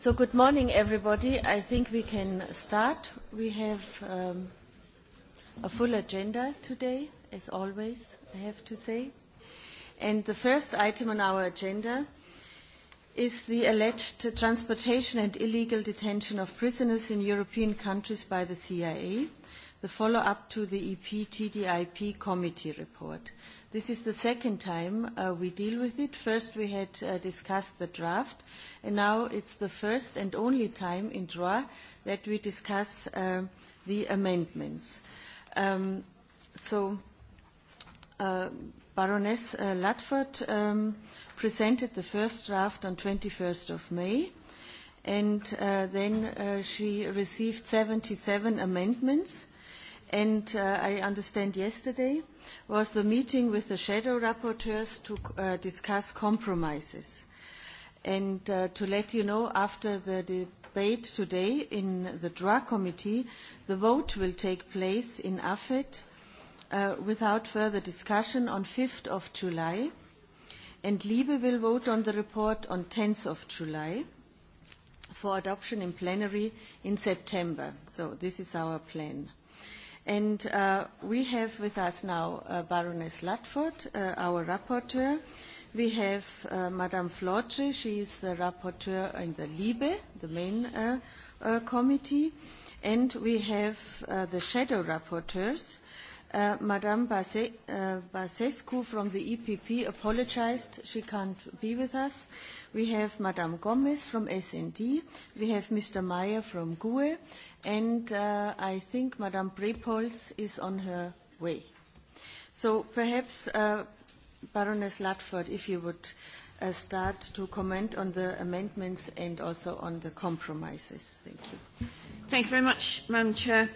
So good morning, everybody. I think we can start. We have a full agenda today, as always, I have to say. And the first item on our agenda is the alleged transportation and illegal detention of prisoners in European countries by the CIA the follow-up to the EP TDIP committee report. This is the second time we deal with it. First we had discussed the draft, and now it's the first and only time in DROA that we discuss the amendments. So Baroness Latford presented the first draft on 21st of May, and then she received 77 amendments and I understand yesterday was the meeting with the shadow rapporteurs to discuss compromises. And to let you know, after the debate today in the DRA committee, the vote will take place in AFET without further discussion on 5th of July, and LIBE will vote on the report on 10th of July for adoption in plenary in September. So this is our plan. And we have with us now Baroness Latford, our rapporteur. We have Madame Flotre, she is the rapporteur in the LIBE, the main committee. And we have the shadow rapporteurs. Madame Basescu from the EPP apologized. She can't be with us. We have Madame Gomez from SD. We have Mr. Meyer from GUE. And I think Madame Prepols is on her way. So perhaps Baroness Ludford, if you would start to comment on the amendments and also on the compromises. Thank you. Thank you very much, Madam Chair.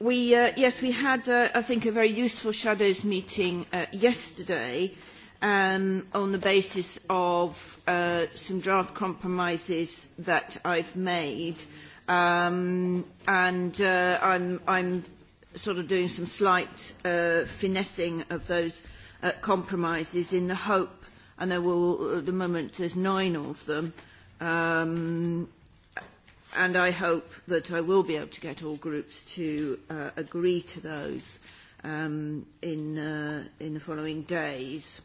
We, yes, we had, I think, a very useful shadows meeting yesterday on the basis of some draft compromises that I've made. And I'm sort of doing some slight finessing of those compromises in the hope, and there will, at the moment, there's nine of them, and I hope that I will be able to get all groups to agree to those in the following days.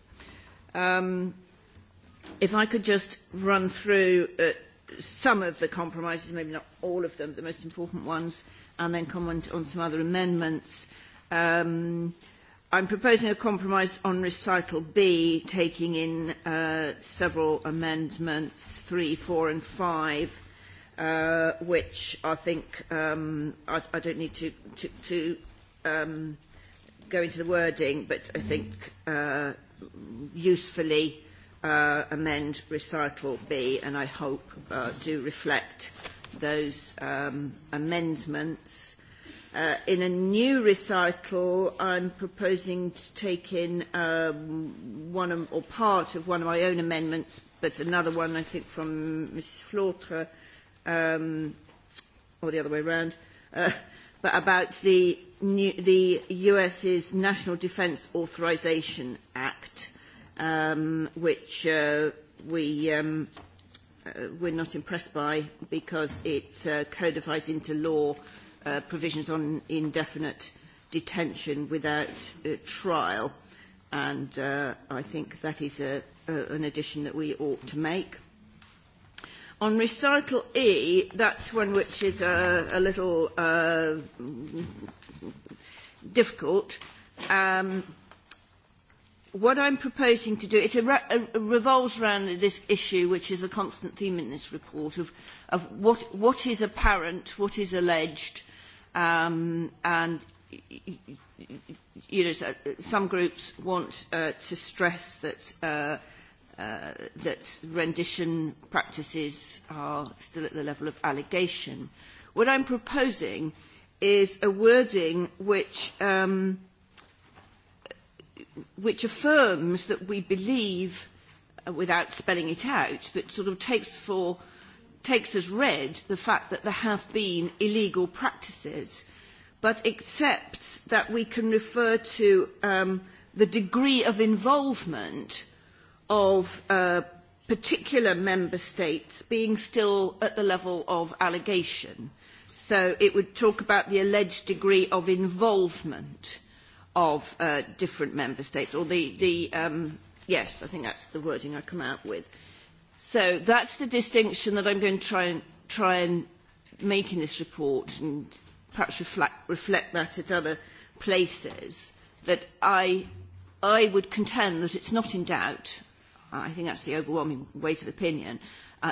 If I could just run through some of the compromises, maybe not all of them, the most important ones, and then comment on some other amendments. I'm proposing a compromise on recital B, taking in several amendments, three, four and five which I think I don't need to to go into the wording, but I think usefully amend recital B and I hope do reflect those amendments. In a new recital, I'm proposing to take in one or part of one of my own amendments, but another one I think from Ms. Flautre or the other way around, but about the the US's National Defense Authorization Act, which we we're not impressed by because it codifies into law provisions on indefinite detention without trial, and I think that is an addition that we ought to make. On recital E, that's one which is a little difficult. What I'm proposing to do, it revolves around this issue, which is a constant theme in this report, of what is apparent, what is alleged, and some groups want to stress that that rendition practices are still at the level of allegation. What I'm proposing is a wording which which affirms that we believe, without spelling it out, but sort of takes for takes as read the fact that there have been illegal practices, but accepts that we can refer to the degree of involvement of particular member states being still at the level of allegation. So it would talk about the alleged degree of involvement of different member states, or the, the yes, I think that's the wording I come out with. So that's the distinction that I'm going to try and make in this report and perhaps reflect that at other places, that I I would contend that it's not in doubt I think that's the overwhelming weight of opinion,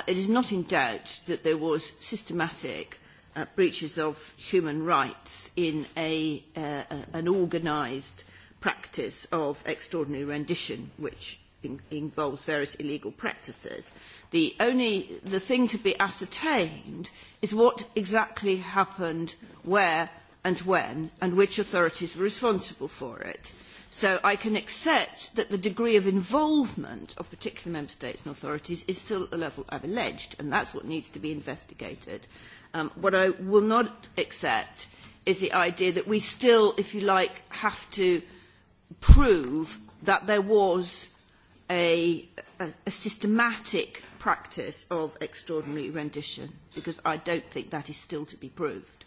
it is not in doubt that there was systematic breaches of human rights in an organised practice of extraordinary rendition, which involves various illegal practices. The only the thing to be ascertained is what exactly happened, where and when, and which authorities were responsible for it. So I can accept that the degree of involvement of particular member states and authorities is still at the level I've alleged, and that's what needs to be investigated. What I will not accept is the idea that we still, if you like, have to prove that there was a systematic practice of extraordinary rendition, because I don't think that is still to be proved.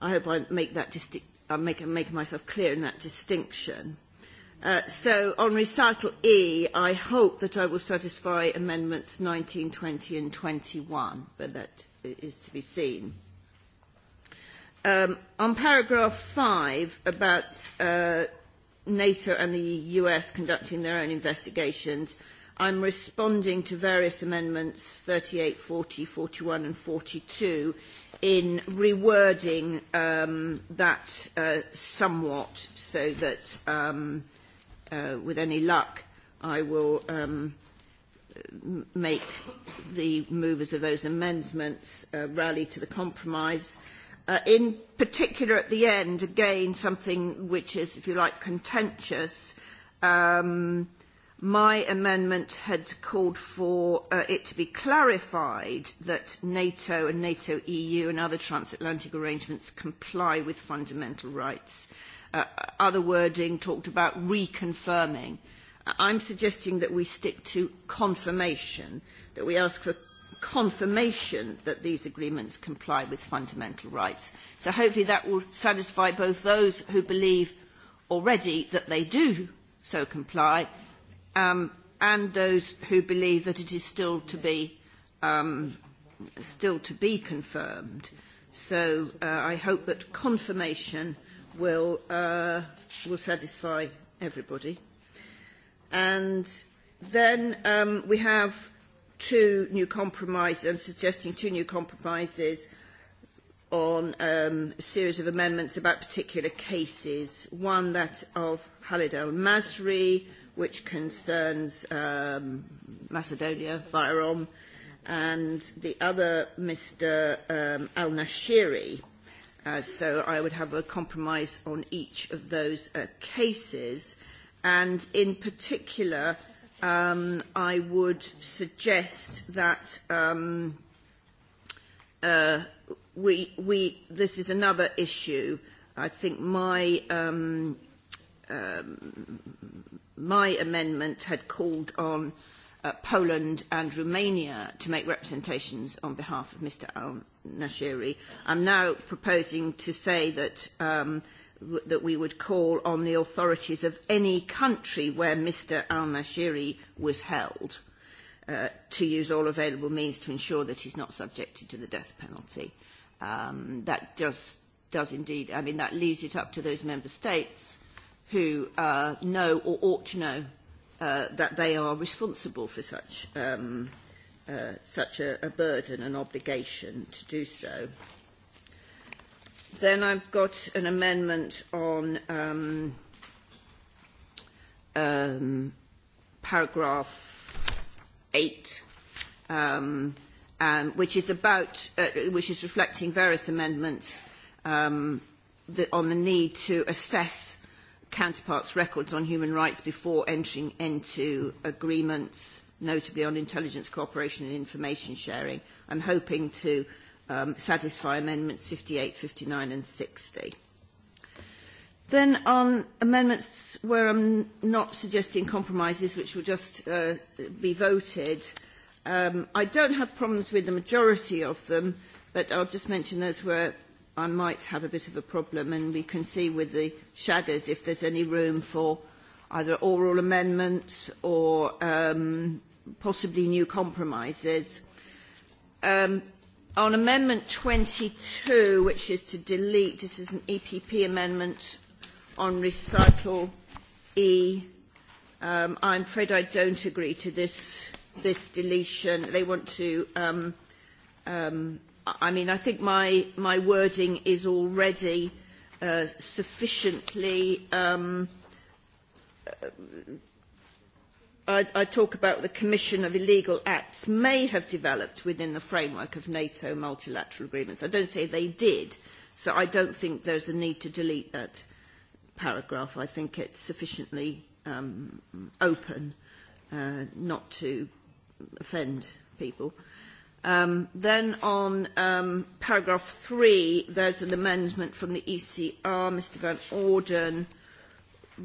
I hope I make that distinction I'm making myself clear in that distinction. So on recital E, I hope that I will satisfy amendments 19, 20 and 21, but that is to be seen. On paragraph 5 about NATO and the US conducting their own investigations, I'm responding to various amendments 38, 40, 41 and 42 in rewording that somewhat so that with any luck I will make the movers of those amendments rally to the compromise. In particular at the end, again, something which is, if you like, contentious. My amendment had called for it to be clarified that NATO and NATO-EU and other transatlantic arrangements comply with fundamental rights. Other wording talked about reconfirming. I'm suggesting that we stick to confirmation, that we ask for confirmation that these agreements comply with fundamental rights. So hopefully that will satisfy both those who believe already that they do so comply and those who believe that it is still to be still to be confirmed. So I hope that confirmation will will satisfy everybody. And then we have two new compromises. I'm suggesting two new compromises on a series of amendments about particular cases. One that of Khalid Masri which concerns Macedonia, Firom, and the other, Mr. Al-Nashiri. So I would have a compromise on each of those cases. And in particular, I would suggest that we we this is another issue. I think my my amendment had called on Poland and Romania to make representations on behalf of Mr. Al-Nashiri. I'm now proposing to say that that we would call on the authorities of any country where Mr. Al-Nashiri was held to use all available means to ensure that he's not subjected to the death penalty. That does indeed, I mean, that leaves it up to those member states who know or ought to know that they are responsible for such such a burden and obligation to do so. Then I've got an amendment on paragraph 8, which is about, which is reflecting various amendments on the need to assess counterparts' records on human rights before entering into agreements, notably on intelligence cooperation and information sharing. I'm hoping to satisfy Amendments 58, 59 and 60. Then on amendments where I'm not suggesting compromises, which will just be voted, I don't have problems with the majority of them, but I'll just mention those where I might have a bit of a problem, and we can see with the shadows if there's any room for either oral amendments or possibly new compromises. On Amendment 22, which is to delete, this is an EPP amendment on recital E. I'm afraid I don't agree to this deletion. They want to um I mean, I think my my wording is already sufficiently. I talk about the commission of illegal acts may have developed within the framework of NATO multilateral agreements. I don't say they did, so I don't think there's a need to delete that paragraph. I think it's sufficiently open not to offend people. Then on paragraph 3, there's an amendment from the ECR, Mr Van Orden,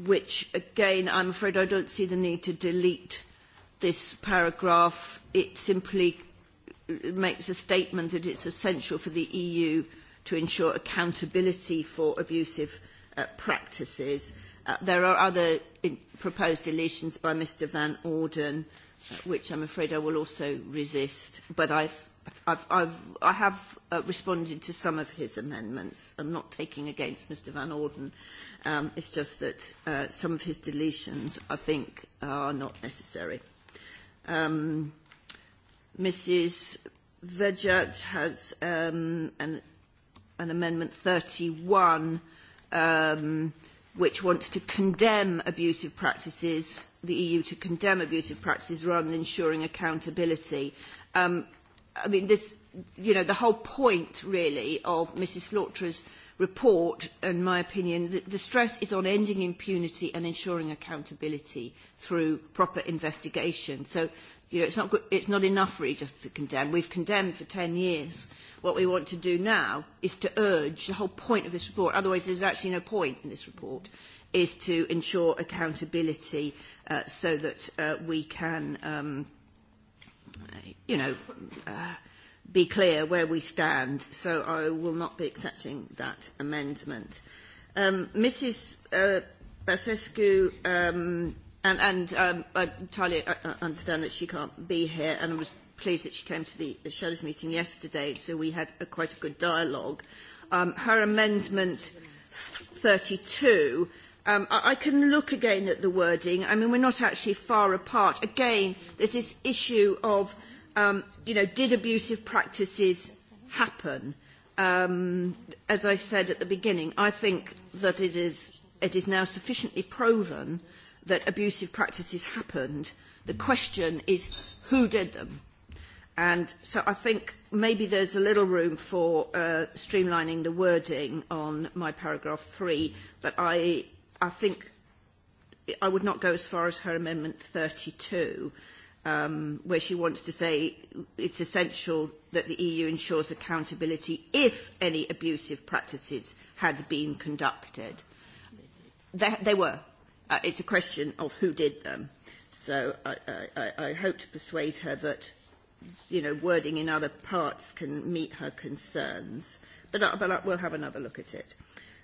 which, again, I'm afraid I don't see the need to delete this paragraph. It simply makes a statement that it's essential for the EU to ensure accountability for abusive practices. There are other proposed deletions by Mr Van Orden which I'm afraid I will also resist, but I've I've, I've, I have responded to some of his amendments. I'm not taking against Mr. Van Orden. Um, it's just that some of his deletions, I think, are not necessary. Um, Mrs. Vejat has um, an, an amendment 31 um, which wants to condemn abusive practices, the EU to condemn abusive practices rather than ensuring accountability. I mean, this, you know, the whole point really of Mrs. Flautra's report, in my opinion, the stress is on ending impunity and ensuring accountability through proper investigation. So You know, it's not, it's not enough really just to condemn. We've condemned for 10 years. What we want to do now is to urge the whole point of this report, otherwise there's actually no point in this report, is to ensure accountability so that we can, you know, be clear where we stand. So I will not be accepting that amendment. Mrs. Basescu And and um I entirely understand that she can't be here, and I was pleased that she came to the Shadows meeting yesterday, so we had a quite a good dialogue. Um Her amendment 32, I can look again at the wording. I mean, we're not actually far apart. Again, there's this issue of, you know, did abusive practices happen? As I said at the beginning, I think that it is it is now sufficiently proven that abusive practices happened. The question is who did them? And so I think maybe there's a little room for streamlining the wording on my paragraph three, but I think I would not go as far as her amendment 32, where she wants to say it's essential that the EU ensures accountability if any abusive practices had been conducted. They were. It's a question of who did them. So I hope to persuade her that, you know, wording in other parts can meet her concerns. But but we'll have another look at it.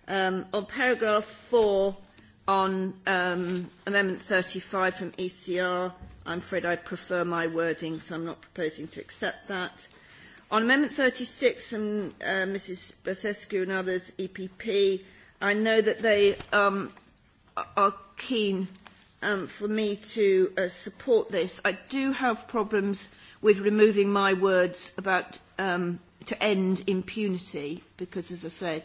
On paragraph four, on amendment 35 from ECR, I'm afraid I prefer my wording, so I'm not proposing to accept that. On amendment 36 from Mrs. Basescu and others, EPP, I know that they are keen for me to support this. I do have problems with removing my words about to end impunity, because, as I said,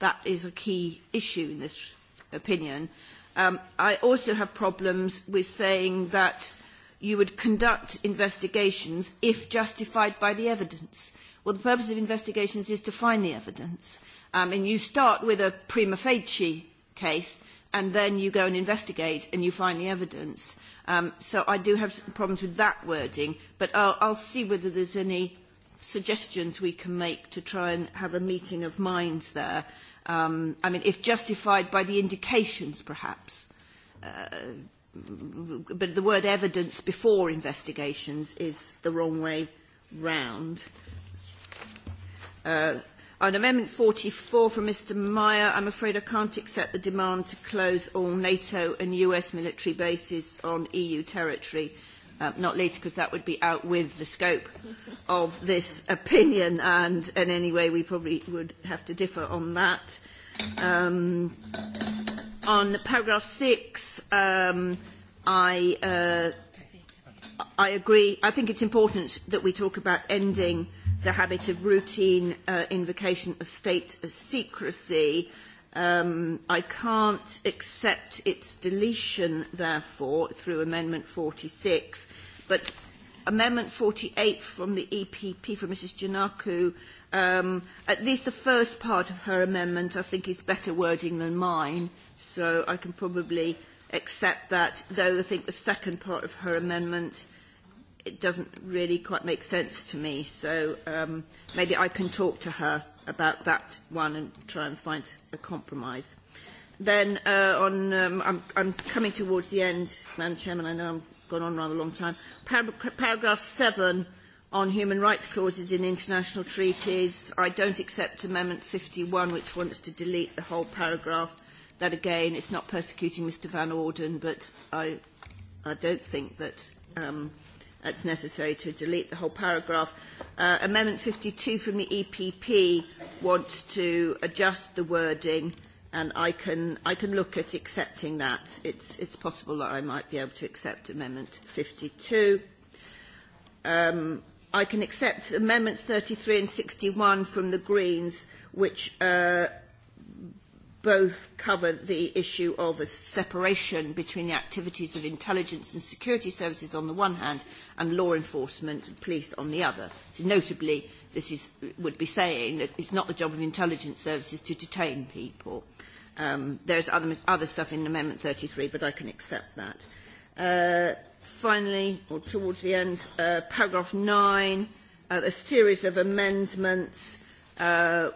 that is a key issue in this opinion. I also have problems with saying that you would conduct investigations if justified by the evidence. Well, the purpose of investigations is to find the evidence. And you start with a prima facie case and then you go and investigate and you find the evidence. So I do have problems with that wording, but I'll see whether there's any suggestions we can make to try and have a meeting of minds there. I mean, if justified by the indications, perhaps. But the word evidence before investigations is the wrong way round. On Amendment 44 from Mr. Meyer, I'm afraid I can't accept the demand to close all NATO and US military bases on EU territory, not least because that would be out with the scope of this opinion, and in any way we probably would have to differ on that. On paragraph 6, I agree. I think it's important that we talk about ending the habit of routine invocation of state secrecy. I can't accept its deletion, therefore, through Amendment 46. But Amendment 48 from the EPP, from Mrs. um, at least the first part of her amendment, I think, is better wording than mine. So I can probably accept that, though I think the second part of her amendment it doesn't really quite make sense to me. So maybe I can talk to her about that one and try and find a compromise. Then on, I'm, coming towards the end, Madam Chairman. I know I've gone on rather a long time. paragraph 7 on human rights clauses in international treaties. I don't accept Amendment 51, which wants to delete the whole paragraph. That again, it's not persecuting Mr. Van Orden, but I, I don't think that. Um, That's necessary to delete the whole paragraph. Amendment 52 from the EPP wants to adjust the wording, and I can I can look at accepting that. It's it's possible that I might be able to accept Amendment 52. I can accept Amendments 33 and 61 from the Greens, which both cover the issue of a separation between the activities of intelligence and security services on the one hand and law enforcement and police on the other. Notably, this is, would be saying that it's not the job of intelligence services to detain people. Um, there's other, other stuff in Amendment 33, but I can accept that. finally, or towards the end, paragraph 9, a series of amendments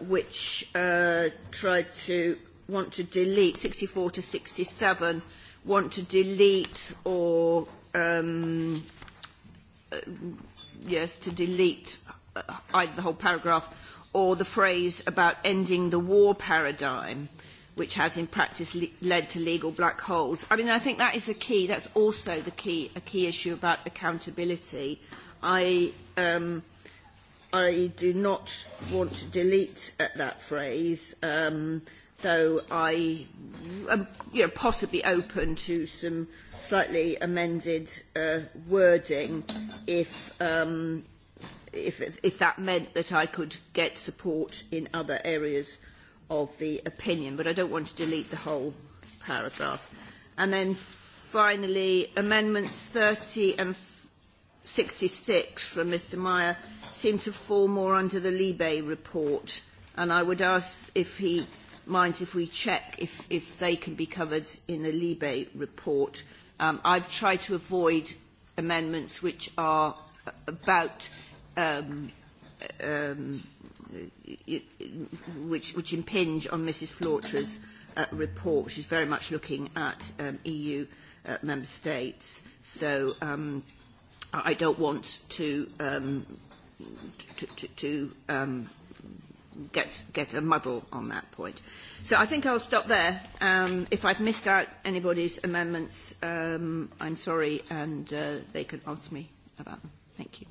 which tried to want to delete, 64 to 67 want to delete or, um, yes, to delete either the whole paragraph or the phrase about ending the war paradigm, which has in practice led to legal black holes. I mean, I think that is the key. That's also the key, a key issue about accountability. I, um, I do not want to delete that phrase. Um, So I am possibly open to some slightly amended wording if if that meant that I could get support in other areas of the opinion, but I don't want to delete the whole paragraph. And then finally, amendments 30 and 66 from Mr. Meyer seem to fall more under the Libe report, and I would ask if he minds if we check if, if they can be covered in the Libe report. Um, I've tried to avoid amendments which are about um, um, which, which impinge on Mrs. Flautra's uh, report. She's very much looking at um, EU member states. So um, I don't want to, um, to, to, to um, get get a muddle on that point. So I think I'll stop there. If I've missed out anybody's amendments, I'm sorry, and they can ask me about them. Thank you.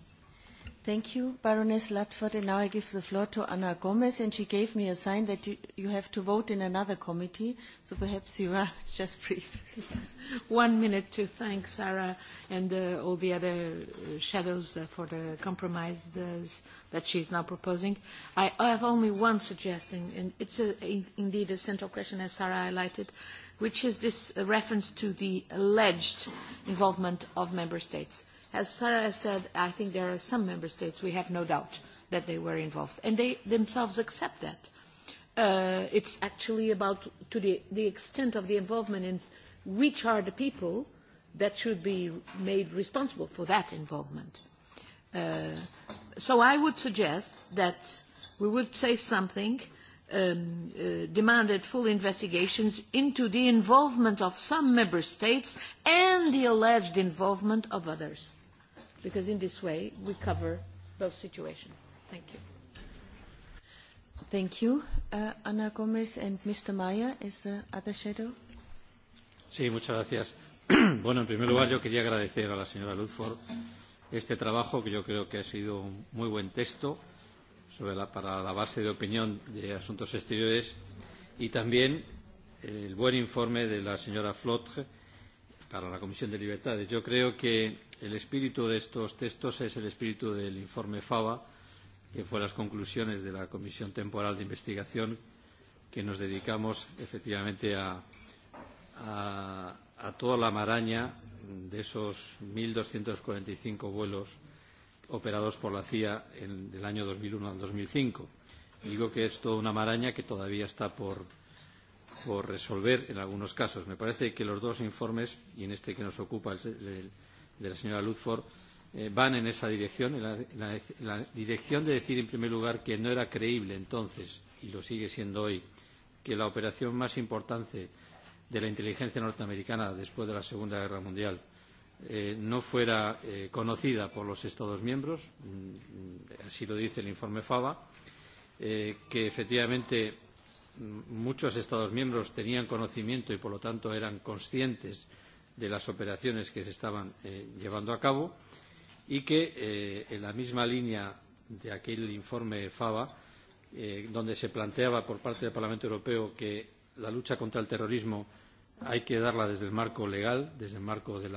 Thank you, Baroness Latford, And now I give the floor to Ana Gomez, and she gave me a sign that you have to vote in another committee, so perhaps you are just brief. One minute to thank Sarah and all the other shadows for the compromises that she is now proposing. I have only one suggestion, and it's indeed a central question, as Sarah highlighted, which is this reference to the alleged involvement of member states. As Sarah has said, I think there are some member states, we have no doubt that they were involved, and they themselves accept that. It's actually about to the extent of the involvement in which are the people that should be made responsible for that involvement. So I would suggest that we would say something, demanded full investigations into the involvement of some member states and the alleged involvement of others because in this way we cover both situations. Thank you. Thank you, Ana Gómez and Mr. Maya is the other shadow. Sí, muchas gracias. Bueno, en primer lugar yo quería agradecer a la señora Ludford este trabajo que yo creo que ha sido un muy buen texto sobre la, para la base de opinión de asuntos exteriores y también el buen informe de la señora Flotre para la Comisión de Libertades. Yo creo que El espíritu de estos textos es el espíritu del informe FABA, que fue las conclusiones de la Comisión Temporal de Investigación, que nos dedicamos efectivamente a, a, a toda la maraña de esos 1.245 vuelos operados por la CIA en, del año 2001 al 2005. Digo que es toda una maraña que todavía está por, por resolver en algunos casos. Me parece que los dos informes, y en este que nos ocupa el de la señora Ludford van en esa dirección, en la dirección de decir, en primer lugar, que no era creíble entonces, y lo sigue siendo hoy, que la operación más importante de la inteligencia norteamericana después de la Segunda Guerra Mundial no fuera conocida por los Estados miembros, así lo dice el informe FABA, que efectivamente muchos Estados miembros tenían conocimiento y, por lo tanto, eran conscientes de las operaciones que se estaban llevando a cabo y que en la misma línea de aquel informe FABA, donde se planteaba por parte del Parlamento Europeo que la lucha contra el terrorismo hay que darla desde el marco legal, desde el marco de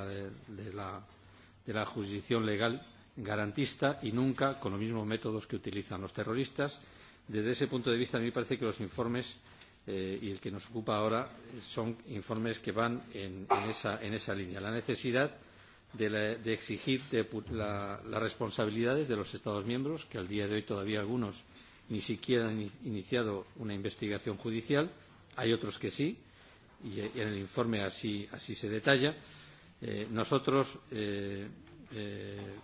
la jurisdicción legal garantista y nunca con los mismos métodos que utilizan los terroristas. Desde ese punto de vista, a mí me parece que los informes y el que nos ocupa ahora son informes que van en esa línea. La necesidad de exigir las responsabilidades de los Estados miembros, que al día de hoy todavía algunos ni siquiera han iniciado una investigación judicial. Hay otros que sí, y en el informe así se detalla. Nosotros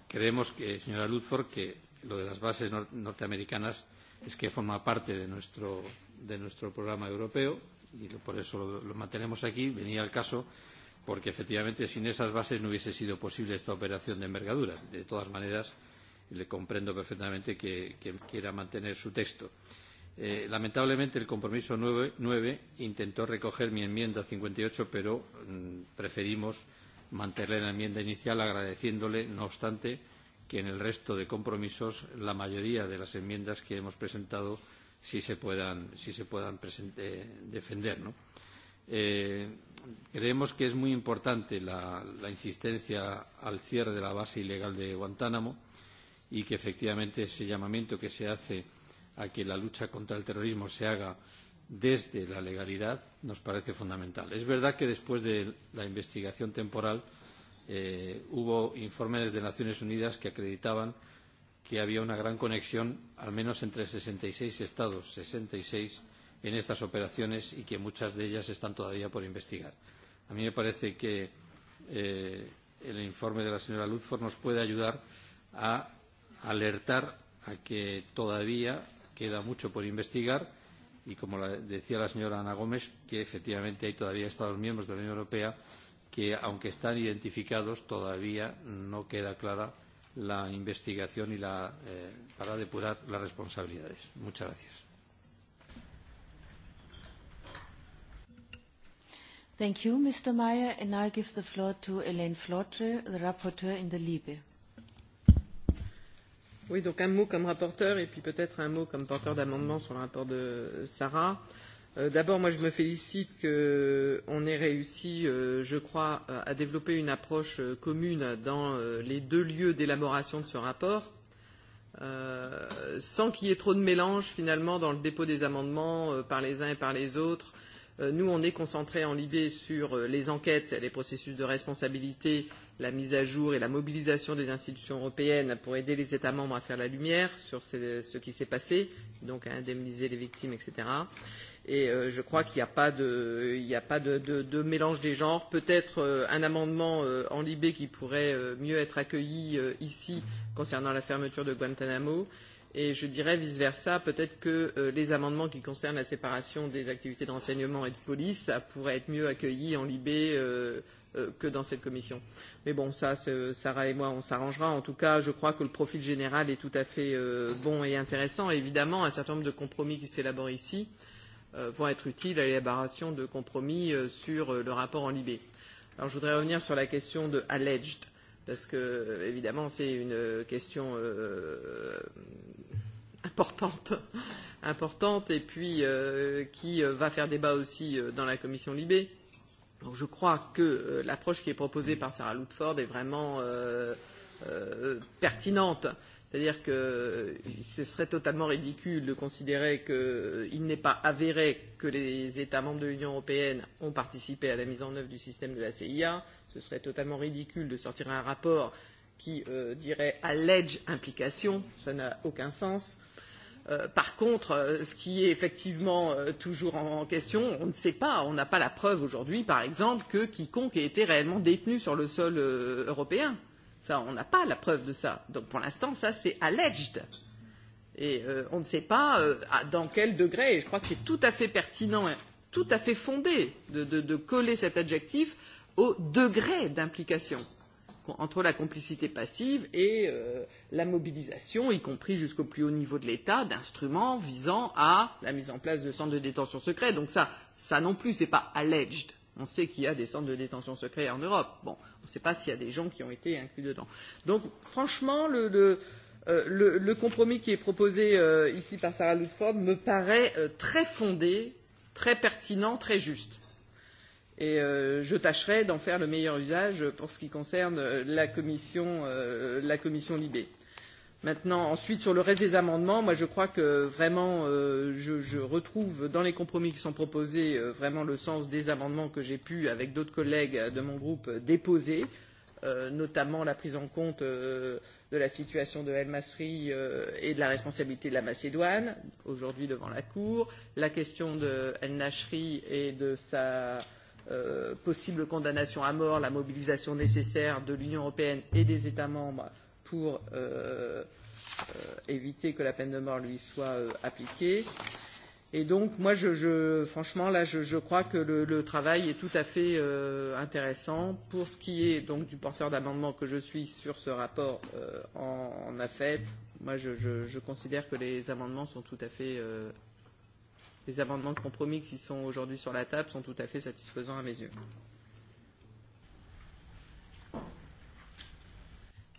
creemos, señora Ludford, que lo de las bases norteamericanas es que forma parte de nuestro, de nuestro programa europeo y por eso lo, lo mantenemos aquí. Venía al caso porque efectivamente sin esas bases no hubiese sido posible esta operación de envergadura. De todas maneras, le comprendo perfectamente que, que quiera mantener su texto. lamentablemente, el compromiso 9, 9 intentó recoger mi enmienda 58, pero preferimos mantener la enmienda inicial agradeciéndole, no obstante, que en el resto de compromisos la mayoría de las enmiendas que hemos presentado sí se puedan, sí se puedan defender. ¿no? Eh, creemos que es muy importante la, la insistencia al cierre de la base ilegal de Guantánamo y que efectivamente ese llamamiento que se hace a que la lucha contra el terrorismo se haga desde la legalidad nos parece fundamental. Es verdad que después de la investigación temporal hubo informes de las Naciones Unidas que acreditaban que había una gran conexión, al menos entre 66 estados, 66, en estas operaciones y que muchas de ellas están todavía por investigar. A mí me parece que el informe de la señora Ludford nos puede ayudar a alertar a que todavía queda mucho por investigar y, como decía la señora Ana Gómez, que efectivamente hay todavía Estados miembros de la Unión Europea que, aunque están identificados, todavía no queda clara la investigación y la, para depurar las responsabilidades. Muchas gracias. Thank you, Mr. Meyer. And now I give the floor to Hélène Flotre, the rapporteur in the LIBE. Oui, donc un mot comme rapporteur et puis peut-être un mot comme porteur d'amendement sur le rapport de Sarah. D'abord, moi, je me félicite qu'on ait réussi, je crois, à développer une approche commune dans les deux lieux d'élaboration de ce rapport, sans qu'il y ait trop de mélange, finalement, dans le dépôt des amendements par les uns et par les autres. Nous, on est concentrés en Libé sur les enquêtes, les processus de responsabilité, la mise à jour et la mobilisation des institutions européennes pour aider les États membres à faire la lumière sur ce qui s'est passé, donc à indemniser les victimes, etc et je crois qu'il n'y a pas de mélange des genres. Peut-être un amendement en Libé qui pourrait mieux être accueilli ici concernant la fermeture de Guantanamo. Et je dirais vice-versa, peut-être que les amendements qui concernent la séparation des activités d'enseignement et de police, ça pourrait être mieux accueillis en Libé que dans cette commission. Mais bon, ça, Sarah et moi, on s'arrangera. En tout cas, je crois que le profil général est tout à fait bon et intéressant. Évidemment, un certain nombre de compromis qui s'élaborent ici vont être utiles à l'élaboration de compromis sur le rapport en Libé. Alors je voudrais revenir sur la question de alleged, parce que évidemment c'est une question importante, importante et puis qui va faire débat aussi dans la commission Libé. Donc je crois que l'approche qui est proposée par Sarah Ludford est vraiment pertinente C'est-à-dire que ce serait totalement ridicule de considérer qu'il n'est pas avéré que les États membres de l'Union européenne ont participé à la mise en œuvre du système de la CIA. Ce serait totalement ridicule de sortir un rapport qui dirait allège implication. Ça n'a aucun sens. Par contre, ce qui est effectivement toujours en question, on ne sait pas, on n'a pas la preuve aujourd'hui, par exemple, que quiconque ait été réellement détenu sur le sol européen. Ça, on n'a pas la preuve de ça. Donc pour l'instant, ça c'est alleged. Et on ne sait pas dans quel degré. Et je crois que c'est tout à fait pertinent, tout à fait fondé de coller cet adjectif au degré d'implication entre la complicité passive et la mobilisation, y compris jusqu'au plus haut niveau de l'État, d'instruments visant à la mise en place de centres de détention secrets. Donc ça, ça non plus, ce n'est pas alleged. On sait qu'il y a des centres de détention secrets en Europe. Bon, on ne sait pas s'il y a des gens qui ont été inclus dedans. Donc, franchement, le compromis qui est proposé ici par Sarah Ludford me paraît très fondé, très pertinent, très juste. Et je tâcherai d'en faire le meilleur usage pour ce qui concerne la commission Libé. Maintenant, ensuite, sur le reste des amendements, moi, je crois que vraiment, je retrouve dans les compromis qui sont proposés vraiment le sens des amendements que j'ai pu, avec d'autres collègues de mon groupe, déposer, notamment la prise en compte de la situation de El Masri et de la responsabilité de la Macédoine, aujourd'hui devant la Cour, la question de El Nashri et de sa possible condamnation à mort, la mobilisation nécessaire de l'Union européenne et des États membres pour éviter que la peine de mort lui soit appliquée. Et donc, moi, je, je, franchement, là, je, je crois que le, le travail est tout à fait euh, intéressant. Pour ce qui est donc du porteur d'amendement que je suis sur ce rapport euh, en, en AFET, moi, je, je, je considère que les amendements sont tout à fait... Euh, les amendements de compromis qui sont aujourd'hui sur la table sont tout à fait satisfaisants à mes yeux.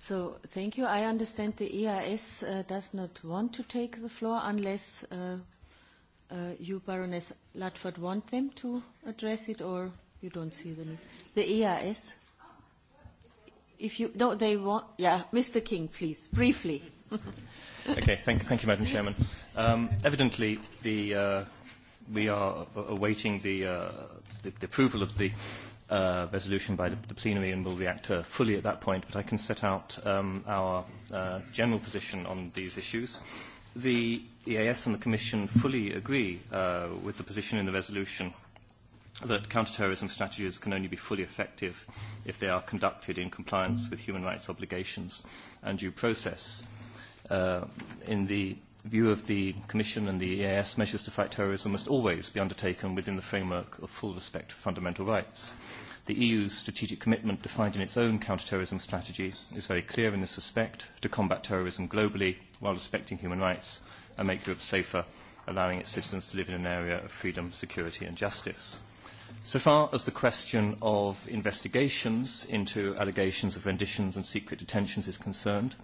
So thank you. I understand the EIS does not want to take the floor unless you, Baroness Ludford, want them to address it or you don't see the need. The EIS? If you, no, they want, yeah, Mr. King, please, briefly. Okay, thank you, Madam Chairman. Um Evidently, the we are awaiting the approval of the resolution by the plenary and will react fully at that point, but I can set out our general position on these issues. The EAS and the Commission fully agree with the position in the resolution that counterterrorism strategies can only be fully effective if they are conducted in compliance with human rights obligations and due process. In the view of the Commission and the EAS, measures to fight terrorism must always be undertaken within the framework of full respect for fundamental rights. The EU's strategic commitment defined in its own counterterrorism strategy is very clear in this respect, to combat terrorism globally while respecting human rights and make Europe safer, allowing its citizens to live in an area of freedom, security and justice. So far as the question of investigations into allegations of renditions and secret detentions is concerned,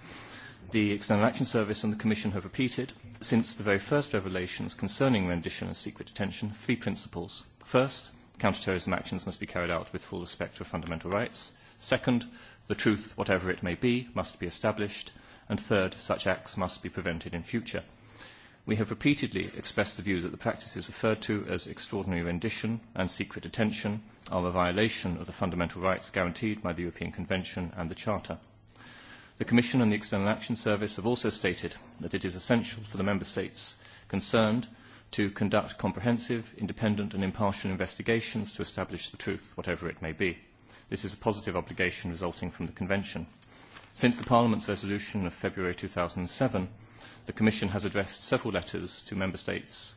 The External Action Service and the Commission have repeated, since the very first revelations concerning rendition and secret detention, three principles. First, counterterrorism actions must be carried out with full respect for fundamental rights. Second, the truth, whatever it may be, must be established. And third, such acts must be prevented in future. We have repeatedly expressed the view that the practices referred to as extraordinary rendition and secret detention are a violation of the fundamental rights guaranteed by the European Convention and the Charter. The Commission and the External Action Service have also stated that it is essential for the Member States concerned to conduct comprehensive, independent and impartial investigations to establish the truth, whatever it may be. This is a positive obligation resulting from the Convention. Since the Parliament's resolution of February 2007, the Commission has addressed several letters to Member States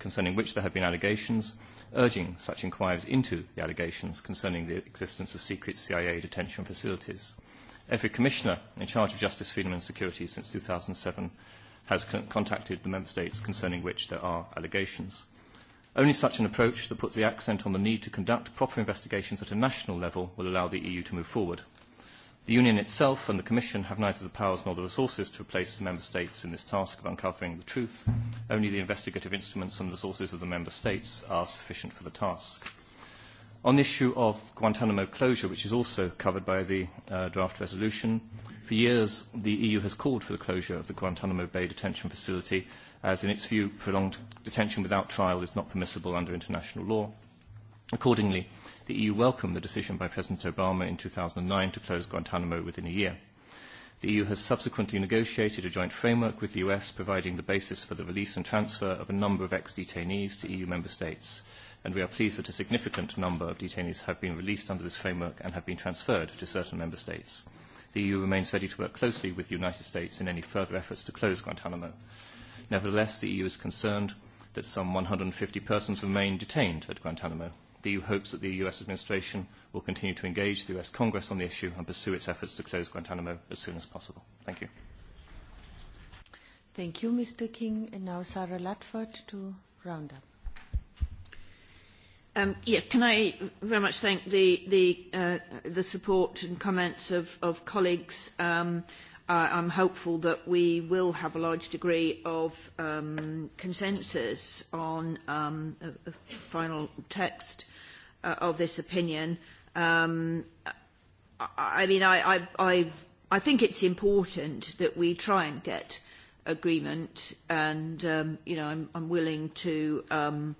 concerning which there have been allegations, urging such inquiries into the allegations concerning the existence of secret CIA detention facilities. Every commissioner in charge of justice, freedom and security since 2007 has contacted the member states concerning which there are allegations. Only such an approach that puts the accent on the need to conduct proper investigations at a national level will allow the EU to move forward. The Union itself and the Commission have neither the powers nor the resources to replace the Member States in this task of uncovering the truth. Only the investigative instruments and resources of the Member States are sufficient for the task. On the issue of Guantanamo closure, which is also covered by the draft resolution, for years the EU has called for the closure of the Guantanamo Bay detention facility, as in its view prolonged detention without trial is not permissible under international law. Accordingly, the EU welcomed the decision by President Obama in 2009 to close Guantanamo within a year. The EU has subsequently negotiated a joint framework with the US, providing the basis for the release and transfer of a number of ex-detainees to EU member states and we are pleased that a significant number of detainees have been released under this framework and have been transferred to certain member states. The EU remains ready to work closely with the United States in any further efforts to close Guantanamo. Nevertheless, the EU is concerned that some 150 persons remain detained at Guantanamo. The EU hopes that the U.S. administration will continue to engage the U.S. Congress on the issue and pursue its efforts to close Guantanamo as soon as possible. Thank you. Thank you, Mr. King. And now Sarah Latford to round up. Yeah, can I very much thank the the the support and comments of colleagues. I'm hopeful that we will have a large degree of consensus on the final text of this opinion. I mean, I think it's important that we try and get agreement, and you know, I'm willing to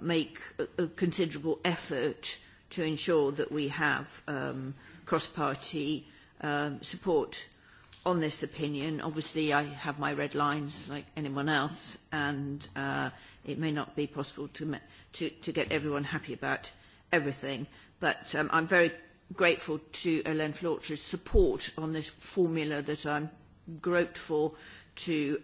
make a considerable effort to ensure that we have cross-party support on this opinion. Obviously, I have my red lines like anyone else, and it may not be possible to to get everyone happy about everything. But I'm very grateful to Hélène Flautre's support on this formula that I'm groped for to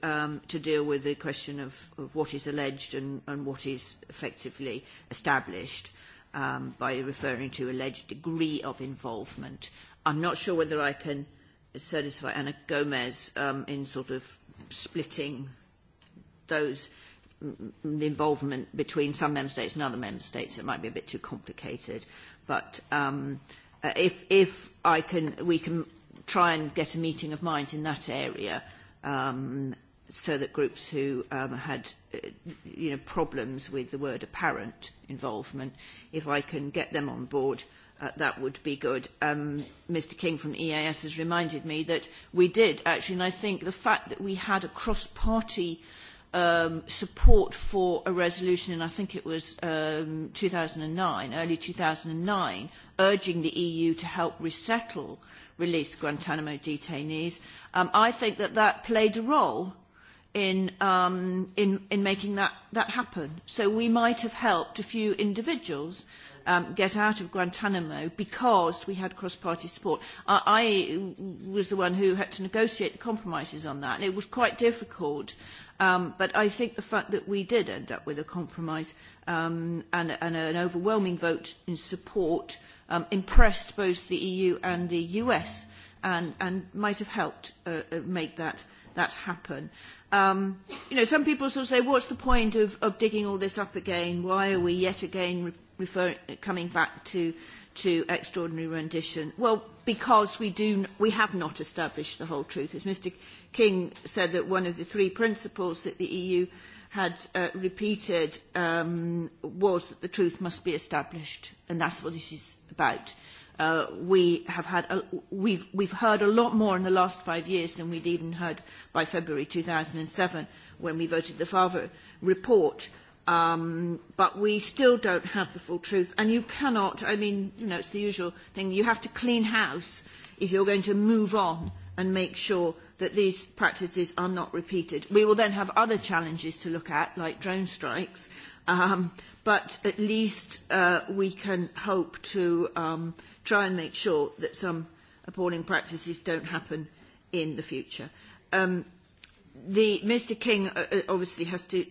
to deal with the question of what is alleged and and what is effectively established by referring to alleged degree of involvement. I'm not sure whether I can satisfy Anna Gomez in sort of splitting those involvement between some member states and other member states. It might be a bit too complicated, but if if I can, we can try and get a meeting of minds in that area so that groups who had you know problems with the word apparent involvement if i can get them on board that would be good mr king from eas has reminded me that we did actually and i think the fact that we had a cross party support for a resolution and i think it was 2009 early 2009 urging the eu to help resettle released Guantanamo detainees. I think that that played a role in in in making that that happen. So we might have helped a few individuals get out of Guantanamo because we had cross-party support. I was the one who had to negotiate the compromises on that, and it was quite difficult. But I think the fact that we did end up with a compromise and an overwhelming vote in support impressed both the EU and the US and and might have helped make that that happen. Um You know, some people sort of say, what's the point of of digging all this up again? Why are we yet again coming back to extraordinary rendition? Well, because we do we have not established the whole truth. As Mr. King said, that one of the three principles that the EU had repeated was that the truth must be established, and that's what this is about. We have had, we've we've heard a lot more in the last five years than we'd even heard by February 2007 when we voted the father report, but we still don't have the full truth. And you cannot, I mean, you know, it's the usual thing. You have to clean house if you're going to move on and make sure that these practices are not repeated. We will then have other challenges to look at, like drone strikes, but at least we can hope to try and make sure that some appalling practices don't happen in the future. The Mr King obviously has to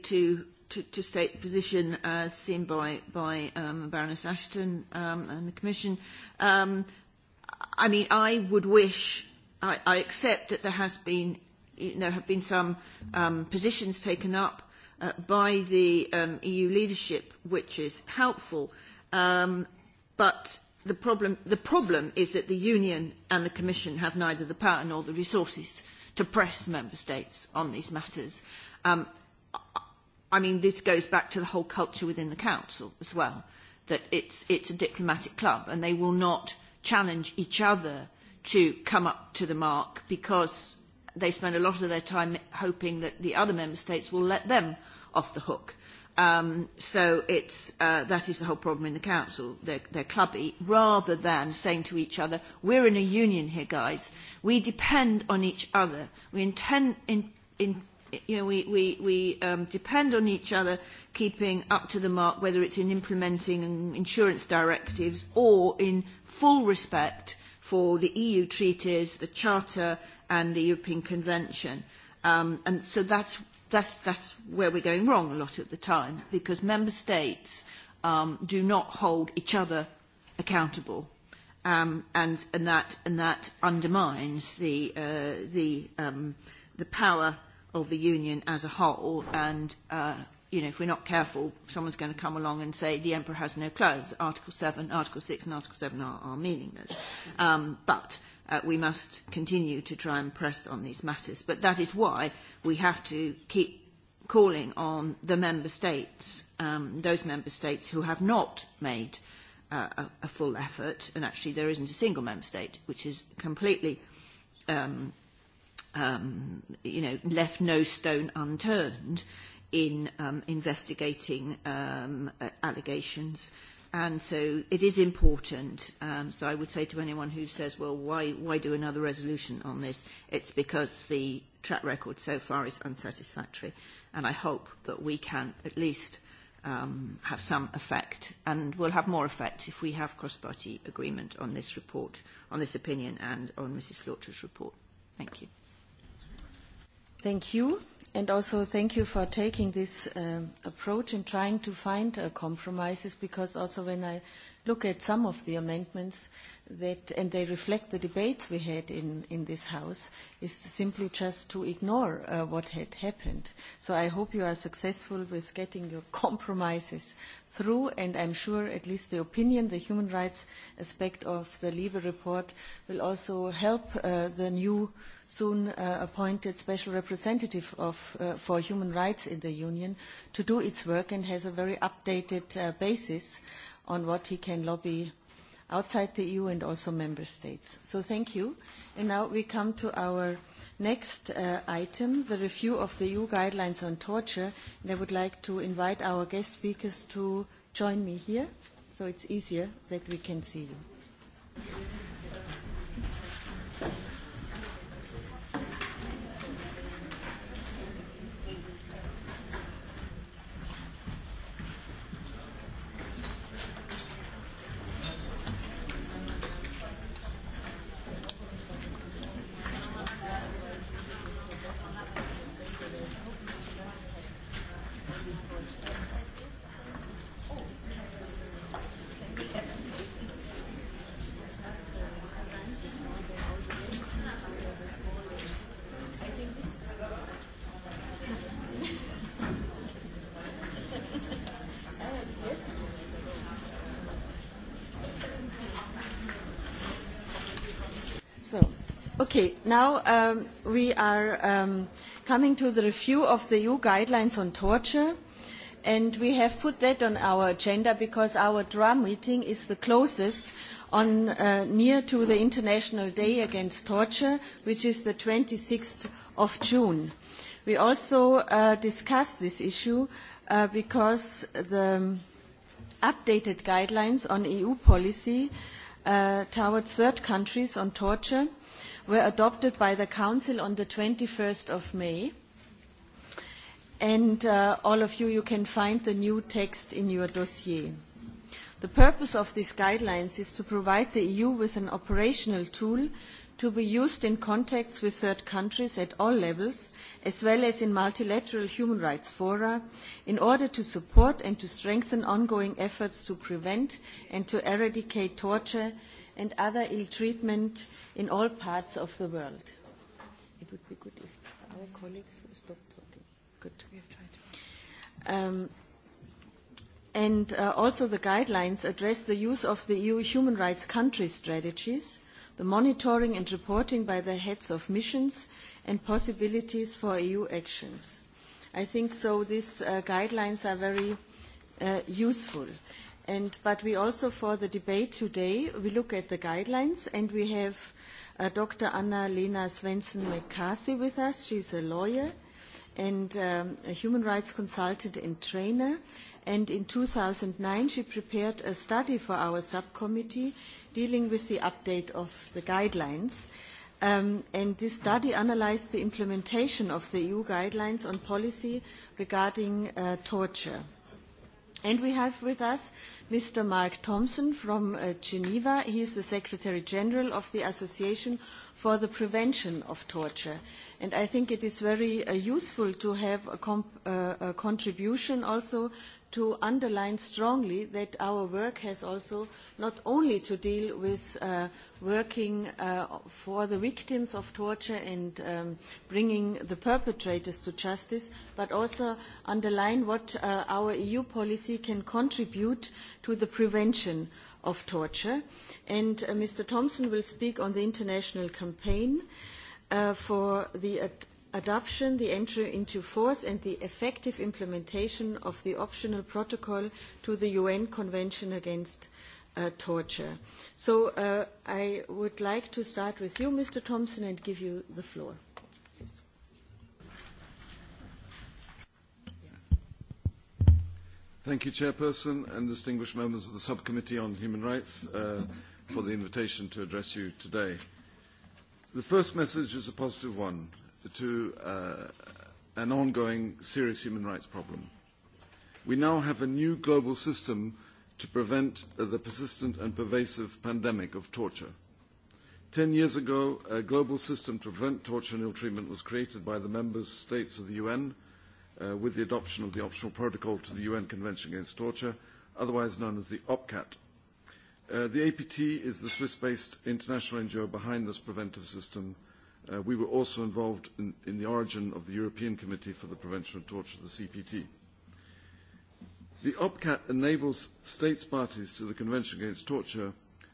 to state the position as seen by by Baroness Ashton and the Commission. I mean, I would wish I accept that there has been there have been some positions taken up by the EU leadership which is helpful, but the problem the problem is that the Union and the Commission have neither the power nor the resources to press Member States on these matters. I mean this goes back to the whole culture within the Council as well, that it's it's a diplomatic club and they will not challenge each other to come up to the mark because they spend a lot of their time hoping that the other member states will let them off the hook. So it's that is the whole problem in the Council. They're clubby, rather than saying to each other, we're in a union here, guys. We depend on each other. We intend in you we we we um depend on each other keeping up to the mark, whether it's in implementing insurance directives or in full respect for the EU treaties, the Charter and the European Convention. And so that's that's where we're going wrong a lot of the time, because member states do not hold each other accountable, and and that and that undermines the power of the Union as a whole and you know, if we're not careful, someone's going to come along and say the emperor has no clothes. Article 7, Article 6 and Article 7 are, are meaningless. Um, but we must continue to try and press on these matters. But that is why we have to keep calling on the member states, um, those member states who have not made a, a full effort, and actually there isn't a single member state which is completely um, um, you know, left no stone unturned in investigating allegations. And so it is important. So I would say to anyone who says, well, why why do another resolution on this? It's because the track record so far is unsatisfactory. And I hope that we can at least have some effect, and will have more effect if we have cross-party agreement on this report, on this opinion, and on Mrs. Slaughter's report. Thank you. Thank you. And also thank you for taking this approach and trying to find compromises, because also when I look at some of the amendments that and they reflect the debates we had in in this house is simply just to ignore what had happened. So I hope you are successful with getting your compromises through and I'm sure at least the opinion, the human rights aspect of the LIBE report will also help the new soon appointed special representative for human rights in the Union to do its work and has a very updated basis on what he can lobby outside the EU and also member states. So thank you. And now we come to our next item, the review of the EU guidelines on torture. And I would like to invite our guest speakers to join me here so it's easier that we can see you. now we are coming to the review of the EU guidelines on torture, and we have put that on our agenda because our DRA meeting is the closest near to the International Day Against Torture, which is the 26th of June. We also discussed this issue because the updated guidelines on EU policy towards third countries on torture were adopted by the Council on the 21st of May. And all of you, you can find the new text in your dossier. The purpose of these guidelines is to provide the EU with an operational tool to be used in contacts with third countries at all levels, as well as in multilateral human rights fora, in order to support and to strengthen ongoing efforts to prevent and to eradicate torture and other ill treatment in all parts of the world. It would be good if our colleagues stop talking. Good. And also the guidelines address the use of the EU human rights country strategies, the monitoring and reporting by the heads of missions, and possibilities for EU actions. I think so these guidelines are very useful. But we also, for the debate today, we look at the guidelines, and we have Dr. Anna-Lena Svensson-McCarthy with us. She's a lawyer and a human rights consultant and trainer. And in 2009, she prepared a study for our subcommittee dealing with the update of the guidelines. And this study analyzed the implementation of the EU guidelines on policy regarding torture. And we have with us Mr. Mark Thompson from Geneva. He is the Secretary General of the Association for the Prevention of Torture. And I think it is very useful to have a contribution also to underline strongly that our work has also not only to deal with working for the victims of torture and bringing the perpetrators to justice, but also underline what our EU policy can contribute to the prevention of torture. And Mr. Thompson will speak on the international campaign for the adoption, the entry into force, and the effective implementation of the optional protocol to the UN Convention Against Torture. So I would like to start with you, Mr. Thompson, and give you the floor. Thank you, Chairperson, and distinguished members of the Subcommittee on Human Rights for the invitation to address you today. The first message is a positive one to an ongoing serious human rights problem. We now have a new global system to prevent the persistent and pervasive pandemic of torture. Ten years ago, a global system to prevent torture and ill-treatment was created by the member states of the UN with the adoption of the optional protocol to the UN Convention Against Torture, otherwise known as the OPCAT. The APT is the Swiss-based international NGO behind this preventive system We were also involved in the origin of the European Committee for the Prevention of Torture, the CPT. The OPCAT enables states parties to the Convention Against Torture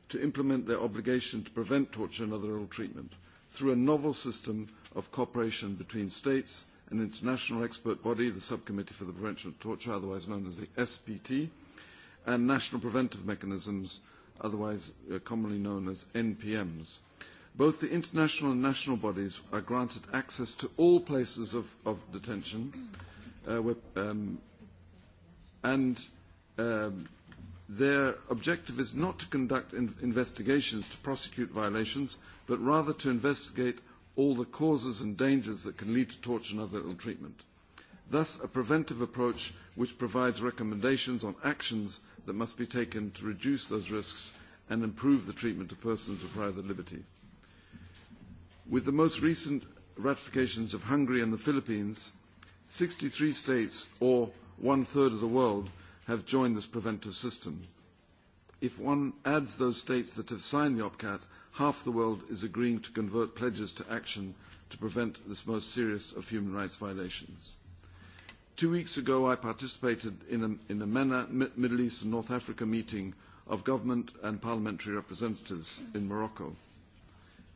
to implement their obligation to prevent torture and other ill treatment through a novel system of cooperation between states, an international expert body, the Subcommittee for the Prevention of Torture, otherwise known as the SPT, and national preventive mechanisms, otherwise commonly known as NPMs both the international and national bodies are granted access to all places of detention and their objective is not to conduct investigations to prosecute violations, but rather to investigate all the causes and dangers that can lead to torture and other ill treatment. Thus, a preventive approach which provides recommendations on actions that must be taken to reduce those risks and improve the treatment of persons deprived of liberty. With the most recent ratifications of Hungary and the Philippines, 63 states, or one-third of the world, have joined this preventive system. If one adds those states that have signed the OPCAT, half the world is agreeing to convert pledges to action to prevent this most serious of human rights violations. Two weeks ago, I participated in a MENA, Middle East and North Africa meeting of government and parliamentary representatives in Morocco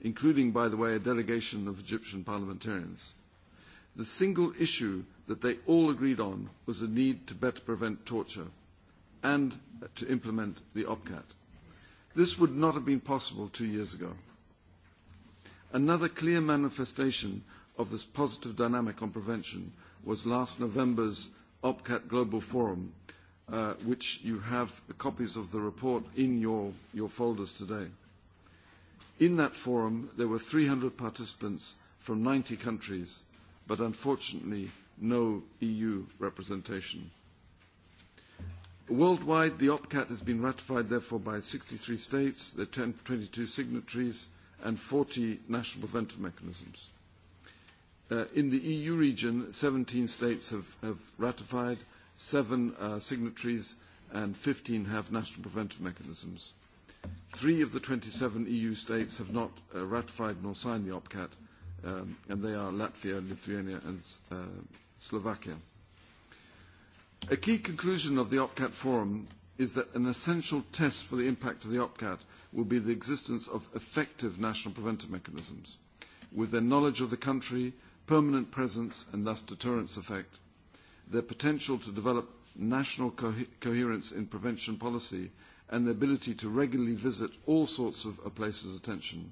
including, by the way, a delegation of Egyptian parliamentarians. The single issue that they all agreed on was the need to better prevent torture and to implement the OPCAT. This would not have been possible two years ago. Another clear manifestation of this positive dynamic on prevention was last November's OPCAT Global Forum, which you have copies of the report in your folders today. In that forum, there were 300 participants from 90 countries, but unfortunately, no EU representation. Worldwide, the OPCAT has been ratified, therefore, by 63 states, the 22 signatories, and 40 national preventive mechanisms. In the EU region, 17 states have ratified, seven signatories, and 15 have national preventive mechanisms. Three of the 27 EU states have not ratified nor signed the OPCAT, and they are Latvia, Lithuania, and Slovakia. A key conclusion of the OPCAT forum is that an essential test for the impact of the OPCAT will be the existence of effective national preventive mechanisms, with their knowledge of the country, permanent presence, and thus deterrence effect, their potential to develop national coherence in prevention policy, and the ability to regularly visit all sorts of places of detention,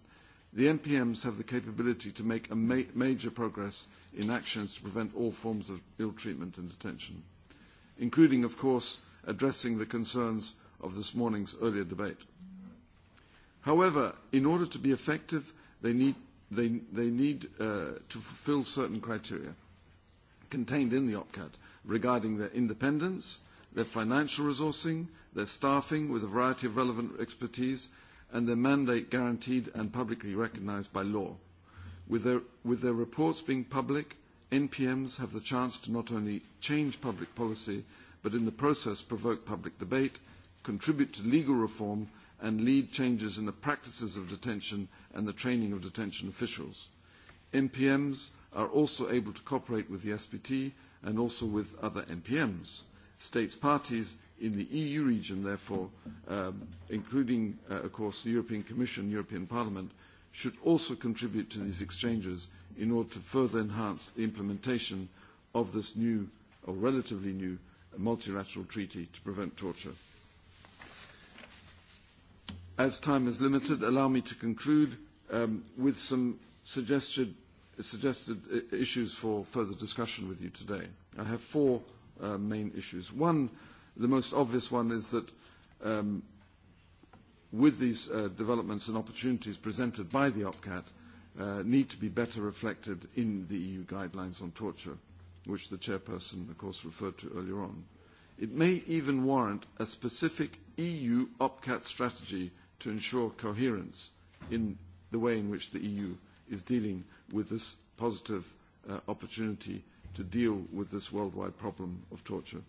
the NPMs have the capability to make a major progress in actions to prevent all forms of ill treatment and detention, including, of course, addressing the concerns of this morning's earlier debate. However, in order to be effective, they need to fulfill certain criteria contained in the OPCAT regarding their independence, their financial resourcing, their staffing with a variety of relevant expertise, and their mandate guaranteed and publicly recognized by law. With their reports being public, NPMs have the chance to not only change public policy, but in the process provoke public debate, contribute to legal reform, and lead changes in the practices of detention and the training of detention officials. NPMs are also able to cooperate with the SPT and also with other NPMs states parties in the EU region, therefore, including, of course, the European Commission, European Parliament, should also contribute to these exchanges in order to further enhance the implementation of this new, or relatively new, multilateral treaty to prevent torture. As time is limited, allow me to conclude with some suggested issues for further discussion with you today. I have four main issues. One, the most obvious one, is that with these developments and opportunities presented by the OPCAT need to be better reflected in the EU guidelines on torture, which the chairperson, of course, referred to earlier on. It may even warrant a specific EU OPCAT strategy to ensure coherence in the way in which the EU is dealing with this positive opportunity to deal with this worldwide problem of torture.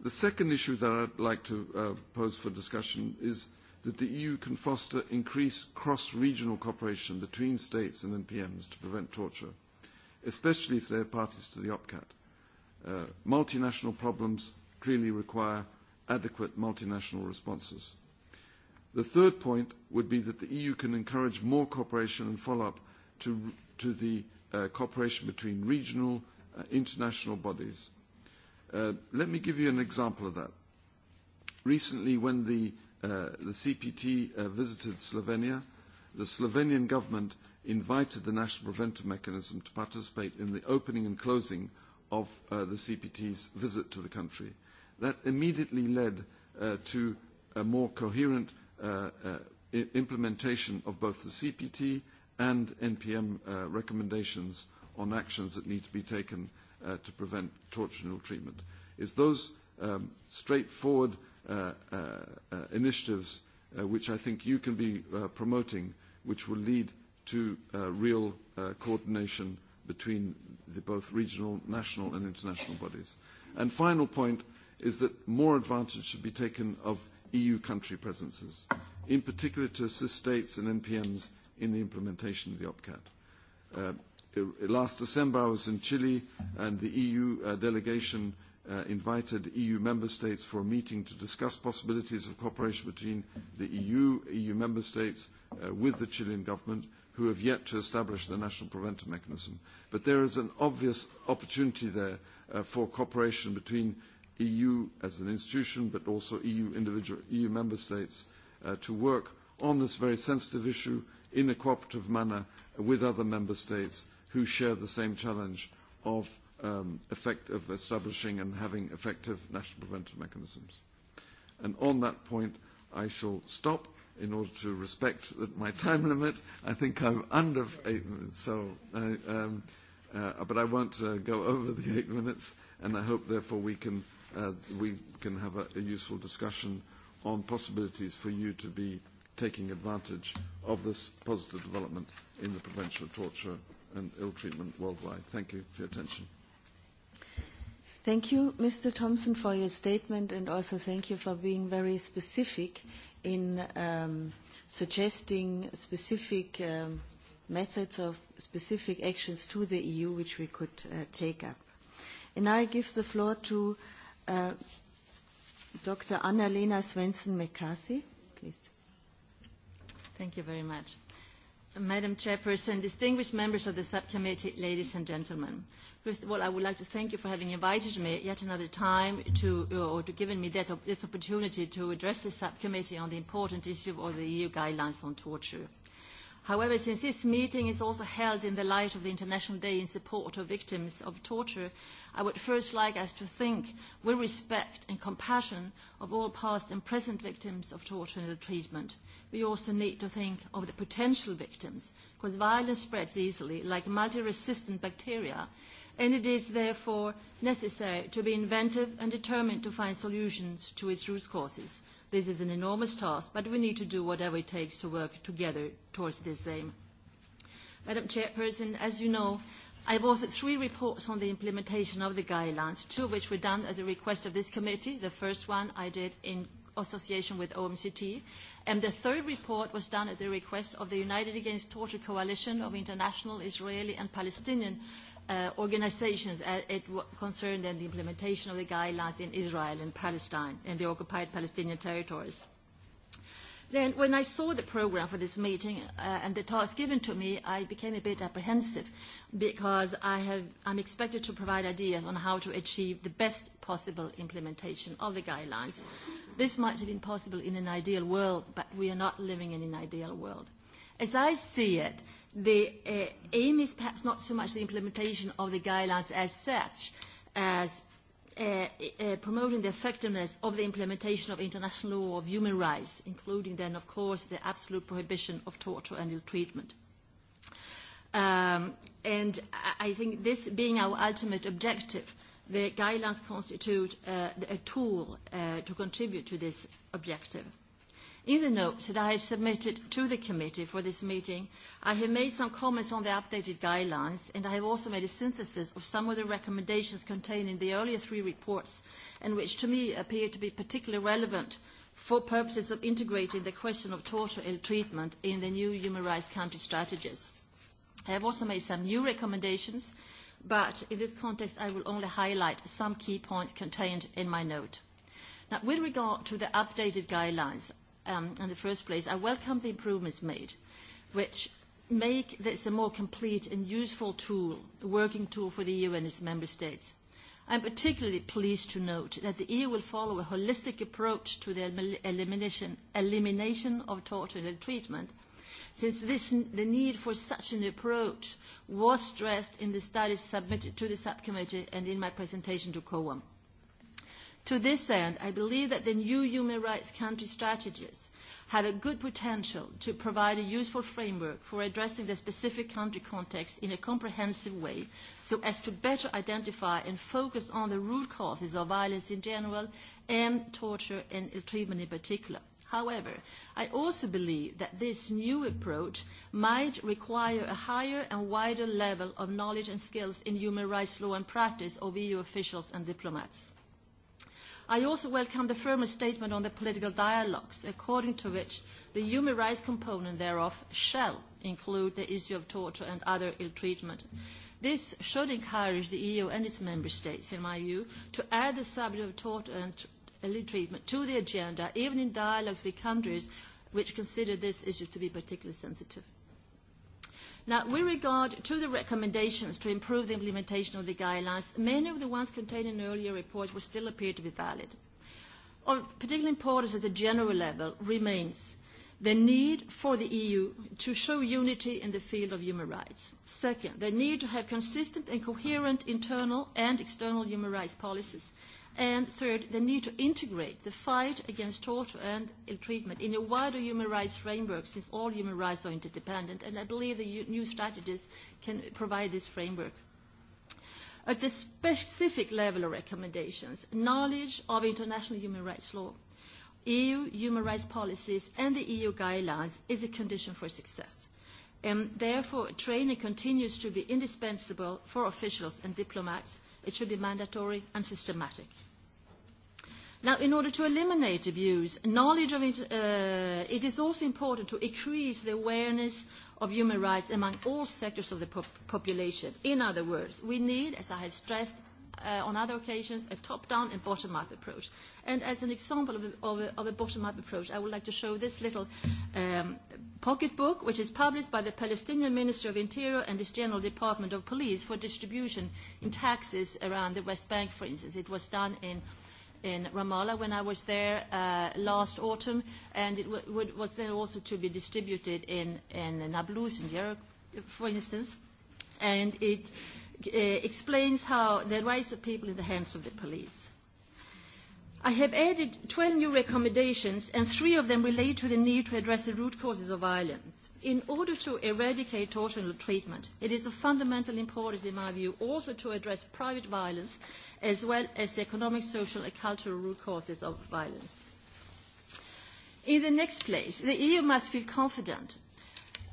The second issue that I'd like to pose for discussion is that the EU can foster increased cross-regional cooperation between states and NPMs to prevent torture, especially if they are parties to the OPCAT. Multinational problems clearly require adequate multinational responses. The third point would be that the EU can encourage more cooperation and follow-up to the cooperation between regional international bodies. Let me give you an example of that. Recently, when the CPT visited Slovenia, the Slovenian government invited the National Preventive Mechanism to participate in the opening and closing of the CPT's visit to the country. That immediately led to a more coherent implementation of both the CPT and NPM recommendations on actions that need to be taken to prevent torture and ill treatment. It's those straightforward initiatives which I think you can be promoting which will lead to real coordination between the both regional, national and international bodies. And final point is that more advantage should be taken of EU country presences, in particular to assist states and NPMs in the implementation of the OPCAT. Last December, I was in Chile, and the EU delegation invited EU member states for a meeting to discuss possibilities of cooperation between the EU, EU member states, with the Chilean government, who have yet to establish the national preventive mechanism. But there is an obvious opportunity there for cooperation between EU as an institution, but also EU individual EU member states, to work on this very sensitive issue in a cooperative manner with other member states who share the same challenge of effect of establishing and having effective national preventive mechanisms. And on that point, I shall stop in order to respect my time limit. I think I'm under eight minutes, so but I won't go over the eight minutes, and I hope, therefore, we can we can have a useful discussion on possibilities for you to be taking advantage of this positive development in the prevention of torture and ill treatment worldwide. Thank you for your attention. Thank you, Mr. Thompson, for your statement, and also thank you for being very specific in suggesting specific methods of specific actions to the EU which we could take up. And I give the floor to Dr. Anna-Lena Svensson-McCarthy. Please. Thank you very much. Madam Chairperson, distinguished members of the subcommittee, ladies and gentlemen. First of all, I would like to thank you for having invited me yet another time to, or to giving me this opportunity to address the subcommittee on the important issue of the EU guidelines on torture. However, since this meeting is also held in the light of the International Day in Support of Victims of Torture, I would first like us to think with respect and compassion of all past and present victims of torture and treatment. We also need to think of the potential victims, because violence spreads easily, like multi-resistant bacteria, and it is therefore necessary to be inventive and determined to find solutions to its root causes. This is an enormous task, but we need to do whatever it takes to work together towards this aim. Madam Chairperson, as you know, I authored three reports on the implementation of the guidelines, two of which were done at the request of this committee. The first one I did in association with OMCT, and the third report was done at the request of the United Against Torture Coalition of International Israeli and Palestinian organizations concerned in the implementation of the guidelines in Israel and Palestine and the occupied Palestinian territories. Then when I saw the program for this meeting and the task given to me, I became a bit apprehensive because I have, I'm expected to provide ideas on how to achieve the best possible implementation of the guidelines. This might have been possible in an ideal world, but we are not living in an ideal world. As I see it, the aim is perhaps not so much the implementation of the guidelines as such, as promoting the effectiveness of the implementation of international law of human rights, including then, of course, the absolute prohibition of torture and ill treatment. And I think this being our ultimate objective, the guidelines constitute a tool to contribute to this objective. In the notes that I have submitted to the committee for this meeting, I have made some comments on the updated guidelines, and I have also made a synthesis of some of the recommendations contained in the earlier three reports, and which to me appear to be particularly relevant for purposes of integrating the question of torture ill treatment in the new human rights country strategies. I have also made some new recommendations, but in this context I will only highlight some key points contained in my note. Now, with regard to the updated guidelines, in the first place, I welcome the improvements made, which make this a more complete and useful tool, a working tool for the EU and its member states. I am particularly pleased to note that the EU will follow a holistic approach to the elimination of torture and treatment, since the need for such an approach was stressed in the studies submitted to the subcommittee and in my presentation to COAM. To this end, I believe that the new human rights country strategies have a good potential to provide a useful framework for addressing the specific country context in a comprehensive way so as to better identify and focus on the root causes of violence in general and torture and ill treatment in particular. However, I also believe that this new approach might require a higher and wider level of knowledge and skills in human rights law and practice of EU officials and diplomats. I also welcome the firm statement on the political dialogues, according to which the human rights component thereof shall include the issue of torture and other ill treatment. This should encourage the EU and its member states, in my view, to add the subject of torture and ill treatment to the agenda, even in dialogues with countries which consider this issue to be particularly sensitive. Now, with regard to the recommendations to improve the implementation of the guidelines, many of the ones contained in earlier reports will still appear to be valid. Of particular importance at the general level remains the need for the EU to show unity in the field of human rights. Second, the need to have consistent and coherent internal and external human rights policies And third, the need to integrate the fight against torture and ill-treatment in a wider human rights framework, since all human rights are interdependent, and I believe the new strategies can provide this framework. At the specific level of recommendations, knowledge of international human rights law, EU human rights policies, and the EU guidelines is a condition for success. Therefore, training continues to be indispensable for officials and diplomats. It should be mandatory and systematic. Now, in order to eliminate abuse, knowledge of it, it is also important to increase the awareness of human rights among all sectors of the population. In other words, we need, as I have stressed on other occasions, a top-down and bottom-up approach. And as an example of a bottom-up approach, I would like to show this little pocketbook, which is published by the Palestinian Ministry of Interior and its General Department of Police for distribution in taxes around the West Bank, for instance. It was done in in Ramallah when I was there last autumn, and it was there also to be distributed in Nablus in Europe, for instance. And it explains how the rights of people in the hands of the police. I have added 12 new recommendations, and three of them relate to the need to address the root causes of violence. In order to eradicate and treatment, it is of fundamental importance, in my view, also to address private violence as well as the economic, social, and cultural root causes of violence. In the next place, the EU must feel confident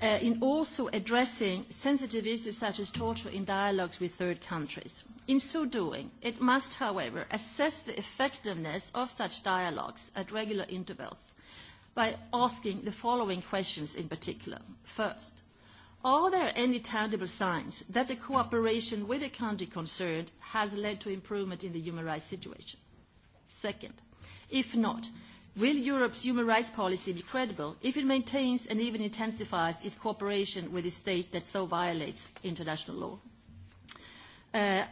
in also addressing sensitive issues such as torture in dialogues with third countries. In so doing, it must, however, assess the effectiveness of such dialogues at regular intervals by asking the following questions in particular. First, are there any tangible signs that the cooperation with the country concerned has led to improvement in the human rights situation? Second, if not, Will Europe's human rights policy be credible if it maintains and even intensifies its cooperation with a state that so violates international law?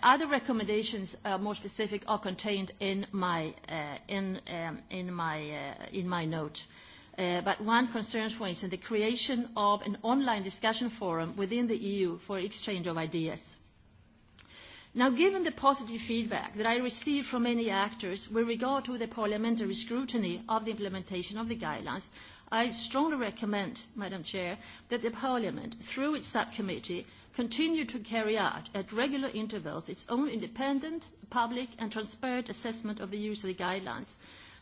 Other recommendations, more specific, are contained in my note. But one concerns, for instance, the creation of an online discussion forum within the EU for exchange of ideas. Now, given the positive feedback that I received from many actors with regard to the parliamentary scrutiny of the implementation of the guidelines, I strongly recommend, Madam Chair, that the Parliament, through its subcommittee, continue to carry out at regular intervals its own independent, public and transparent assessment of the use of the guidelines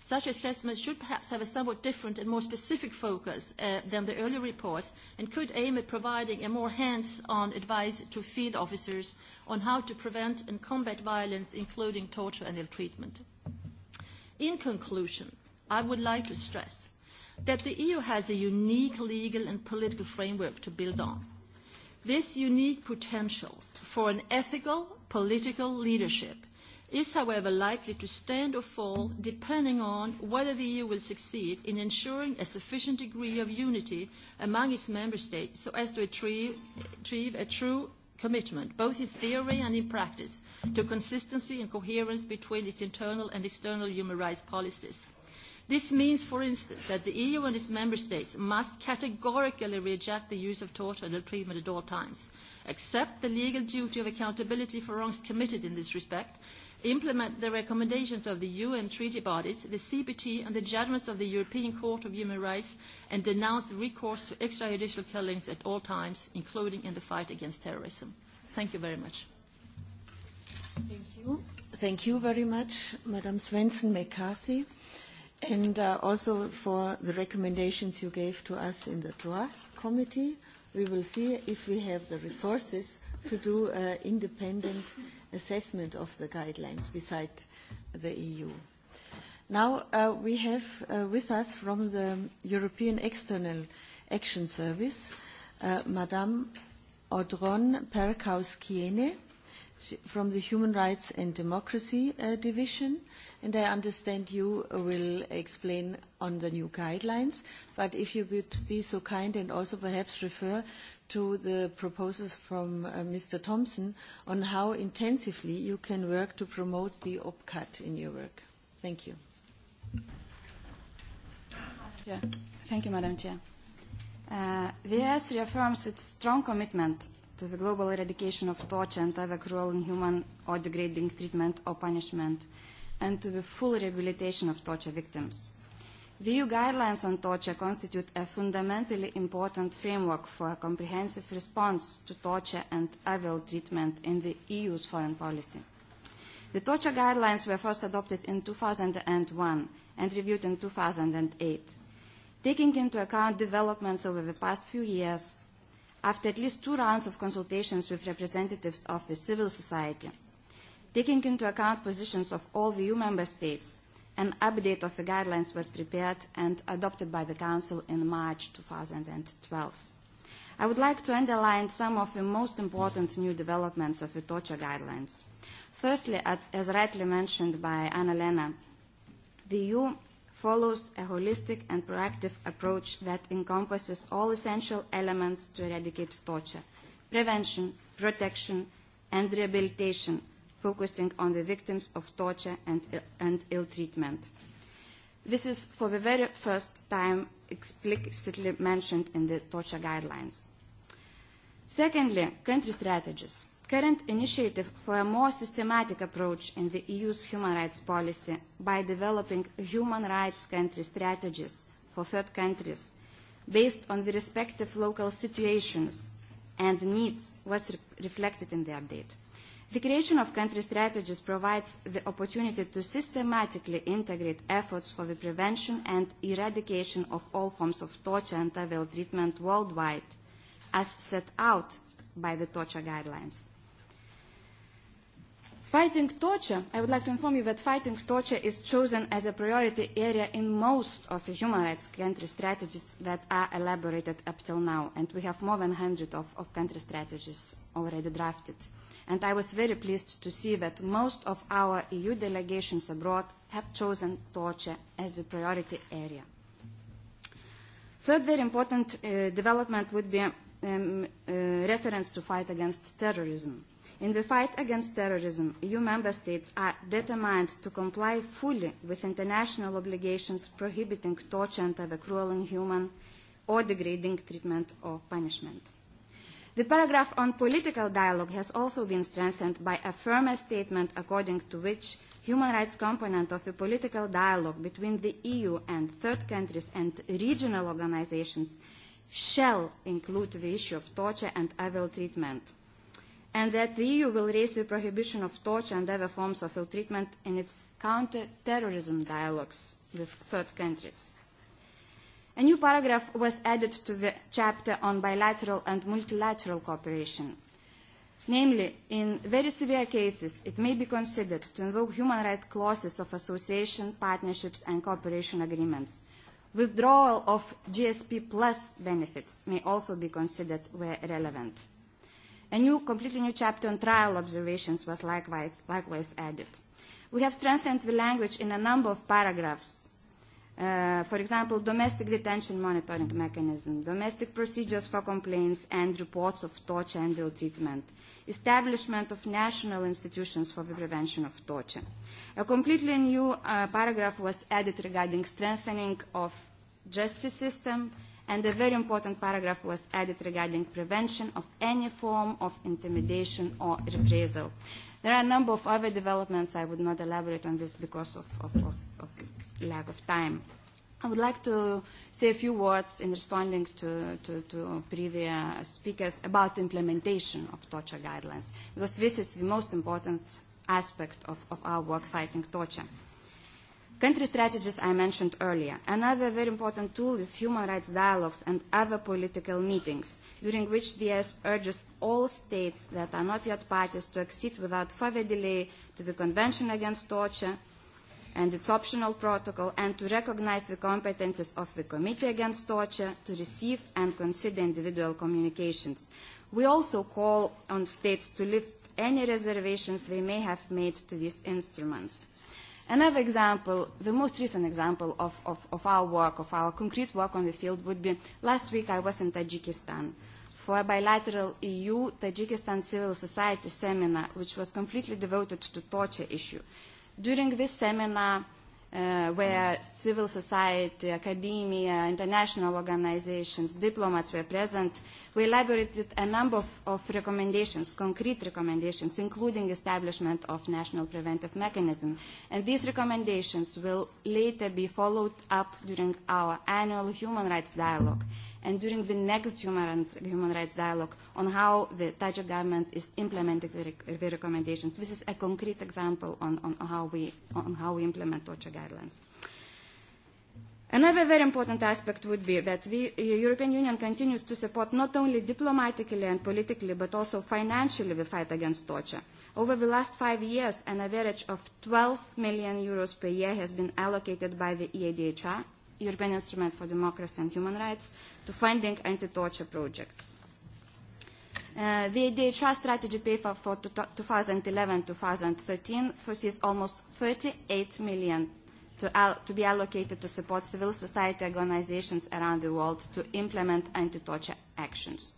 Such assessments should perhaps have a somewhat different and more specific focus than the earlier reports and could aim at providing a more hands-on advice to field officers on how to prevent and combat violence, including torture and ill-treatment. In conclusion, I would like to stress that the EU has a unique legal and political framework to build on. This unique potential for an ethical political leadership is, however, likely to stand or fall depending on whether the EU will succeed in ensuring a sufficient degree of unity among its member states so as to achieve a true commitment, both in theory and in practice, to consistency and coherence between its internal and external human rights policies. This means, for instance, that the EU and its member states must categorically reject the use of torture and ill treatment at all times, accept the legal duty of accountability for wrongs committed in this respect, implement the recommendations of the UN treaty bodies, the CBT and the judgments of the European Court of Human Rights, and denounce recourse to extrajudicial killings at all times, including in the fight against terrorism. Thank you very much. Thank you. Thank you very much, Madam Svensson McCarthy, and also for the recommendations you gave to us in the draft committee. We will see if we have the resources to do independent assessment of the guidelines beside the EU. Now we have with us from the European External Action Service, Madame Audron Perkaus-Kiene, from the Human Rights and Democracy Division, and I understand you will explain on the new guidelines, but if you would be so kind and also perhaps refer to the proposals from Mr. Thompson on how intensively you can work to promote the OPCAT in your work. Thank you. Thank you, Madam Chair. The ES reaffirms its strong commitment to the global eradication of torture and other cruel, inhuman, or degrading treatment or punishment, and to the full rehabilitation of torture victims. The EU guidelines on torture constitute a fundamentally important framework for a comprehensive response to torture and evil treatment in the EU's foreign policy. The torture guidelines were first adopted in 2001 and reviewed in 2008. Taking into account developments over the past few years, after at least two rounds of consultations with representatives of the civil society. Taking into account positions of all the EU member states, an update of the guidelines was prepared and adopted by the Council in March 2012. I would like to underline some of the most important new developments of the torture guidelines. Firstly, as rightly mentioned by Anna-Lena, the EU follows a holistic and proactive approach that encompasses all essential elements to eradicate torture prevention, protection and rehabilitation, focusing on the victims of torture and ill treatment. This is for the very first time explicitly mentioned in the torture guidelines. Secondly, country strategies current initiative for a more systematic approach in the EU's human rights policy by developing human rights country strategies for third countries based on the respective local situations and needs was reflected in the update. The creation of country strategies provides the opportunity to systematically integrate efforts for the prevention and eradication of all forms of torture and evil treatment worldwide, as set out by the torture guidelines. Fighting torture, I would like to inform you that fighting torture is chosen as a priority area in most of the human rights country strategies that are elaborated up till now, and we have more than 100 of country strategies already drafted. And I was very pleased to see that most of our EU delegations abroad have chosen torture as the priority area. Third very important development would be reference to fight against terrorism. In the fight against terrorism, EU member states are determined to comply fully with international obligations prohibiting torture and other cruel, inhuman or degrading treatment or punishment. The paragraph on political dialogue has also been strengthened by a firmer statement according to which human rights component of the political dialogue between the EU and third countries and regional organisations shall include the issue of torture and evil treatment and that the EU will raise the prohibition of torture and other forms of ill-treatment in its counter-terrorism dialogues with third countries. A new paragraph was added to the chapter on bilateral and multilateral cooperation. Namely, in very severe cases, it may be considered to invoke human rights clauses of association, partnerships and cooperation agreements. Withdrawal of GSP plus benefits may also be considered where relevant. A new, completely new chapter on trial observations was likewise added. We have strengthened the language in a number of paragraphs. For example, domestic detention monitoring mechanism, domestic procedures for complaints and reports of torture and ill treatment, establishment of national institutions for the prevention of torture. A completely new paragraph was added regarding strengthening of justice system and a very important paragraph was added regarding prevention of any form of intimidation or reprisal. There are a number of other developments. I would not elaborate on this because of lack of time. I would like to say a few words in responding to previous speakers about the implementation of torture guidelines, because this is the most important aspect of our work fighting torture. Country strategies I mentioned earlier. Another very important tool is human rights dialogues and other political meetings, during which the urges all states that are not yet parties to accede without further delay to the Convention Against Torture and its optional protocol, and to recognize the competences of the Committee Against Torture to receive and consider individual communications. We also call on states to lift any reservations they may have made to these instruments. Another example, the most recent example of our work, of our concrete work on the field would be last week I was in Tajikistan for a bilateral EU-Tajikistan civil society seminar which was completely devoted to torture issue. During this seminar, where civil society, academia, international organizations, diplomats were present, we elaborated a number of recommendations, concrete recommendations, including establishment of national preventive mechanism. And these recommendations will later be followed up during our annual human rights dialogue and during the next human rights dialogue on how the Tajik government is implementing the recommendations. This is a concrete example on how we implement torture guidelines. Another very important aspect would be that the European Union continues to support not only diplomatically and politically, but also financially the fight against torture. Over the last five years, an average of 12 million euros per year has been allocated by the EADHR European Instrument for Democracy and Human Rights, to funding anti-torture projects. The DHR strategy paper for 2011-2013 foresees almost 38 million to be allocated to support civil society organizations around the world to implement anti-torture actions.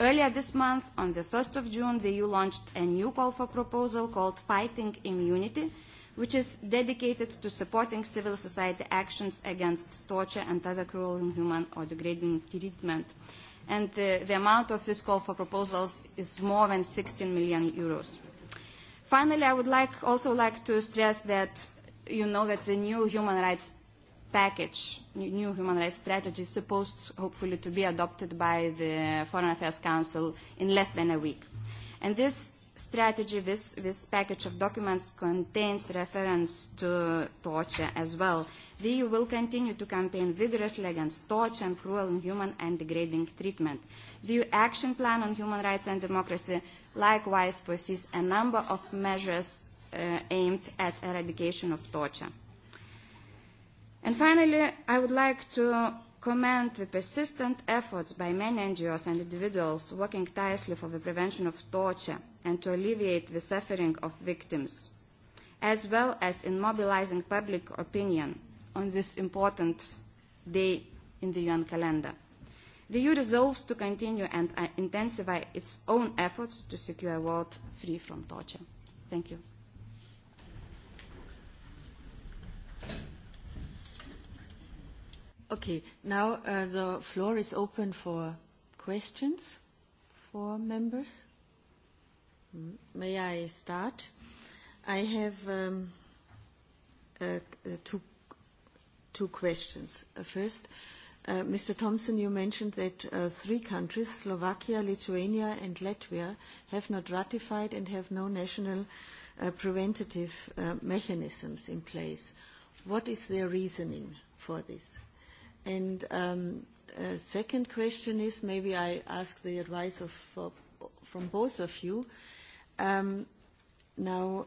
Earlier this month, on the 1st of June, the EU launched a new call for proposal called Fighting Immunity – which is dedicated to supporting civil society actions against torture and other cruel, inhuman or degrading treatment. And the amount of this call for proposals is more than 16 million euros. Finally, I would like also like to stress that you know that the new human rights package, new human rights strategy is supposed hopefully to be adopted by the Foreign Affairs Council in less than a week. And this strategy, this, this package of documents contains reference to torture as well. The EU will continue to campaign vigorously against torture and cruel, inhuman and degrading treatment. The EU Action Plan on Human Rights and Democracy likewise foresees a number of measures aimed at eradication of torture. And finally, I would like to commend the persistent efforts by many NGOs and individuals working tirelessly for the prevention of torture and to alleviate the suffering of victims, as well as in mobilizing public opinion on this important day in the UN calendar. The EU resolves to continue and intensify its own efforts to secure a world free from torture. Thank you. Okay, now the floor is open for questions for members. May I start? I have two two questions. First, Mr. Thompson, you mentioned that three countries, Slovakia, Lithuania and Latvia, have not ratified and have no national preventative mechanisms in place. What is their reasoning for this? And the second question is, maybe I ask the advice of from both of you. Now,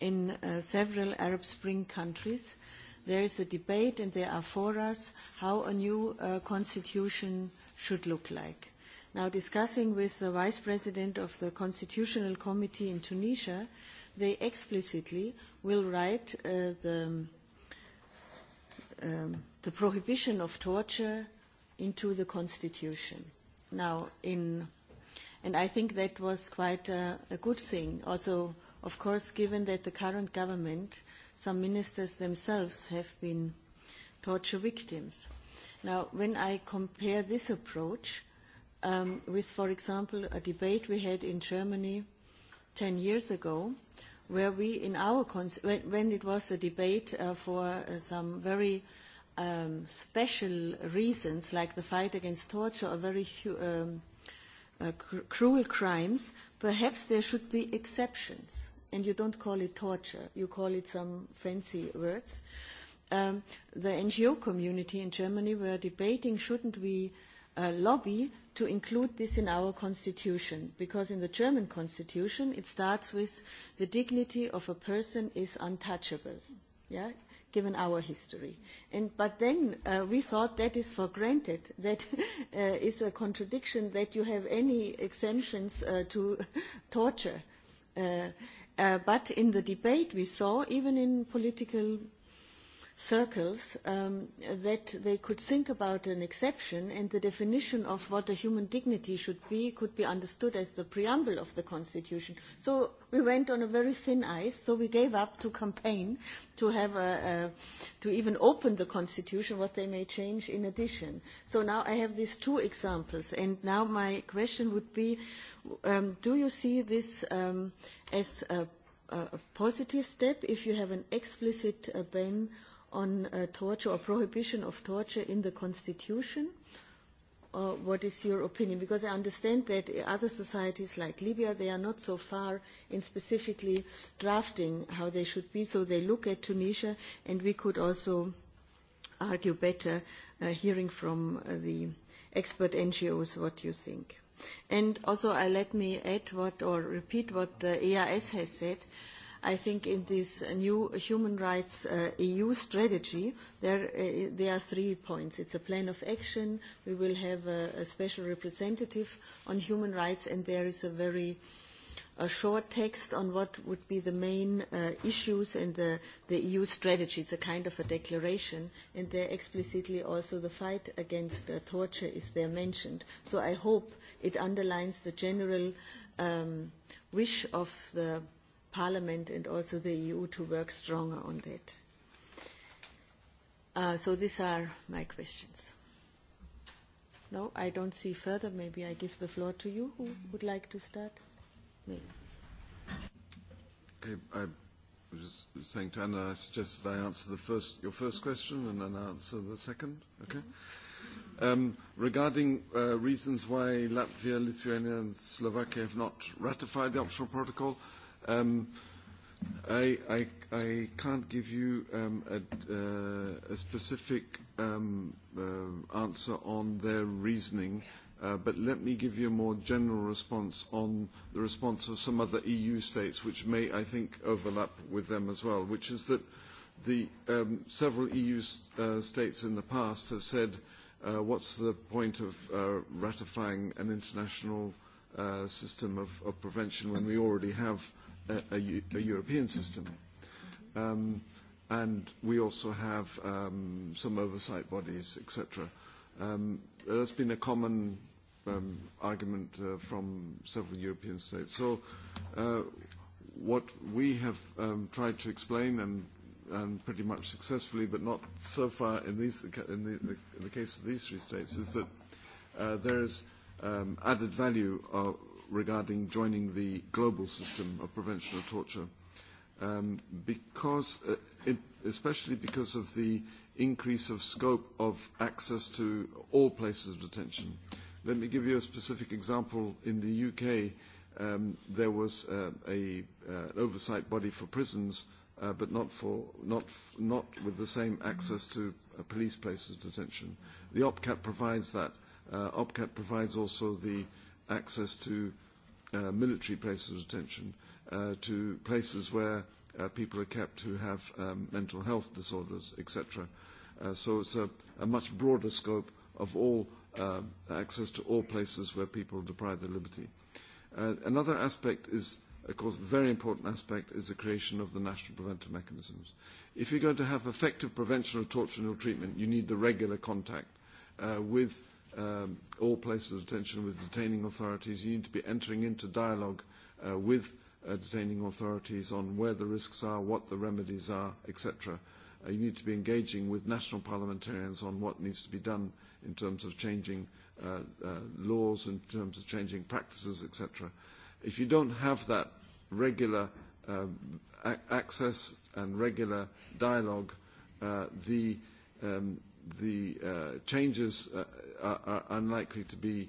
in several Arab Spring countries, there is a debate and there are forums how a new constitution should look like. Now, discussing with the vice president of the Constitutional Committee in Tunisia, they explicitly will write the the prohibition of torture into the Constitution. Now, in, and I think that was quite a, good thing. Also, of course, given that the current government, some ministers themselves have been torture victims. Now, when I compare this approach with, for example, a debate we had in Germany 10 years ago, where we, in our, when it was a debate for some very special reasons like the fight against torture or very cruel crimes, perhaps there should be exceptions. And you don't call it torture, you call it some fancy words. The NGO community in Germany were debating shouldn't we lobby to include this in our constitution, because in the German constitution it starts with the dignity of a person is untouchable given our history. But then we thought that is for granted. That is a contradiction that you have any exemptions to torture. But in the debate we saw, even in political circles that they could think about an exception and the definition of what a human dignity should be could be understood as the preamble of the constitution so we went on a very thin ice so we gave up to campaign to have to even open the constitution what they may change in addition so now i have these two examples and now my question would be do you see this as a positive step if you have an explicit ban on torture or prohibition of torture in the Constitution? What is your opinion? Because I understand that other societies like Libya, they are not so far in specifically drafting how they should be, so they look at Tunisia, and we could also argue better hearing from the expert NGOs what you think. And also let me add what or repeat what the EAS has said I think in this new human rights EU strategy, there are three points. It's a plan of action. We will have a special representative on human rights, and there is a very short text on what would be the main issues and the EU strategy. It's a kind of a declaration, and there explicitly also the fight against torture is there mentioned. So I hope it underlines the general wish of the Parliament and also the EU to work stronger on that. So these are my questions. No, I don't see further. Maybe I give the floor to you. Who would like to start? Okay, I was just saying to Anna, I suggested I answer the first, your first question and then answer the second. Okay. Um, regarding reasons why Latvia, Lithuania and Slovakia have not ratified the optional protocol, I I can't give you a specific answer on their reasoning, but let me give you a more general response on the response of some other EU states, which may, I think, overlap with them as well, which is that the several EU states in the past have said, what's the point of ratifying an international system of prevention when we already have a European system. And we also have some oversight bodies, etc. That's been a common argument from several European states. So what we have tried to explain and pretty much successfully, but not so far in in the case of these three states, is that there is added value of regarding joining the global system of prevention of torture, because, especially because of the increase of scope of access to all places of detention. Let me give you a specific example. In the UK, there was an oversight body for prisons, but not with the same access to police places of detention. The OPCAT provides that. OPCAT provides also the access to military places of detention, to places where people are kept who have mental health disorders, etc. So it's a much broader scope of all access to all places where people are deprived of liberty. Another aspect is, of course, a very important aspect is the creation of the national preventive mechanisms. If you're going to have effective prevention of torture and ill treatment, you need the regular contact with all places of detention with detaining authorities. You need to be entering into dialogue with detaining authorities on where the risks are, what the remedies are, etc. You need to be engaging with national parliamentarians on what needs to be done in terms of changing laws, in terms of changing practices, etc. If you don't have that regular access and regular dialogue, the the changes are unlikely to be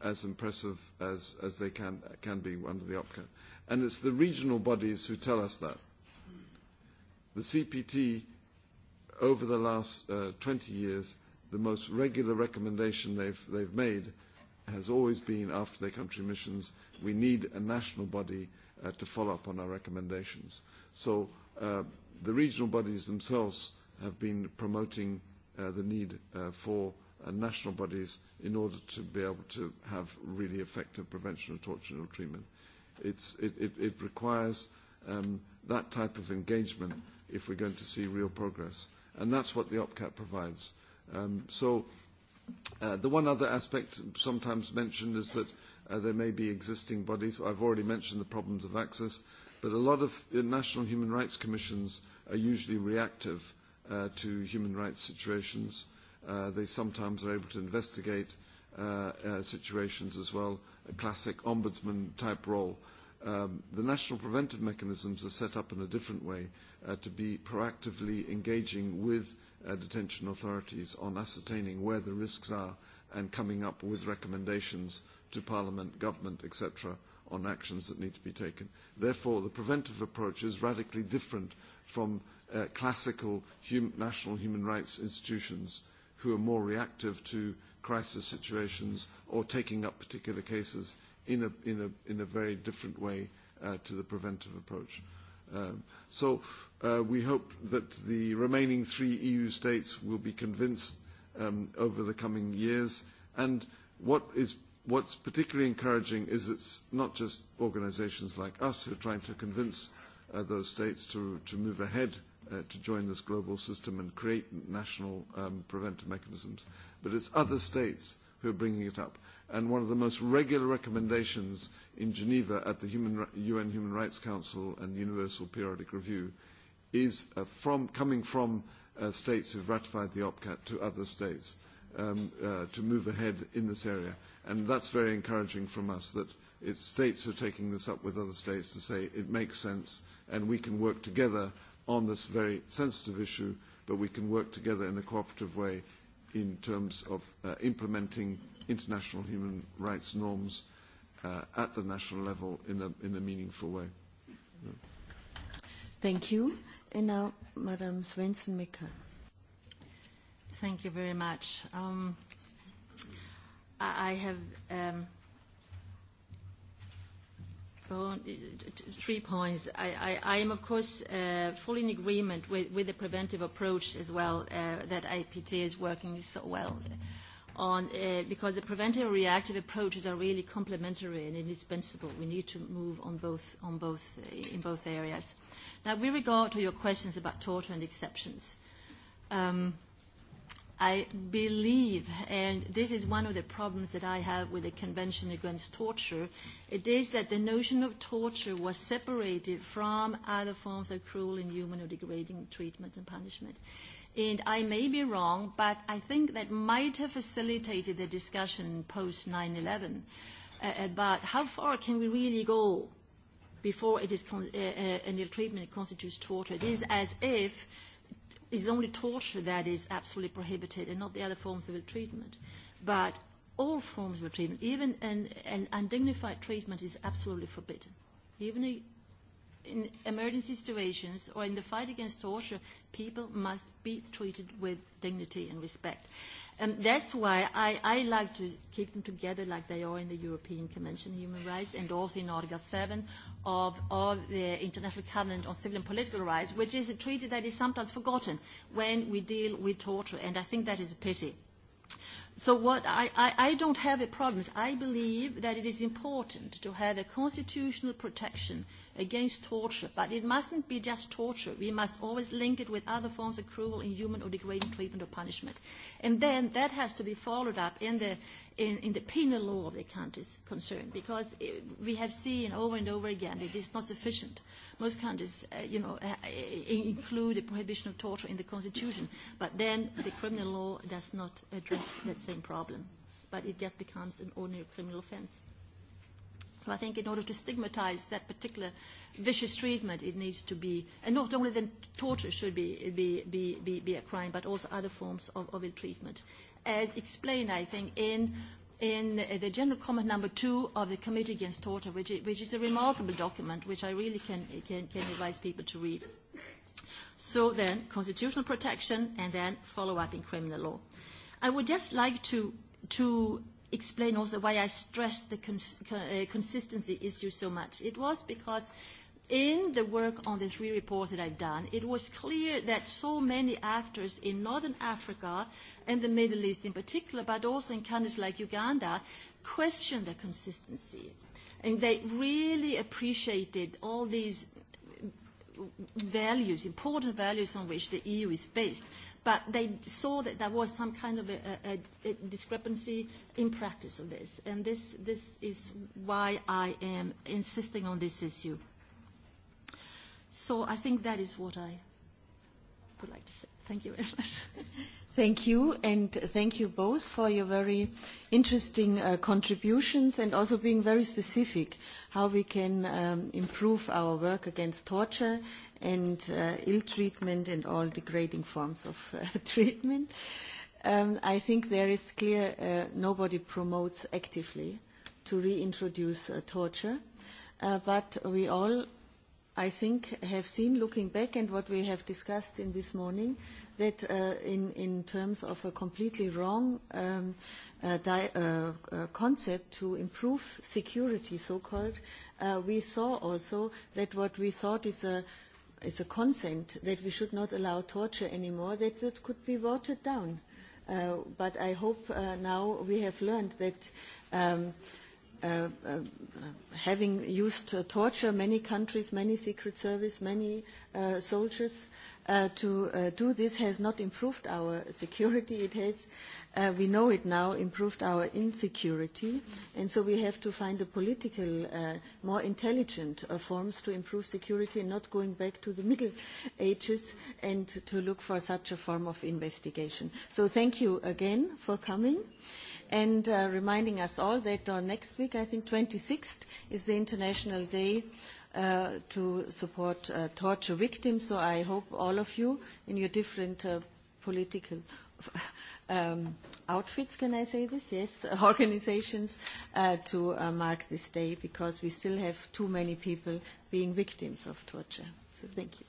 as impressive as as they can can be under the OPCA. And it's the regional bodies who tell us that. The CPT, over the last 20 years, the most regular recommendation they've they've made has always been after their country missions, we need a national body to follow up on our recommendations. So the regional bodies themselves have been promoting the need for national bodies in order to be able to have really effective prevention of torture and treatment. it, it, requires that type of engagement if we're going to see real progress. And that's what the OPCAT provides. Um, so the one other aspect sometimes mentioned is that there may be existing bodies. I've already mentioned the problems of access, but a lot of national human rights commissions are usually reactive to human rights situations. They sometimes are able to investigate situations as well, a classic ombudsman-type role. The national preventive mechanisms are set up in a different way to be proactively engaging with detention authorities on ascertaining where the risks are and coming up with recommendations to Parliament, government, etc., on actions that need to be taken. Therefore, the preventive approach is radically different from classical national human rights institutions who are more reactive to crisis situations or taking up particular cases in a in a in a very different way to the preventive approach. So we hope that the remaining three EU states will be convinced over the coming years. And what is what's particularly encouraging is it's not just organisations like us who are trying to convince those states to to move ahead to join this global system and create national preventive mechanisms. But it's other states who are bringing it up. And one of the most regular recommendations in Geneva at the UN Human Rights Council and Universal Periodic Review is coming from states who have ratified the OPCAT to other states to move ahead in this area. And that's very encouraging from us that it's states who are taking this up with other states to say it makes sense and we can work together on this very sensitive issue, but we can work together in a cooperative way in terms of implementing international human rights norms at the national level in a meaningful way. Thank you. And now, Madam Svensson-Mika. Thank you very much. I have Three points. I am, of course, fully in agreement with the preventive approach as well that IPT is working so well on, because the preventive and reactive approaches are really complementary and indispensable. We need to move on both on both in both areas. Now, with regard to your questions about torture and exceptions. Um I believe, and this is one of the problems that I have with the Convention Against Torture, it is that the notion of torture was separated from other forms of cruel, inhuman, or degrading treatment and punishment. And I may be wrong, but I think that might have facilitated the discussion post 9/11 about how far can we really go before it is an ill treatment constitutes torture. It is as if is only torture that is absolutely prohibited and not the other forms of ill treatment. But all forms of treatment, even an undignified treatment, is absolutely forbidden. Even in emergency situations or in the fight against torture, people must be treated with dignity and respect. That's why I like to keep them together like they are in the European Convention on Human Rights and also in Article 7 of the International Covenant on Civil and Political Rights, which is a treaty that is sometimes forgotten when we deal with torture, and I think that is a pity. So what I, I, I don't have a problem. I believe that it is important to have a constitutional protection against torture. But it mustn't be just torture. We must always link it with other forms of cruel, inhuman, or degrading treatment or punishment. And then that has to be followed up in the in the penal law of the countries concerned, because we have seen over and over again that it is not sufficient. Most countries, you know, include a prohibition of torture in the constitution, but then the criminal law does not address that same problem, but it just becomes an ordinary criminal offense. I think in order to stigmatize that particular vicious treatment, it needs to be, and not only then torture should be, be, a crime, but also other forms of, ill treatment. As explained, I think, in in the general comment number two of the Committee Against Torture, which is a remarkable document, which I really can advise people to read. So then, constitutional protection, and then follow-up in criminal law. I would just like to to explain also why I stressed the consistency issue so much. It was because in the work on the three reports that I've done, it was clear that so many actors in Northern Africa and the Middle East in particular, but also in countries like Uganda, questioned the consistency. And they really appreciated all these values, important values on which the EU is based. But they saw that there was some kind of a discrepancy in practice of this. And this is why I am insisting on this issue. So I think that is what I would like to say. Thank you very much. Thank you, and thank you both for your very interesting contributions and also being very specific how we can improve our work against torture and ill treatment and all degrading forms of treatment. I think there is clear nobody promotes actively to reintroduce torture, but we all, I think, have seen looking back and what we have discussed in this morning that in terms of a completely wrong concept to improve security, so-called, we saw also that what we thought is a is a consent that we should not allow torture anymore, that it could be watered down. But I hope now we have learned that having used torture, many countries, many secret service, many soldiers to do this has not improved our security. It has, we know it now, improved our insecurity. And so we have to find a political, more intelligent forms to improve security and not going back to the Middle Ages and to look for such a form of investigation. So thank you again for coming and reminding us all that next week, I think 26th, is the International Day to support torture victims. So I hope all of you in your different political outfits, can I say this? Yes, organizations to mark this day because we still have too many people being victims of torture. So thank you.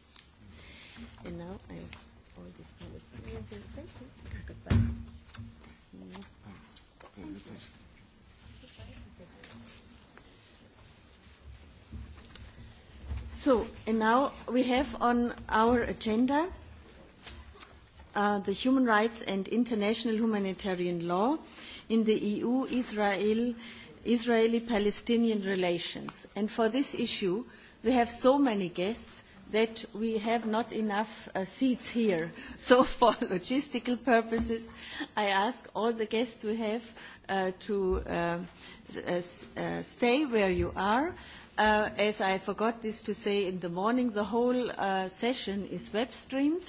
And now I all Thank you. So, and now we have on our agenda the human rights and international humanitarian law in the EU-Israel Israeli-Palestinian relations. And for this issue, we have so many guests that we have not enough seats here. So for logistical purposes, I ask all the guests we have to stay where you are As I forgot this to say in the morning, the whole session is web streamed,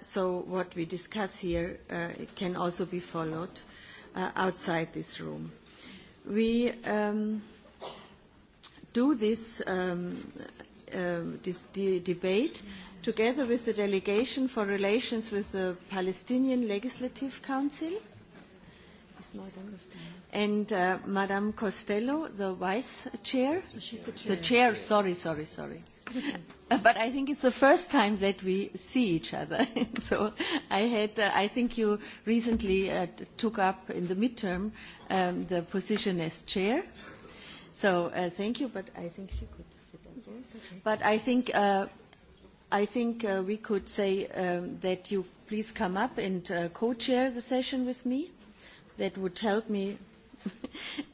so what we discuss here can also be followed outside this room. We do this debate together with the Delegation for Relations with the Palestinian Legislative Council and Madame Costello, the vice chair. She's the chair. The chair, sorry, sorry, sorry. But I think it's the first time that we see each other. So I had, I think you recently took up in the midterm the position as chair. So thank you, but I think she could sit down. Yes, But I think, I think we could say that you please come up and co-chair the session with me. That would help me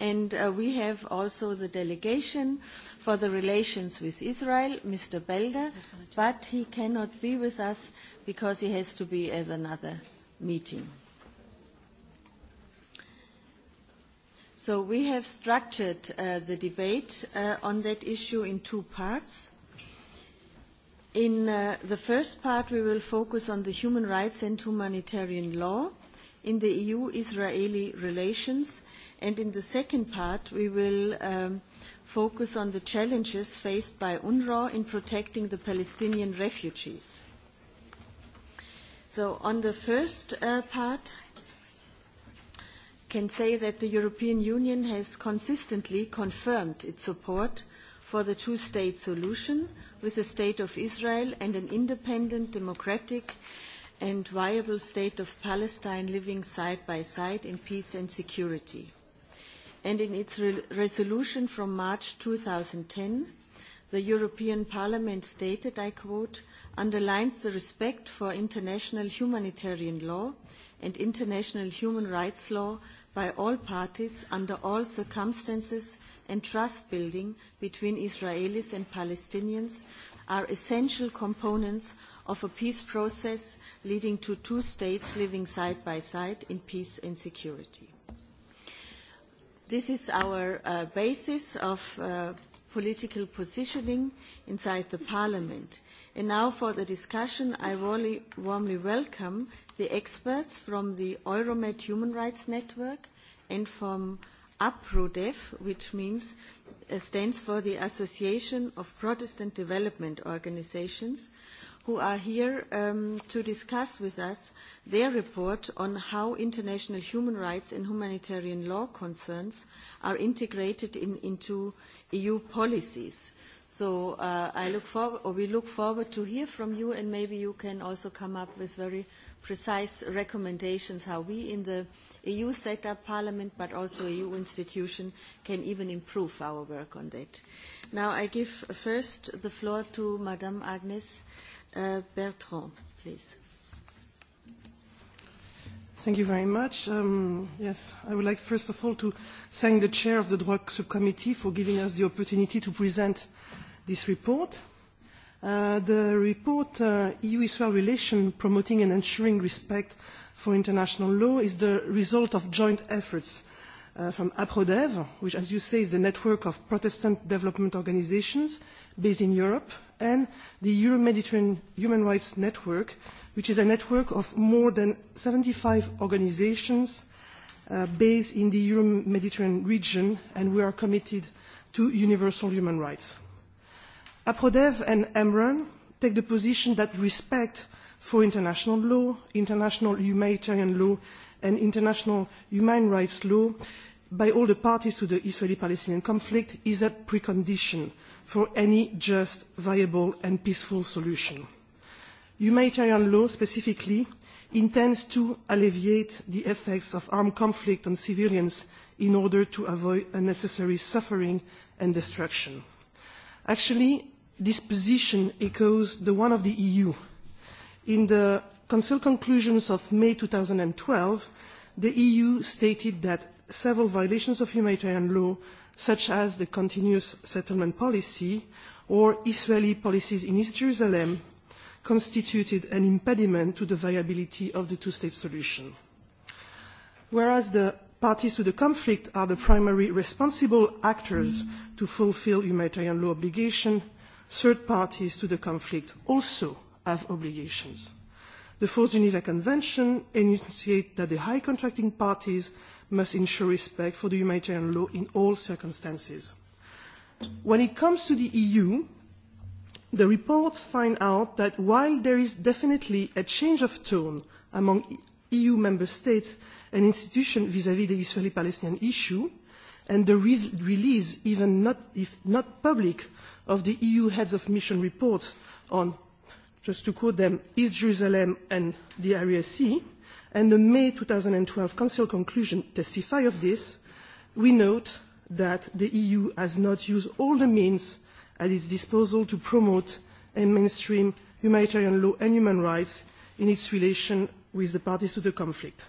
And we have also the delegation for the relations with Israel, Mr. Belder, but he cannot be with us because he has to be at another meeting. So we have structured the debate on that issue in two parts. In the first part, we will focus on the human rights and humanitarian law in the EU-Israeli relations And in the second part, we will focus on the challenges faced by UNRWA in protecting the Palestinian refugees. So on the first part, can say that the European Union has consistently confirmed its support for the two-state solution with the State of Israel and an independent, democratic and viable State of Palestine living side by side in peace and security and in its resolution from March 2010, the European Parliament stated, I quote, underlines the respect for international humanitarian law and international human rights law by all parties under all circumstances and trust building between Israelis and Palestinians are essential components of a peace process leading to two states living side by side in peace and security. This is our basis of political positioning inside the Parliament. And now for the discussion, I warmly welcome the experts from the Euromed Human Rights Network and from APRODEF, which means stands for the Association of Protestant Development Organizations, who are here to discuss with us their report on how international human rights and humanitarian law concerns are integrated into EU policies. So I look forward, we look forward to hear from you, and maybe you can also come up with very precise recommendations how we in the EU set up Parliament, but also EU institution, can even improve our work on that. Now I give first the floor to Madame Agnes Bertrand, please. Thank you very much. Yes, I would like first of all to thank the chair of the Drug subcommittee for giving us the opportunity to present this report. The report EU-Israel relation Promoting and Ensuring Respect for International Law is the result of joint efforts from APRODEV, which, as you say, is the network of Protestant development organizations based in Europe, and the Euro-Mediterranean Human Rights Network, which is a network of more than 75 organizations based in the Euro-Mediterranean region, and we are committed to universal human rights. APRODEV and EMRAN take the position that respect for international law, international humanitarian law, and international human rights law by all the parties to the Israeli-Palestinian conflict is a precondition for any just, viable and peaceful solution. Humanitarian law specifically intends to alleviate the effects of armed conflict on civilians in order to avoid unnecessary suffering and destruction. Actually, this position echoes the one of the EU. In the Council conclusions of May 2012, the EU stated that several violations of humanitarian law, such as the continuous settlement policy or Israeli policies in East Jerusalem, constituted an impediment to the viability of the two-state solution. Whereas the parties to the conflict are the primary responsible actors to fulfil humanitarian law obligations, third parties to the conflict also have obligations. The Fourth Geneva Convention enunciates that the high contracting parties must ensure respect for the humanitarian law in all circumstances. When it comes to the EU, the reports find out that while there is definitely a change of tone among EU member states and institutions vis-à-vis the Israeli-Palestinian issue, and the release, even if not public, of the EU heads of mission reports on just to quote them, East Jerusalem and the Area C, and the May 2012 Council conclusion testify of this, we note that the EU has not used all the means at its disposal to promote and mainstream humanitarian law and human rights in its relation with the parties to the conflict.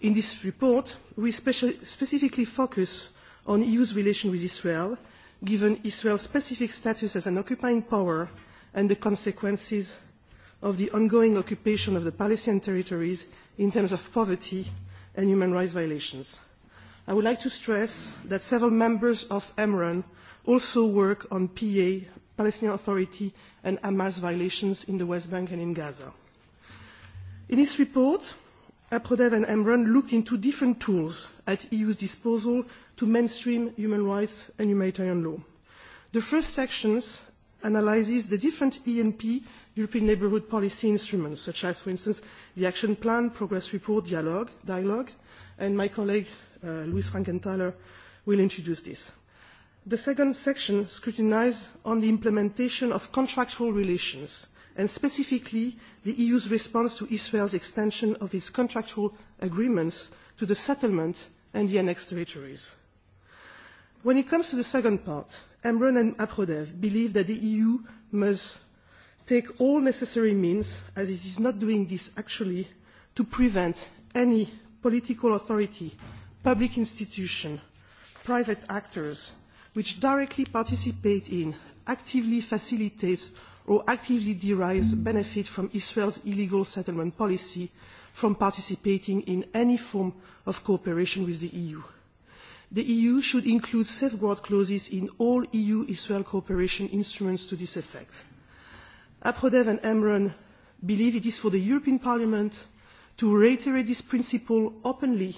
In this report, we specifically focus on EU's relation with Israel, given Israel's specific status as an occupying power and the consequences of the ongoing occupation of the Palestinian territories in terms of poverty and human rights violations. I would like to stress that several members of EMRAN also work on PA, Palestinian Authority and Hamas violations in the West Bank and in Gaza. In this report, APRODEV and EMRAN looked into different tools at EU's disposal to mainstream human rights and humanitarian law. The first sections analyses the different ENP, European Neighbourhood Policy instruments, such as, for instance, the Action Plan, Progress Report, Dialogue, and my colleague, Louis Frankenthaler, will introduce this. The second section scrutinises on the implementation of contractual relations, and specifically the EU's response to Israel's extension of its contractual agreements to the settlement and the annexed territories. When it comes to the second part, Emron and Aprodev believe that the EU must take all necessary means, as it is not doing this actually, to prevent any political authority, public institution, private actors, which directly participate in, actively facilitates or actively derives benefit from Israel's illegal settlement policy from participating in any form of cooperation with the EU. The EU should include safeguard clauses in all EU-Israel cooperation instruments to this effect. APRODEV and EMRON believe it is for the European Parliament to reiterate this principle openly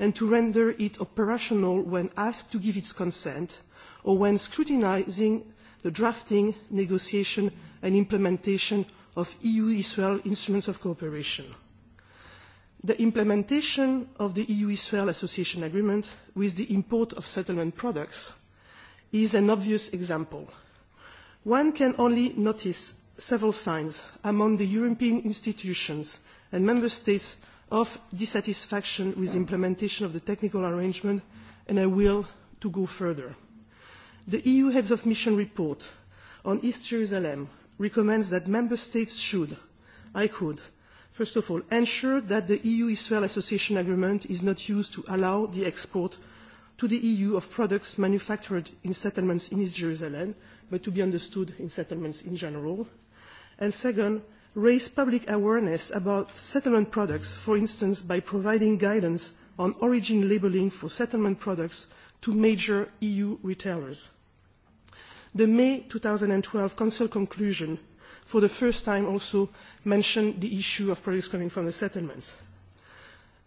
and to render it operational when asked to give its consent or when scrutinising the drafting, negotiation and implementation of EU-Israel instruments of cooperation the implementation of the EU-Israel Association Agreement with the import of settlement products is an obvious example. One can only notice several signs among the European institutions and member states of dissatisfaction with the implementation of the technical arrangement, and I will to go further. The EU Heads of Mission report on East Jerusalem recommends that member states should, I could, First of all, ensure that the EU-Israel Association Agreement is not used to allow the export to the EU of products manufactured in settlements in East Jerusalem, but to be understood in settlements in general. And second, raise public awareness about settlement products, for instance, by providing guidance on origin labelling for settlement products to major EU retailers. The May 2012 Council conclusion for the first time also mentioned the issue of products coming from the settlements.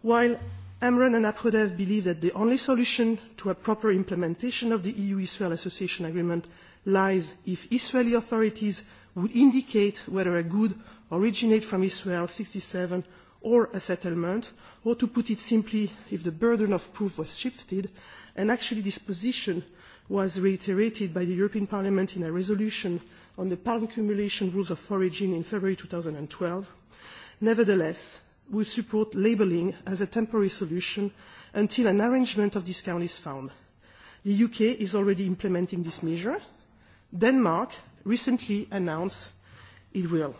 While Amran and Aprodev believe that the only solution to a proper implementation of the EU-Israel Association Agreement lies if Israeli authorities would indicate whether a good originates from Israel 67 or a settlement, or to put it simply, if the burden of proof was shifted, and actually this position was reiterated by the European Parliament in a resolution on the palm cumulation rules of foraging in February 2012. Nevertheless, we support labelling as a temporary solution until an arrangement of discount is found. The UK is already implementing this measure. Denmark recently announced it will.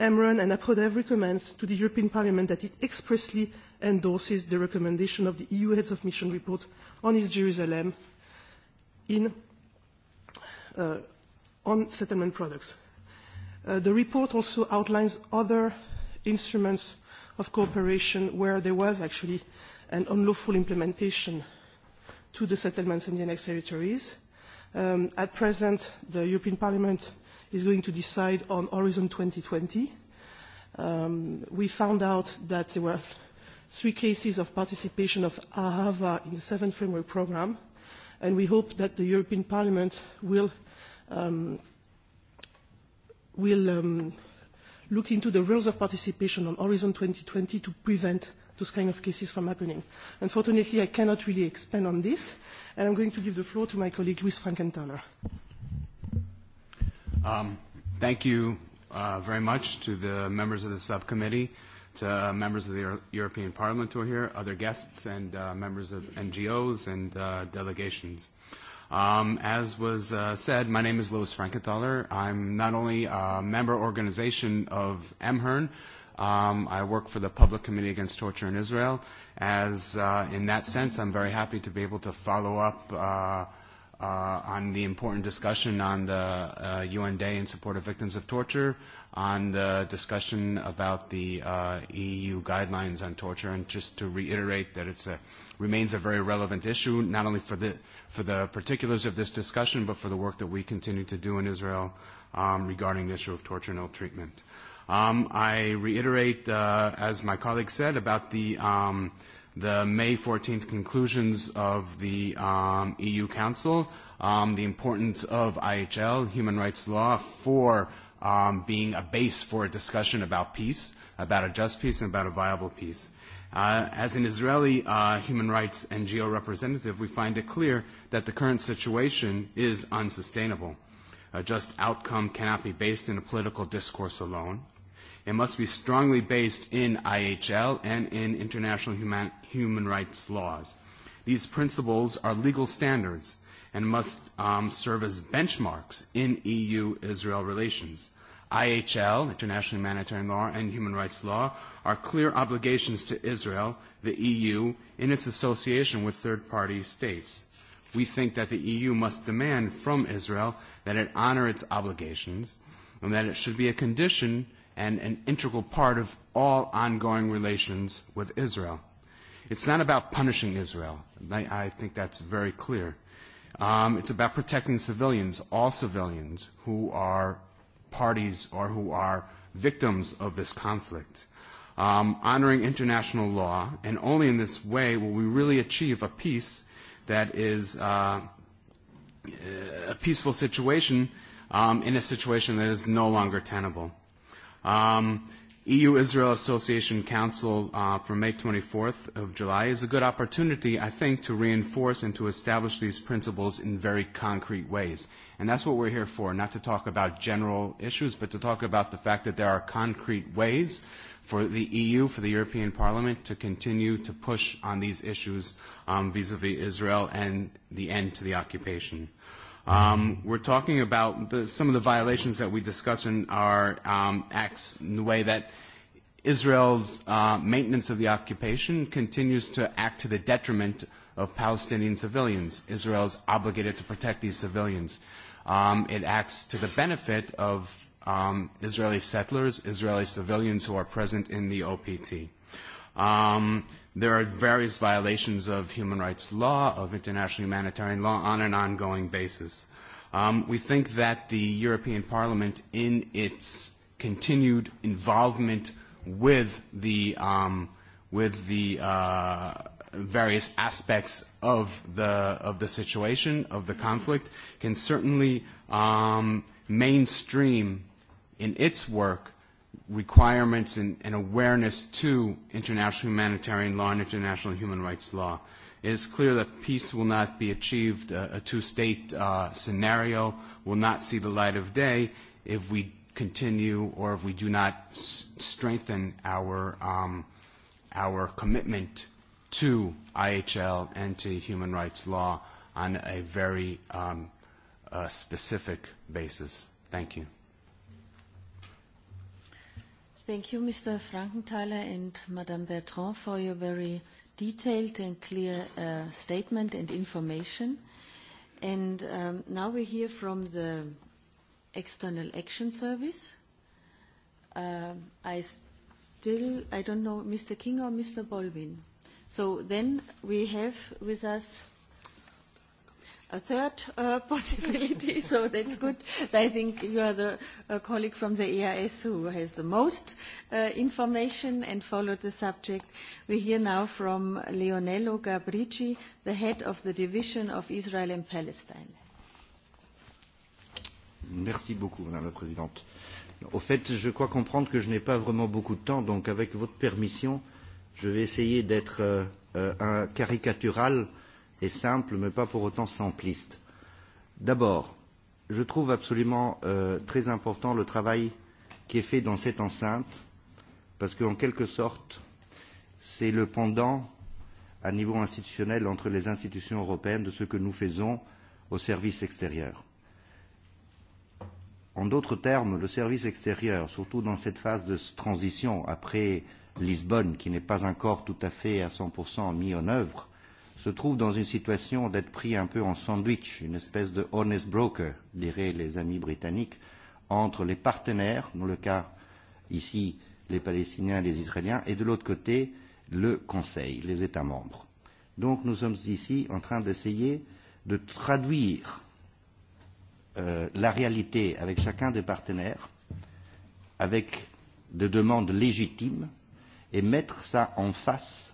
Emron and APODEV recommends to the European Parliament that it expressly endorses the recommendation of the EU Heads of Mission report on East Jerusalem in on settlement products. The report also outlines other instruments of cooperation where there was actually an unlawful implementation to the settlements in the annex territories. At present, the European Parliament is going to decide on Horizon 2020. We found out that there were three cases of participation of AHAVA in the seventh framework programme, and we hope that the European Parliament will will look into the rules of participation on Horizon 2020 to prevent those kind of cases from happening. Unfortunately, I cannot really expand on this, and I'm going to give the floor to my colleague, Luis Frankenthaler. Thank you very much to the members of the subcommittee, to members of the European Parliament who are here, other guests, and members of NGOs and delegations. Um, as was uh, said, my name is Louis Frankenthaler. I'm not only a member organization of MHERN, um, I work for the Public Committee Against Torture in Israel. As uh, in that sense, I'm very happy to be able to follow up uh, on the important discussion on the UN Day in support of victims of torture, on the discussion about the EU guidelines on torture, and just to reiterate that it remains a very relevant issue, not only for the particulars of this discussion, but for the work that we continue to do in Israel regarding the issue of torture and ill treatment. I reiterate, as my colleague said, about the the May 14th conclusions of the EU Council, the importance of IHL, human rights law, for being a base for a discussion about peace, about a just peace and about a viable peace. As an Israeli human rights NGO representative, we find it clear that the current situation is unsustainable. A just outcome cannot be based in a political discourse alone. It must be strongly based in IHL and in international human rights laws. These principles are legal standards and must serve as benchmarks in EU-Israel relations. IHL, international humanitarian law, and human rights law are clear obligations to Israel, the EU, in its association with third-party states. We think that the EU must demand from Israel that it honor its obligations and that it should be a condition and an integral part of all ongoing relations with Israel. It's not about punishing Israel. I think that's very clear. It's about protecting civilians, all civilians who are parties or who are victims of this conflict, honoring international law, and only in this way will we really achieve a peace that is a peaceful situation in a situation that is no longer tenable. Um EU-Israel Association Council uh from May 24th of July is a good opportunity, I think, to reinforce and to establish these principles in very concrete ways. And that's what we're here for, not to talk about general issues, but to talk about the fact that there are concrete ways for the EU, for the European Parliament, to continue to push on these issues vis-à-vis Israel and the end to the occupation. We're talking about some of the violations that we discuss in our acts in the way that Israel's maintenance of the occupation continues to act to the detriment of Palestinian civilians. Israel is obligated to protect these civilians. It acts to the benefit of Israeli settlers, Israeli civilians who are present in the OPT. There are various violations of human rights law, of international humanitarian law, on an ongoing basis. We think that the European Parliament, in its continued involvement with the with the various aspects of the of the situation of the conflict, can certainly mainstream in its work requirements and awareness to international humanitarian law and international human rights law. It is clear that peace will not be achieved, a two-state scenario will not see the light of day if we continue or if we do not strengthen our commitment to IHL and to human rights law on a very specific basis. Thank you. Thank you, Mr. Frankenthaler and Madame Bertrand, for your very detailed and clear statement and information. And now we hear from the External Action Service. I still, I don't know, Mr. King or Mr. Bolvin. So then we have with us a third possibility, so that's good. I think you are the colleague from the EIS who has the most information and followed the subject. We hear now from Leonello Gabrici, the head of the Division of Israel and Palestine. Merci beaucoup, Madame la Présidente. Au fait, je crois comprendre que je n'ai pas vraiment beaucoup de temps, donc avec votre permission, je vais essayer d'être un caricatural est simple, mais pas pour autant simpliste. D'abord, je trouve absolument très important le travail qui est fait dans cette enceinte, parce qu'en quelque sorte, c'est le pendant à niveau institutionnel entre les institutions européennes de ce que nous faisons au service extérieur. En d'autres termes, le service extérieur, surtout dans cette phase de transition après Lisbonne, qui n'est pas encore tout à fait à 100% mis en œuvre, se trouve dans une situation d'être pris un peu en sandwich, une espèce de honest broker, diraient les amis britanniques, entre les partenaires, dans le cas ici les Palestiniens et les Israéliens, et de l'autre côté le Conseil, les États membres. Donc nous sommes ici en train d'essayer de traduire la réalité avec chacun des partenaires, avec des demandes légitimes, et mettre ça en face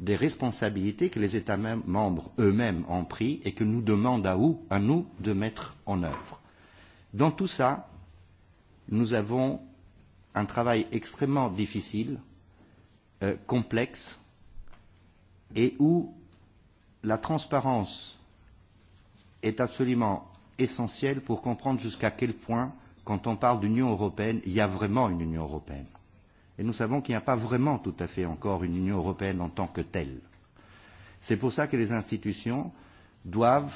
des responsabilités que les États membres eux-mêmes ont pris et que nous demandent à nous de mettre en œuvre. Dans tout cela, nous avons un travail extrêmement difficile, complexe, et où la transparence est absolument essentielle pour comprendre jusqu'à quel point, quand on parle d'Union européenne, il y a vraiment une Union européenne et nous savons qu'il n'y a pas vraiment tout à fait encore une Union européenne en tant que telle. C'est pour ça que les institutions doivent,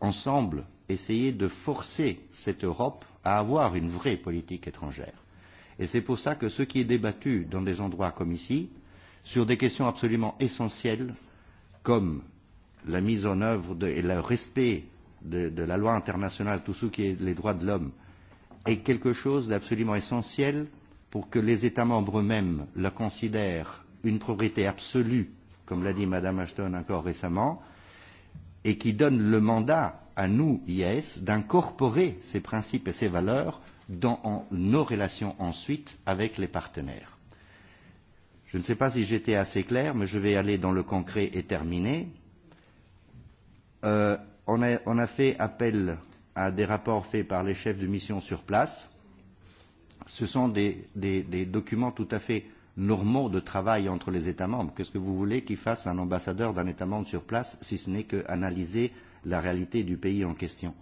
ensemble, essayer de forcer cette Europe à avoir une vraie politique étrangère. Et c'est pour ça que ce qui est débattu dans des endroits comme ici, sur des questions absolument essentielles, comme la mise en œuvre et le respect de la loi internationale, tout ce qui est les droits de l'homme, est quelque chose d'absolument essentiel pour que les États membres eux-mêmes la considèrent une propriété absolue, comme l'a dit Mme Ashton encore récemment, et qui donne le mandat à nous, IAS, d'incorporer ces principes et ces valeurs dans nos relations ensuite avec les partenaires. Je ne sais pas si j'étais assez clair, mais je vais aller dans le concret et terminer. On a fait appel à des rapports faits par les chefs de mission sur place ce sont des, des, des documents tout à fait normaux de travail entre les États membres. Qu'est-ce que vous voulez qu'il fasse un ambassadeur d'un État membre sur place si ce n'est qu'analyser la réalité du pays en question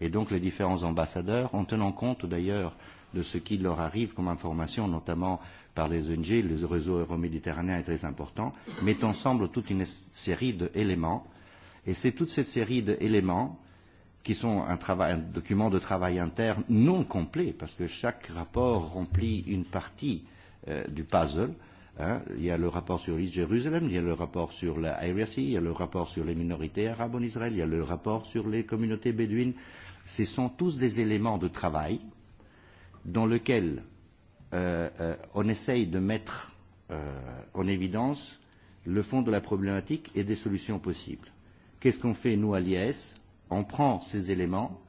Et donc les différents ambassadeurs, en tenant compte d'ailleurs de ce qui leur arrive comme information, notamment par les ONG, le réseau euroméditerranéen est très important, mettent ensemble toute une série d'éléments. Et c'est toute cette série d'éléments qui sont un, travail, document de travail interne non complet, parce que chaque rapport remplit une partie du puzzle. Il y a le rapport sur l'île Jérusalem, il y a le rapport sur la IRC, il y a le rapport sur les minorités arabes en Israël, il y a le rapport sur les communautés bédouines. Ce sont tous des éléments de travail dans lesquels on essaye de mettre en évidence le fond de la problématique et des solutions possibles. Qu'est-ce qu'on fait, nous, à l'IAS on prend ces éléments,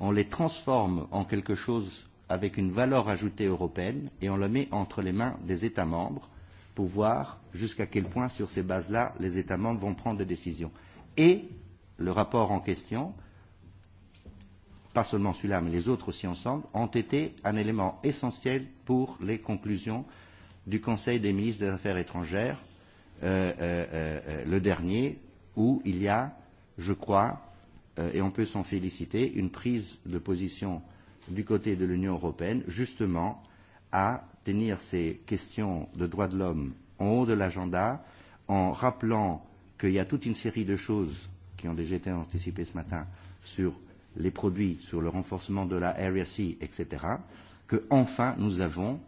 on les transforme en quelque chose avec une valeur ajoutée européenne et on le met entre les mains des États membres pour voir jusqu'à quel point, sur ces bases-là, les États membres vont prendre des décisions. Et le rapport en question, pas seulement celui-là, mais les autres aussi ensemble, ont été un élément essentiel pour les conclusions du Conseil des ministres des Affaires étrangères, le dernier, où il y a, je crois, et on peut s'en féliciter, une prise de position du côté de l'Union européenne, justement, à tenir ces questions de droits de l'homme en haut de l'agenda, en rappelant qu'il y a toute une série de choses qui ont déjà été anticipées ce matin sur les produits, sur le renforcement de la Area C, etc., que enfin nous avons,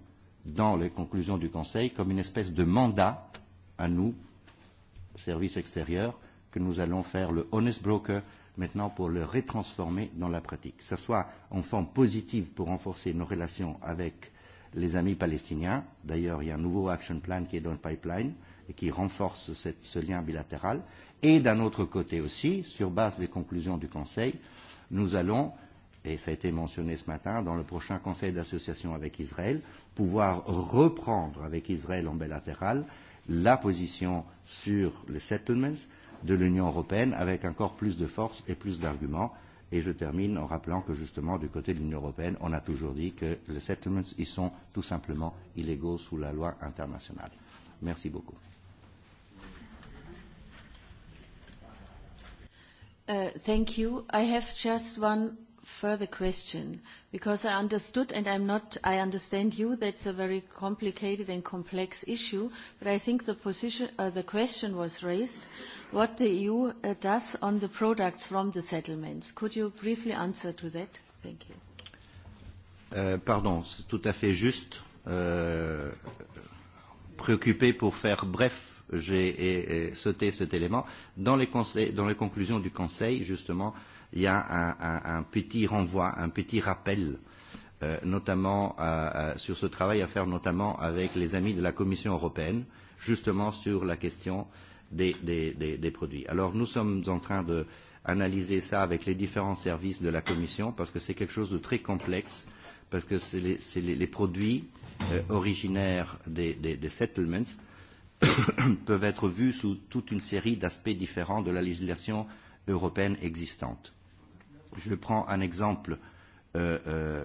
dans les conclusions du Conseil, comme une espèce de mandat à nous, services extérieurs, que nous allons faire le honest broker maintenant pour le retransformer dans la pratique, que ce soit en forme positive pour renforcer nos relations avec les amis palestiniens. D'ailleurs, il y a un nouveau action plan qui est dans le pipeline et qui renforce ce lien bilatéral. Et d'un autre côté aussi, sur base des conclusions du Conseil, nous allons, et ça a été mentionné ce matin, dans le prochain Conseil d'association avec Israël, pouvoir reprendre avec Israël en bilatéral la position sur les settlements, de l'Union européenne avec encore plus de force et plus d'arguments. Et je termine en rappelant que justement, du côté de l'Union européenne, on a toujours dit que les settlements, ils sont tout simplement illégaux sous la loi internationale. Merci beaucoup. Thank you. I have just one further question, because I understood, and I'm not, I understand you, that's a very complicated and complex issue, but I think the position, the question was raised, what the EU does on the products from the settlements. Could you briefly answer to that? Thank you. Pardon, c'est tout à fait juste. Préoccupé pour faire bref j'ai sauté cet élément. Dans les conclusions du Conseil, justement, il y a un petit renvoi, un petit rappel, notamment sur ce travail à faire, notamment avec les amis de la Commission européenne, justement sur la question des produits. Alors nous sommes en train d'analyser ça avec les différents services de la Commission, parce que c'est quelque chose de très complexe, parce que c'est les produits originaires des settlements peuvent être vus sous toute une série d'aspects différents de la législation européenne existante. Je prends un exemple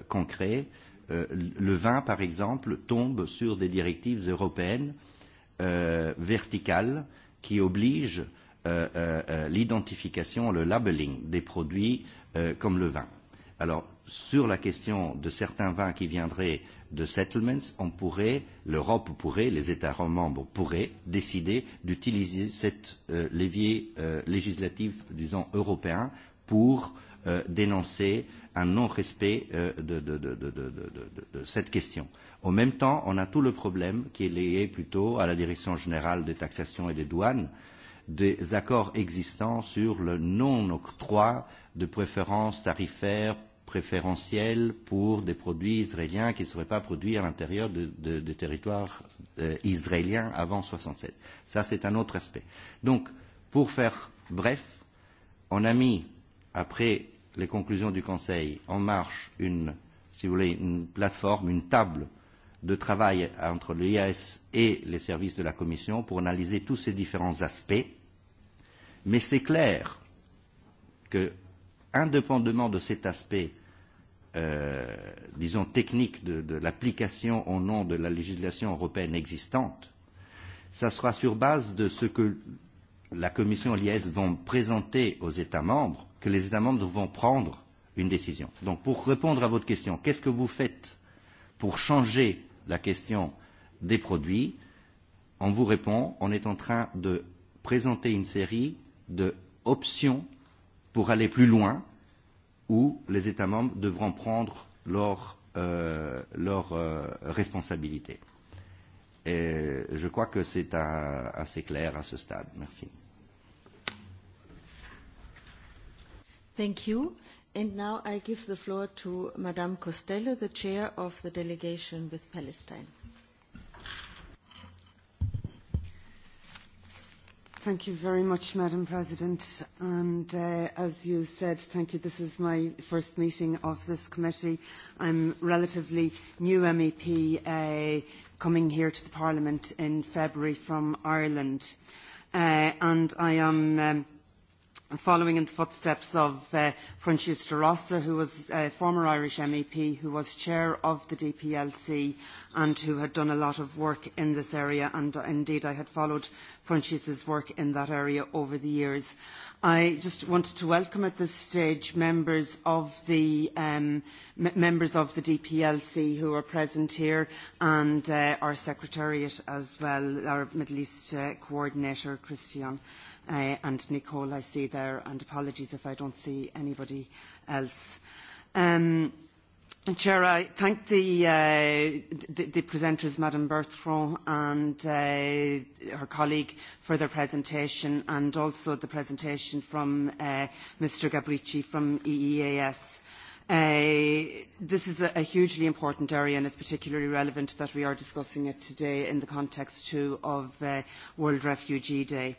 concret. Le vin, par exemple, tombe sur des directives européennes verticales qui obligent l'identification, le labelling des produits comme le vin. Alors, sur la question de certains vins qui viendraient de settlements, on pourrait, l'Europe pourrait, les États membres pourraient décider d'utiliser cet levier législatif, disons, européen pour dénoncer un non-respect de cette question. En même temps, on a tout le problème qui est lié plutôt à la Direction générale des taxations et des douanes, des accords existants sur le non-octroi de préférences tarifaires préférentielles pour des produits israéliens qui ne seraient pas produits à l'intérieur du territoire israéliens avant 67. Ça, c'est un autre aspect. Donc, pour faire bref, on a mis, après les conclusions du Conseil en marche une, si vous voulez, une plateforme, une table de travail entre l'IAS et les services de la Commission pour analyser tous ces différents aspects. Mais c'est clair que, indépendamment de cet aspect, disons, technique de l'application au nom de la législation européenne existante, ça sera sur base de ce que la Commission et l'IAS vont présenter aux États membres les États membres vont prendre une décision. Donc, pour répondre à votre question, qu'est-ce que vous faites pour changer la question des produits On vous répond, on est en train de présenter une série d'options pour aller plus loin où les États membres devront prendre leurs responsabilités. Et je crois que c'est assez clair à ce stade. Merci. Thank you. And now I give the floor to Madame Costello, the chair of the delegation with Palestine. Thank you very much, Madam President. And as you said, thank you. This is my first meeting of this committee. I'm relatively new MEP coming here to the Parliament in February from Ireland. And I am following in the footsteps of Fran De rossa who was a former Irish MEP, who was chair of the DPLC and who had done a lot of work in this area. And indeed, I had followed Francis's work in that area over the years. I just wanted to welcome at this stage members of the members of the DPLC who are present here and our secretariat as well, our Middle East coordinator, Christian and Nicole I see there, and apologies if I don't see anybody else. Chair, I thank the presenters, Madame Bertrand and her colleague, for their presentation and also the presentation from Mr. Gabrici from EEAS. This is a hugely important area and it's particularly relevant that we are discussing it today in the context too of World Refugee Day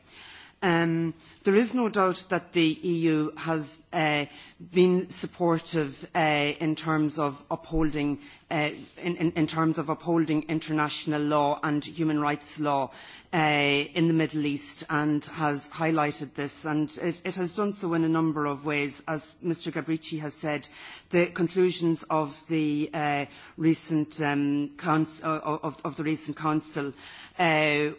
εμ um, There is no doubt that the EU has been supportive in terms of upholding in terms of upholding international law and human rights law in the Middle East and has highlighted this and it has done so in a number of ways. As Mr Gabrici has said, the conclusions of the recent of the recent Council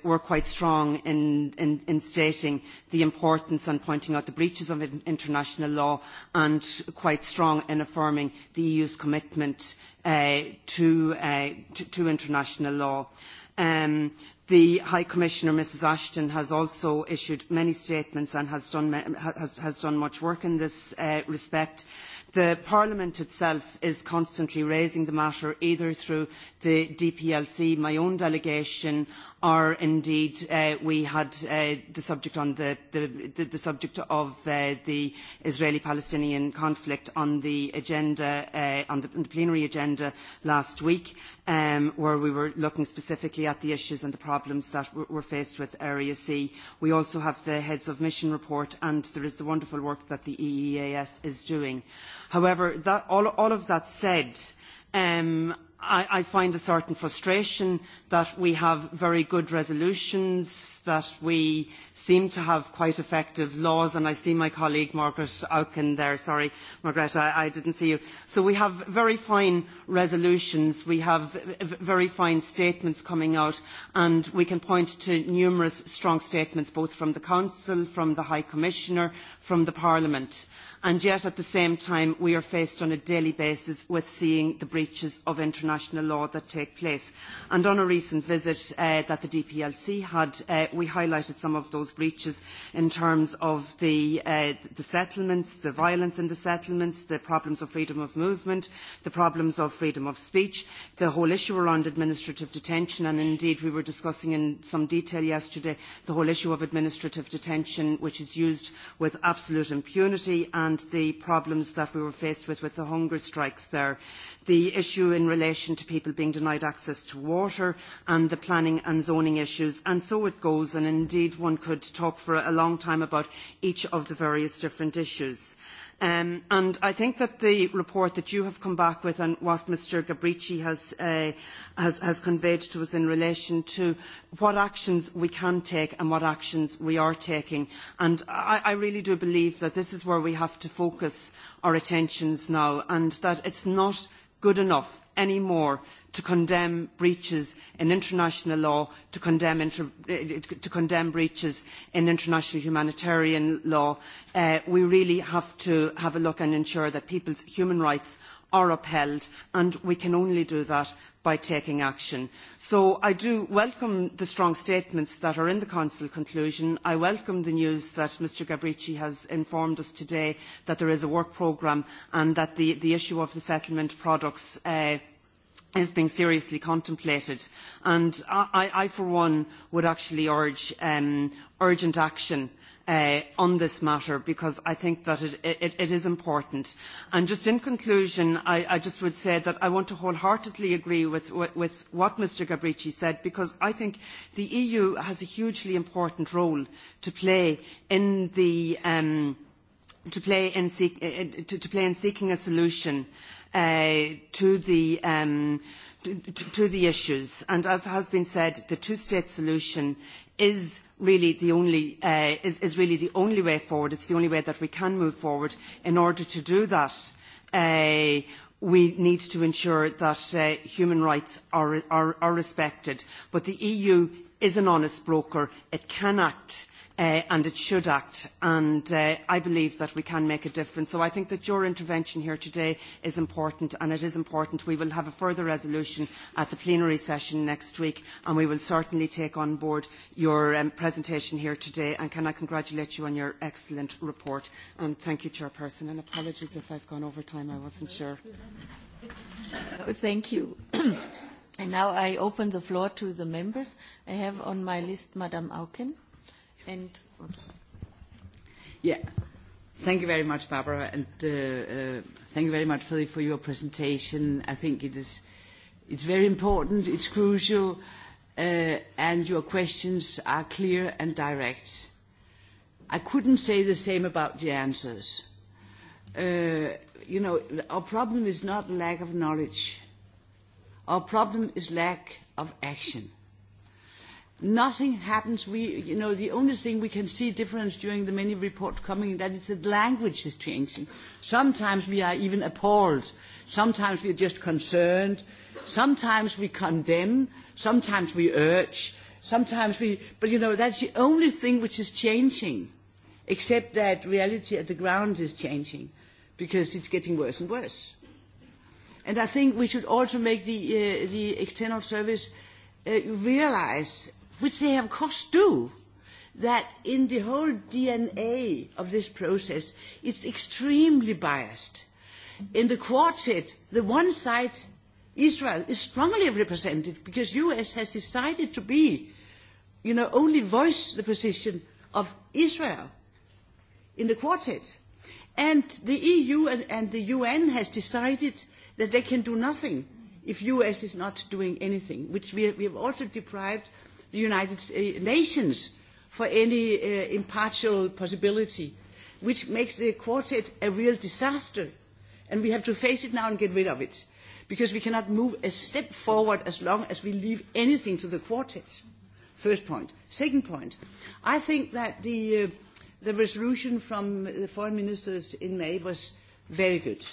were quite strong in stating the importance importance on pointing out the breaches of international law and quite strong in affirming the EU's commitment to international law. The High Commissioner, Mrs Ashton, has also issued many statements and has done much work in this respect. The Parliament itself is constantly raising the matter, either through the DPLC, my own delegation, or indeed we had the subject on the the subject of the Israeli Palestinian conflict on the agenda on the plenary agenda last week where we were looking specifically at the issues and the problems that we're faced with Area C. We also have the Heads of Mission report and there is the wonderful work that the EEAS is doing. However, all of that said, I find a certain frustration that we have very good resolutions, that we seem to have quite effective laws, and I see my colleague Margaret Auken there. Sorry, Margaret, I didn't see you. So we have very fine resolutions, we have very fine statements coming out, and we can point to numerous strong statements, both from the Council, from the High Commissioner, from the Parliament and yet at the same time we are faced on a daily basis with seeing the breaches of international law that take place. And on a recent visit that the DPLC had, we highlighted some of those breaches in terms of the settlements, the violence in the settlements, the problems of freedom of movement, the problems of freedom of speech, the whole issue around administrative detention, and indeed we were discussing in some detail yesterday the whole issue of administrative detention, which is used with absolute impunity and and the problems that we were faced with with the hunger strikes there, the issue in relation to people being denied access to water and the planning and zoning issues. And so it goes, and indeed one could talk for a long time about each of the various different issues. And I think that the report that you have come back with and what Mr Gabrici has conveyed to us in relation to what actions we can take and what actions we are taking. And I really do believe that this is where we have to focus our attentions now and that it's not good enough anymore to condemn breaches in international law, to condemn breaches in international humanitarian law. We really have to have a look and ensure that people's human rights are upheld and we can only do that by taking action. So I do welcome the strong statements that are in the Council conclusion. I welcome the news that Mr Gabrici has informed us today that there is a work programme and that the issue of the settlement products is being seriously contemplated. And I, for one, would actually urge urgent action on this matter because I think that it is important. And just in conclusion, I just would say that I want to wholeheartedly agree with what Mr. Gabrici said because I think the EU has a hugely important role to play in seeking a solution to the to the issues. And as has been said, the two-state solution is really the only is really the only way forward. It's the only way that we can move forward. In order to do that, we need to ensure that human rights are respected. But the EU is an honest broker. It can act and it should act. And I believe that we can make a difference. So I think that your intervention here today is important, and it is important. We will have a further resolution at the plenary session next week, and we will certainly take on board your presentation here today. And can I congratulate you on your excellent report? And thank you, Chairperson. And apologies if I've gone over time. I wasn't sure. Thank you. And now I open the floor to the members. I have on my list Madam Auken and yeah thank you very much barbara and thank you very much for your presentation i think it is it's very important it's crucial and your questions are clear and direct i couldn't say the same about the answers you know our problem is not lack of knowledge our problem is lack of action Nothing happens. We, you know, the only thing we can see difference during the many reports coming that is that language is changing. Sometimes we are even appalled. Sometimes we are just concerned. Sometimes we condemn. Sometimes we urge. Sometimes we, but you know, that's the only thing which is changing, except that reality at the ground is changing, because it's getting worse and worse. And I think we should also make the the external service realize which they of course do, that in the whole DNA of this process, it's extremely biased. In the quartet, the one side, Israel, is strongly represented because U.S. has decided to be, you know, only voice the position of Israel in the quartet. And the EU and the UN has decided that they can do nothing if U.S. is not doing anything, which we have also deprived the United Nations for any impartial possibility, which makes the quartet a real disaster. And we have to face it now and get rid of it, because we cannot move a step forward as long as we leave anything to the quartet. First point. Second point, I think that the resolution from the foreign ministers in May was very good.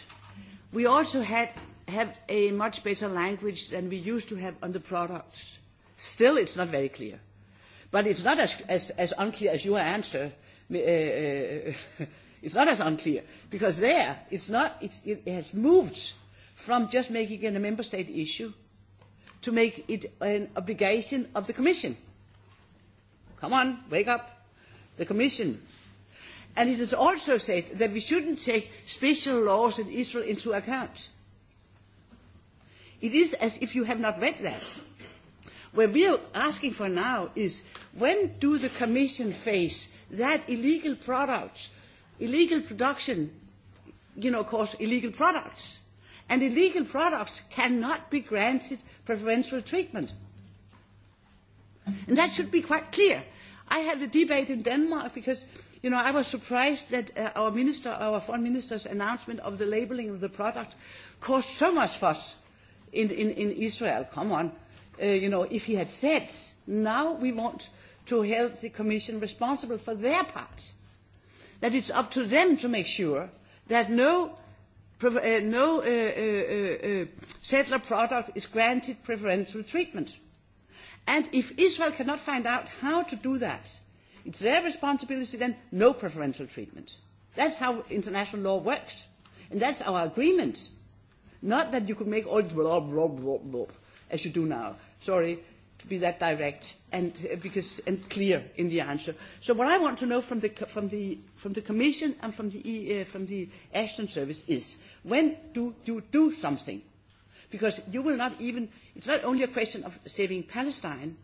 We also had have a much better language than we used to have on the products. Still, it's not very clear. But it's not as unclear as your answer. It's not as unclear because there it's not it has moved from just making it a member state issue to make it an obligation of the Commission. Come on, wake up, the Commission. And it has also said that we shouldn't take special laws in Israel into account. It is as if you have not read that. What we are asking for now is when do the Commission face that illegal products, illegal production, you know, cause illegal products, and illegal products cannot be granted preferential treatment. And that should be quite clear. I had a debate in Denmark because, you know, I was surprised that our minister, our foreign minister's announcement of the labelling of the product caused so much fuss in Israel. Come on you know, if he had said, now we want to hold the Commission responsible for their part, that it's up to them to make sure that no settler product is granted preferential treatment. And if Israel cannot find out how to do that, it's their responsibility then no preferential treatment. That's how international law works. And that's our agreement. Not that you could make all blah, blah, blah, blah, as you do now sorry to be that direct and because and clear in the answer. So what I want to know from the from the from the Commission and from the from the Ashton Service is when do you do something? Because you will not even it's not only a question of saving Palestine,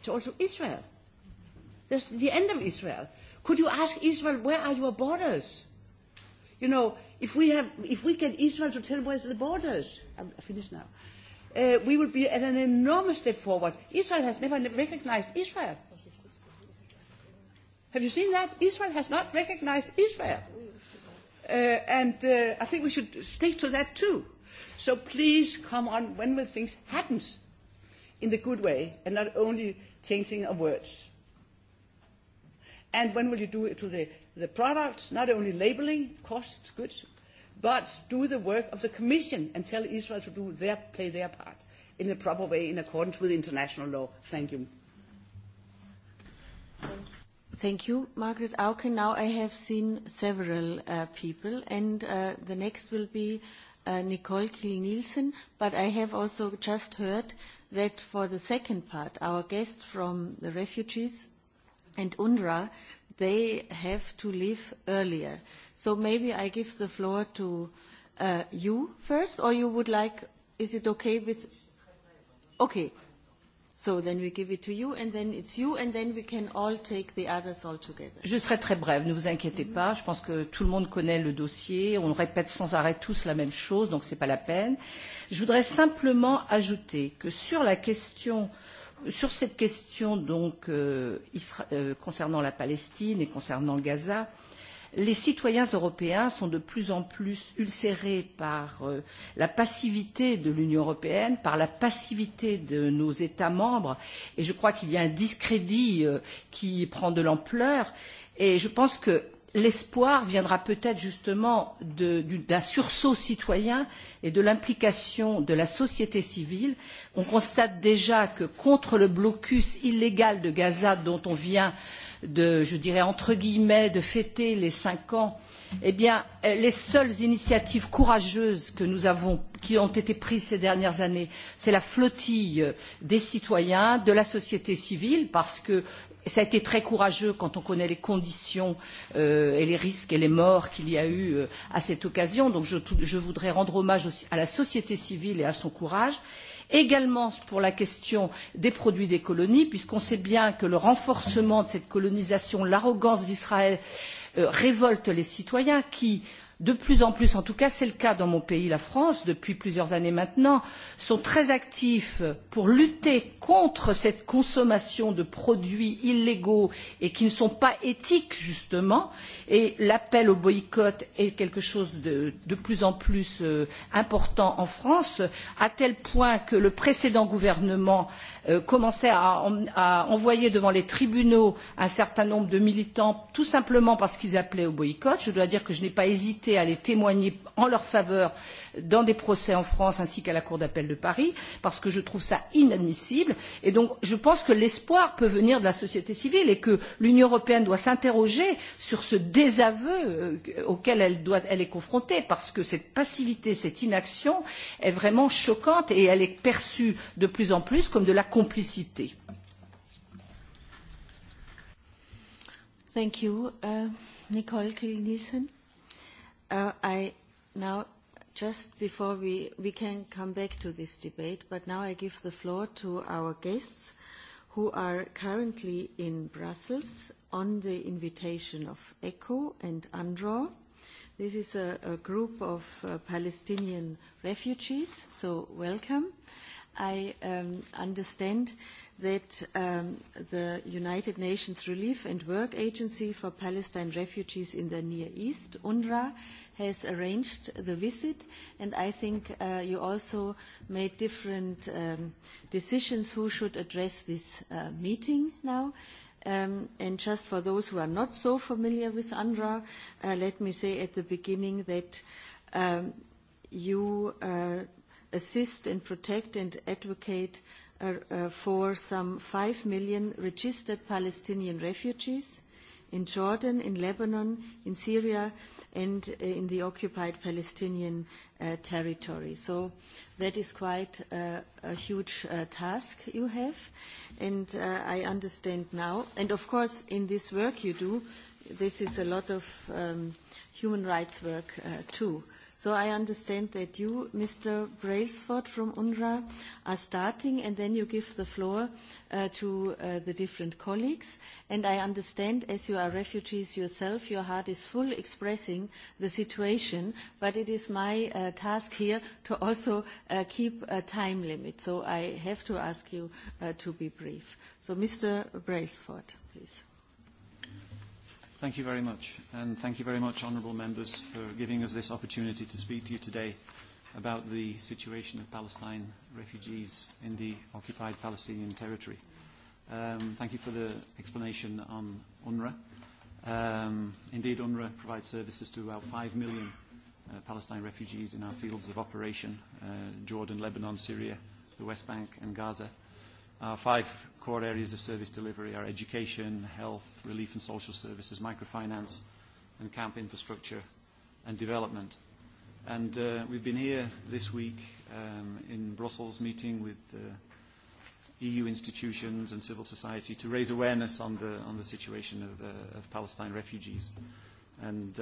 it's also Israel. There's the end of Israel. Could you ask Israel where are your borders? You know, if we have if we get Israel to tell where's the borders I'm finished now we will be at an enormous step forward. Israel has never recognized Israel. Have you seen that? Israel has not recognized Israel. And I think we should stick to that too. So please come on when will things happen in the good way and not only changing of words. And when will you do it to the, the products, not only labeling, costs, good but do the work of the Commission and tell Israel to do their, play their part in a proper way in accordance with international law. Thank you. Thank you, Margaret Auken. Now I have seen several people, and the next will be Nicole Kiel-Nielsen, but I have also just heard that for the second part, our guest from the refugees and UNRWA, they have to leave earlier. So maybe I give the floor to you first, or you would like, is it okay with, okay. So then we give it to you, and then it's you, and then we can all take the others all together. Je serai très brève, ne vous inquiétez pas. Je pense que tout le monde connaît le dossier. On répète sans arrêt tous la même chose, donc ce n'est pas la peine. Je voudrais simplement ajouter que sur la question, sur cette question donc concernant la Palestine et concernant Gaza, les citoyens européens sont de plus en plus ulcérés par la passivité de l'union européenne par la passivité de nos états membres et je crois qu'il y a un discrédit qui prend de l'ampleur et je pense que l'espoir viendra peut-être justement d'un sursaut citoyen et de l'implication de la société civile. On constate déjà que contre le blocus illégal de Gaza dont on vient de, je dirais entre guillemets, de fêter les cinq ans, eh bien, les seules initiatives courageuses que nous avons, qui ont été prises ces dernières années, c'est la flottille des citoyens, de la société civile, parce que cela a été très courageux quand on connaît les conditions et les risques et les morts qu'il y a eu à cette occasion. Donc, je voudrais rendre hommage à la société civile et à son courage également pour la question des produits des colonies, puisqu'on sait bien que le renforcement de cette colonisation, l'arrogance d'Israël révoltent les citoyens qui de plus en plus en tout cas c'est le cas dans mon pays la france depuis plusieurs années maintenant sont très actifs pour lutter contre cette consommation de produits illégaux et qui ne sont pas éthiques justement et l'appel au boycott est quelque chose de plus en plus important en france à tel point que le précédent gouvernement commençait à envoyer devant les tribunaux un certain nombre de militants tout simplement parce qu'ils appelaient au boycott. je dois dire que je n'ai pas hésité invité à aller témoigner en leur faveur dans des procès en France ainsi qu'à la Cour d'appel de Paris, parce que je trouve ça inadmissible. Et donc, je pense que l'espoir peut venir de la société civile et que l'Union européenne doit s'interroger sur ce désaveu auquel elle est confrontée, parce que cette passivité, cette inaction est vraiment choquante et elle est perçue de plus en plus comme de la complicité. I now, just before we, we can come back to this debate, but now I give the floor to our guests who are currently in Brussels on the invitation of ECHO and UNRWA. This is a group of Palestinian refugees, so welcome. I understand that the United Nations Relief and Work Agency for Palestine Refugees in the Near East, UNRWA, has arranged the visit, and I think you also made different decisions who should address this meeting now. And just for those who are not so familiar with UNRWA, let me say at the beginning that you assist and protect and advocate for some 5 million registered Palestinian refugees in Jordan, in Lebanon, in Syria, and in the occupied Palestinian territory. So that is quite a huge task you have, and I understand now. And of course, in this work you do, this is a lot of human rights work too. So I understand that you, Mr. Brailsford from UNRWA, are starting, and then you give the floor to the different colleagues. And I understand, as you are refugees yourself, your heart is full expressing the situation, but it is my task here to also keep a time limit. So I have to ask you to be brief. So Mr. Brailsford, please. Thank you very much, and thank you very much, honourable members, for giving us this opportunity to speak to you today about the situation of Palestine refugees in the occupied Palestinian territory. Thank you for the explanation on UNRWA. Um Indeed, UNRWA provides services to about 5 million Palestine refugees in our fields of operation, Jordan, Lebanon, Syria, the West Bank and Gaza. Our Five core areas of service delivery are education, health, relief and social services, microfinance and camp infrastructure and development. And we've been here this week in Brussels meeting with EU institutions and civil society to raise awareness on the on the situation of of Palestine refugees. And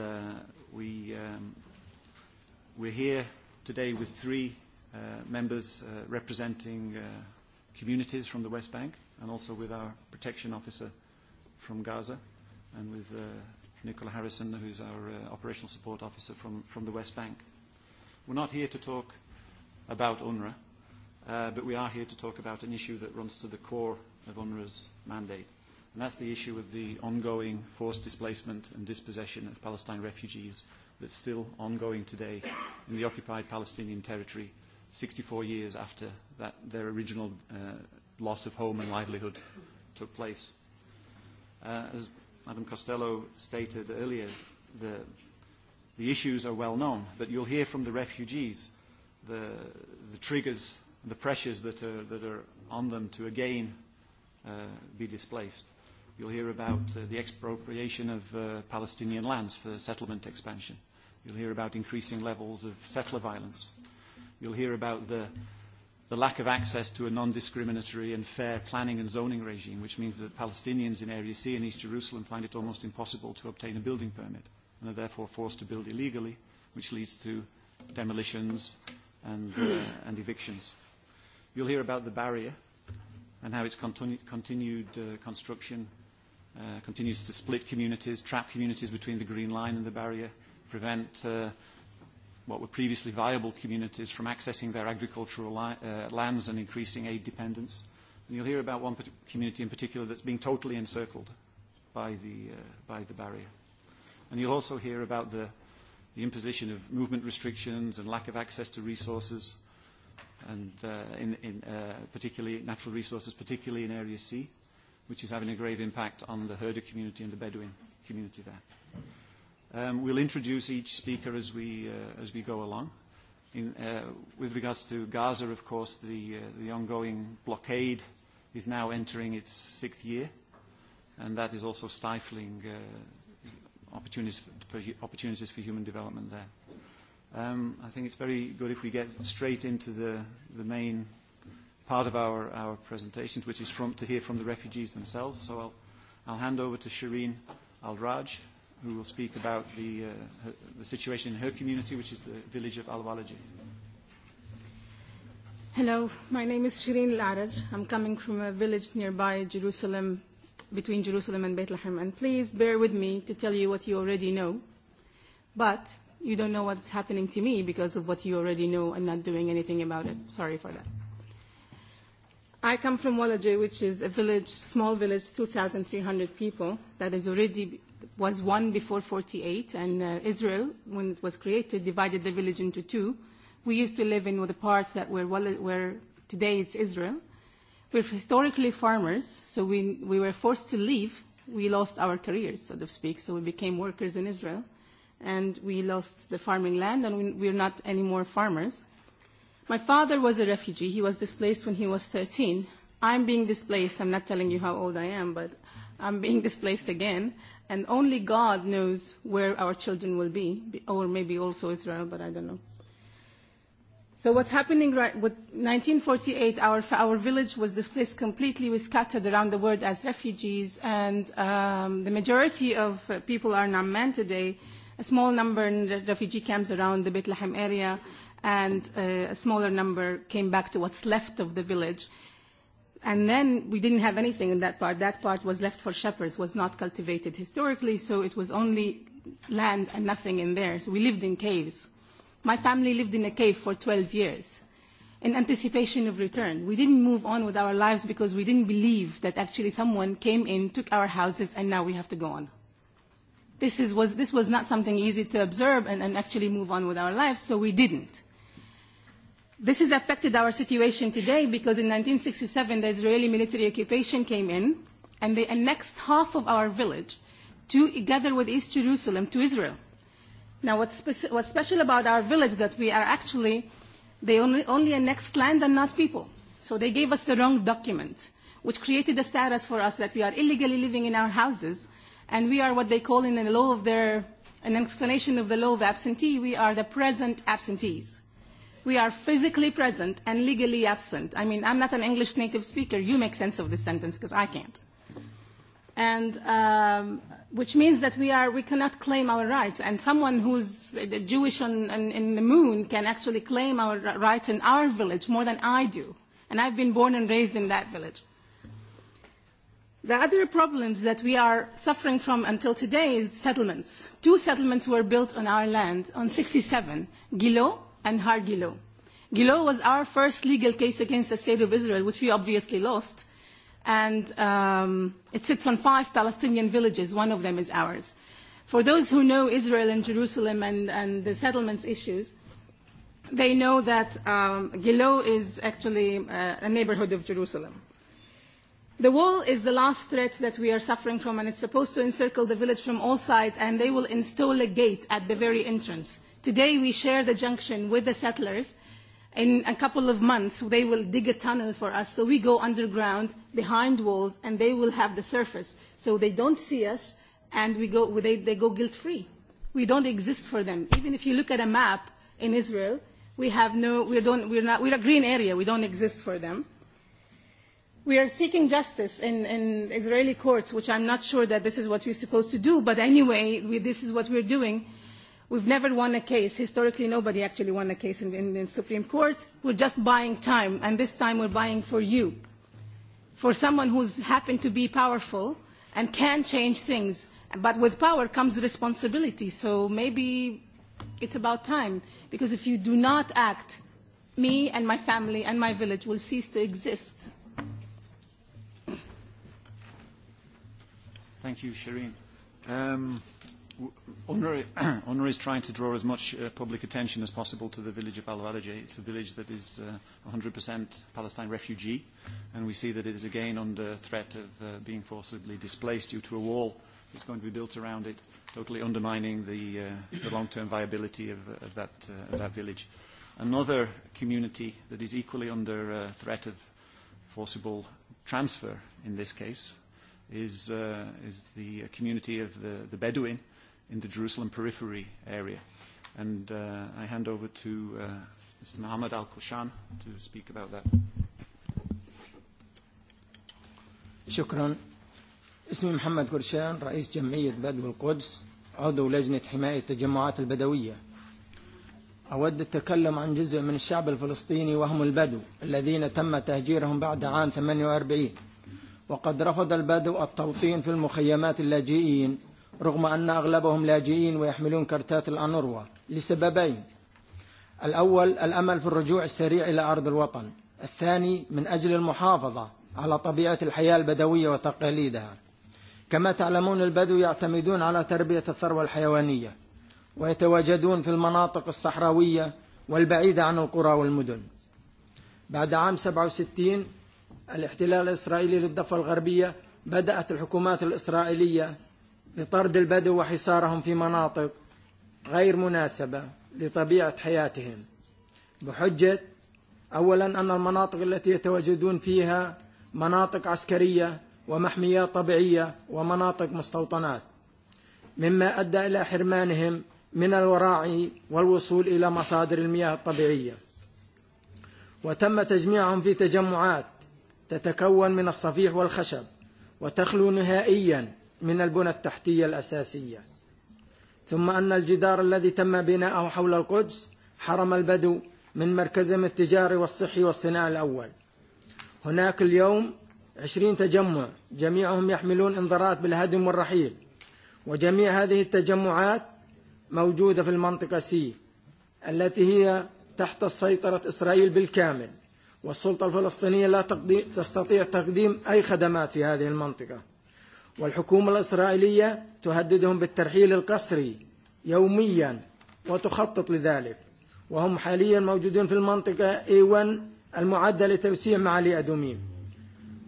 we we're here today with three members representing communities from the West Bank and also with our protection officer from Gaza and with Nicola Harrison, who's our operational support officer from, from the West Bank. We're not here to talk about UNRWA, but we are here to talk about an issue that runs to the core of UNRWA's mandate, and that's the issue of the ongoing forced displacement and dispossession of Palestine refugees that's still ongoing today in the occupied Palestinian territory 64 years after that their original loss of home and livelihood took place. As Madam Costello stated earlier, the the issues are well known, but you'll hear from the refugees the the triggers, the pressures that are that are on them to again be displaced. You'll hear about the expropriation of Palestinian lands for settlement expansion. You'll hear about increasing levels of settler violence. You'll hear about the lack of access to a non-discriminatory and fair planning and zoning regime, which means that Palestinians in Area C and East Jerusalem find it almost impossible to obtain a building permit and are therefore forced to build illegally, which leads to demolitions and evictions. You'll hear about the barrier and how its continued construction continues to split communities, trap communities between the Green Line and the barrier, prevent what were previously viable communities from accessing their agricultural lands and increasing aid dependence. And you'll hear about one community in particular that's being totally encircled by the barrier. And you'll also hear about the imposition of movement restrictions and lack of access to resources, and particularly natural resources, particularly in Area C, which is having a grave impact on the herder community and the Bedouin community there. We'll introduce each speaker as we go along. With regards to Gaza, of course, the ongoing blockade is now entering its sixth year, and that is also stifling opportunities for human development there. I think it's very good if we get straight into the main part of our presentations, which is to hear from the refugees themselves. So I'll hand over to Shireen Al-Raj who will speak about the, the situation in her community, which is the village of Alwalaji. Hello, my name is Shireen Laraj. I'm coming from a village nearby Jerusalem, between Jerusalem and Bethlehem. And please bear with me to tell you what you already know. But you don't know what's happening to me because of what you already know and not doing anything about it. Sorry for that. I come from Walaje, which is a village, small village, 2,300 people, that is already was one before 48, and Israel, when it was created, divided the village into two. We used to live in the part that were where today it's Israel. We're historically farmers, so we we were forced to leave. We lost our careers, so to speak, so we became workers in Israel, and we lost the farming land, and we're not anymore farmers. My father was a refugee. He was displaced when he was 13. I'm being displaced. I'm not telling you how old I am, but I'm being displaced again, and only God knows where our children will be, or maybe also Israel, but I don't know. So what's happening right with 1948, our, our village was displaced completely. We scattered around the world as refugees, and um, the majority of people are now men today, a small number in refugee camps around the Bethlehem area, and a smaller number came back to what's left of the village And then we didn't have anything in that part. That part was left for shepherds, was not cultivated historically, so it was only land and nothing in there. So we lived in caves. My family lived in a cave for 12 years in anticipation of return. We didn't move on with our lives because we didn't believe that actually someone came in, took our houses, and now we have to go on. This was not something easy to observe and actually move on with our lives, so we didn't. This has affected our situation today because in 1967 the Israeli military occupation came in and they annexed half of our village together with East Jerusalem to Israel. Now what's special about our village is that we are actually, they only annexed land and not people. So they gave us the wrong document, which created a status for us that we are illegally living in our houses and we are what they call in the law of their, an explanation of the law of absentee, we are the present absentees we are physically present and legally absent. I mean, I'm not an English native speaker. You make sense of this sentence because I can't. And which means that we are we cannot claim our rights. And someone who's Jewish on in the moon can actually claim our rights in our village more than I do. And I've been born and raised in that village. The other problems that we are suffering from until today is settlements. Two settlements were built on our land on 67, Gilo and Har Gilo. was our first legal case against the state of Israel, which we obviously lost, and it sits on five Palestinian villages. One of them is ours. For those who know Israel and Jerusalem and the settlements issues, they know that Gilo is actually a neighborhood of Jerusalem. The wall is the last threat that we are suffering from, and it's supposed to encircle the village from all sides, and they will install a gate at the very entrance Today we share the junction with the settlers. In a couple of months, they will dig a tunnel for us, so we go underground behind walls, and they will have the surface, so they don't see us, and we go they go guilt-free. We don't exist for them. Even if you look at a map in Israel, we have no, we don't, we're not, we're a green area. We don't exist for them. We are seeking justice in, in Israeli courts, which I'm not sure that this is what we're supposed to do, but anyway, we, this is what we're doing. We've never won a case. Historically, nobody actually won a case in the Supreme Court. We're just buying time, and this time we're buying for you, for someone who's happened to be powerful and can change things. But with power comes responsibility, so maybe it's about time, because if you do not act, me and my family and my village will cease to exist. Thank you, Shireen. UNRWA is trying to draw as much public attention as possible to the village of Al-Walaja. It's a village that is 100% Palestine refugee, and we see that it is again under threat of being forcibly displaced due to a wall that's going to be built around it, totally undermining the the long-term viability of that that village. Another community that is equally under threat of forcible transfer, in this case, is the community of the Bedouin in the Jerusalem periphery area. And I hand over to Mr. Mohammed Al-Kushan to speak about that. شكرا اسمي محمد قرشان رئيس جمعية بدو القدس عضو لجنة حماية التجمعات البدوية أود التكلم عن جزء من الشعب الفلسطيني وهم البدو الذين تم تهجيرهم بعد عام 48 وقد رفض البدو التوطين في المخيمات اللاجئين رغم أن أغلبهم لاجئين ويحملون كرتات الأنوروا لسببين الأول الأمل في الرجوع السريع إلى أرض الوطن الثاني من أجل المحافظة على طبيعة الحياة البدوية وتقاليدها كما تعلمون البدو يعتمدون على تربية الثروة الحيوانية ويتواجدون في المناطق الصحراوية والبعيدة عن القرى والمدن بعد عام 67 الاحتلال الإسرائيلي للضفة الغربية بدأت الحكومات الإسرائيلية لطرد البدو وحصارهم في مناطق غير مناسبة لطبيعة حياتهم بحجة أولا أن المناطق التي يتواجدون فيها مناطق عسكرية ومحميات طبيعية ومناطق مستوطنات مما أدى إلى حرمانهم من الوراعي والوصول إلى مصادر المياه الطبيعية وتم تجميعهم في تجمعات تتكون من الصفيح والخشب وتخلو نهائيا من البنى التحتية الأساسية ثم أن الجدار الذي تم بناءه حول القدس حرم البدو من مركزهم التجاري والصحي والصناعي الأول هناك اليوم عشرين تجمع جميعهم يحملون انذارات بالهدم والرحيل وجميع هذه التجمعات موجودة في المنطقة سي التي هي تحت سيطرة إسرائيل بالكامل والسلطة الفلسطينية لا تستطيع تقديم أي خدمات في هذه المنطقة والحكومة الإسرائيلية تهددهم بالترحيل القسري يوميا وتخطط لذلك وهم حاليا موجودون في المنطقة A1 المعدة لتوسيع معالي أدوميم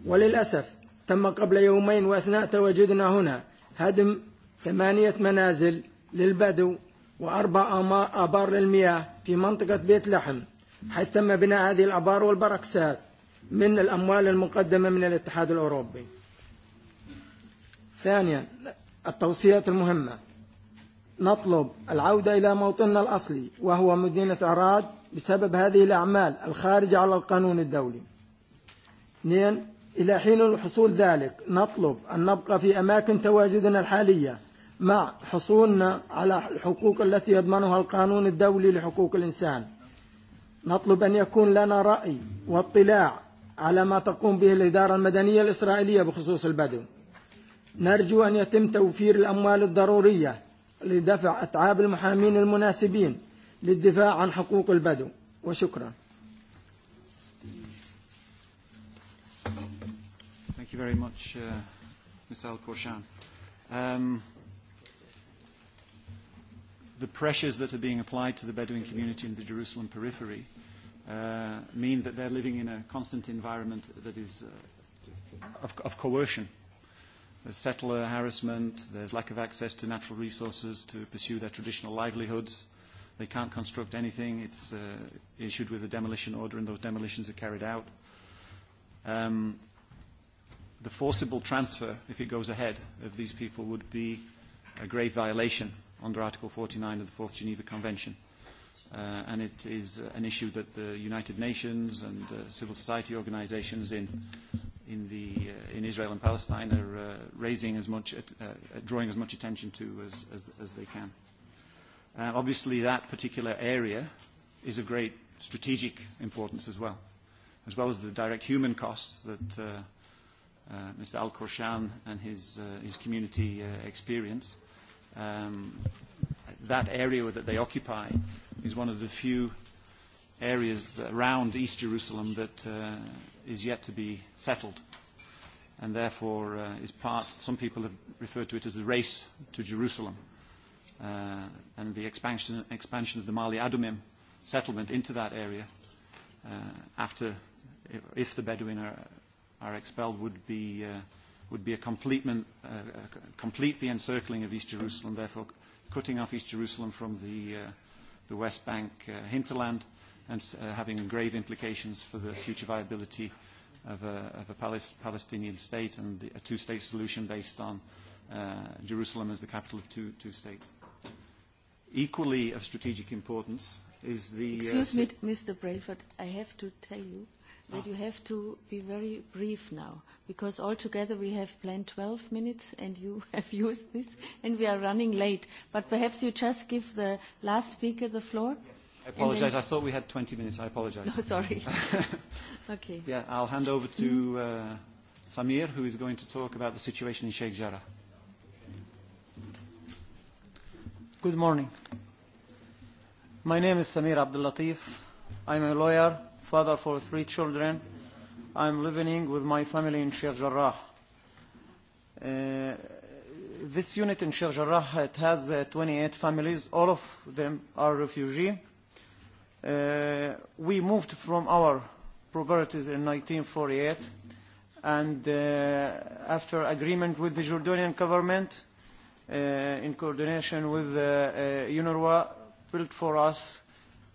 وللأسف تم قبل يومين وأثناء تواجدنا هنا هدم ثمانية منازل للبدو وأربع آبار للمياه في منطقة بيت لحم حيث تم بناء هذه الآبار والبركسات من الأموال المقدمة من الاتحاد الأوروبي ثانيا التوصيات المهمة نطلب العودة إلى موطننا الأصلي وهو مدينة عراد بسبب هذه الأعمال الخارجة على القانون الدولي اثنين إلى حين الحصول ذلك نطلب أن نبقى في أماكن تواجدنا الحالية مع حصولنا على الحقوق التي يضمنها القانون الدولي لحقوق الإنسان نطلب أن يكون لنا رأي واطلاع على ما تقوم به الإدارة المدنية الإسرائيلية بخصوص البدو نرجو أن يتم توفير الأموال الضرورية لدفع أتعاب المحامين المناسبين للدفاع عن حقوق البدو وشكرا Thank you very much, uh, Ms. Al-Korshan. Um, the pressures that are being applied to the Bedouin community in the Jerusalem periphery uh, mean that they're living in a constant environment that is uh, of, of coercion There's settler harassment. There's lack of access to natural resources to pursue their traditional livelihoods. They can't construct anything. It's issued with a demolition order, and those demolitions are carried out. The forcible transfer, if it goes ahead, of these people would be a grave violation under Article 49 of the Fourth Geneva Convention. And it is an issue that the United Nations and civil society organizations in in the in Israel and Palestine are raising as much, drawing as much attention to as they can. Obviously, that particular area is of great strategic importance as well, as well as the direct human costs that Mr. Al Korshan and his his community experience. That area that they occupy is one of the few areas around East Jerusalem that is yet to be settled and therefore is part, some people have referred to it as the race to Jerusalem and the expansion of the Mali Adumim settlement into that area after, if the Bedouin are expelled, would be would be a complete the encircling of East Jerusalem, therefore cutting off East Jerusalem from the West Bank hinterland and having grave implications for the future viability of a Palestinian state and a two-state solution based on Jerusalem as the capital of two states. Equally of strategic importance is the... Excuse me, Mr. Brayford, I have to tell you that you have to be very brief now, because altogether we have planned 12 minutes and you have used this, and we are running late. But perhaps you just give the last speaker the floor. I apologize. I thought we had 20 minutes. I apologize. No, sorry. okay. Yeah, I'll hand over to Samir, who is going to talk about the situation in Sheikh Jarrah. Good morning. My name is Samir Abdul Latif. I'm a lawyer, father for three children. I'm living with my family in Sheikh Jarrah. This unit in Sheikh Jarrah, it has 28 families. All of them are refugees We moved from our properties in 1948 and after agreement with the Jordanian government in coordination with UNRWA built for us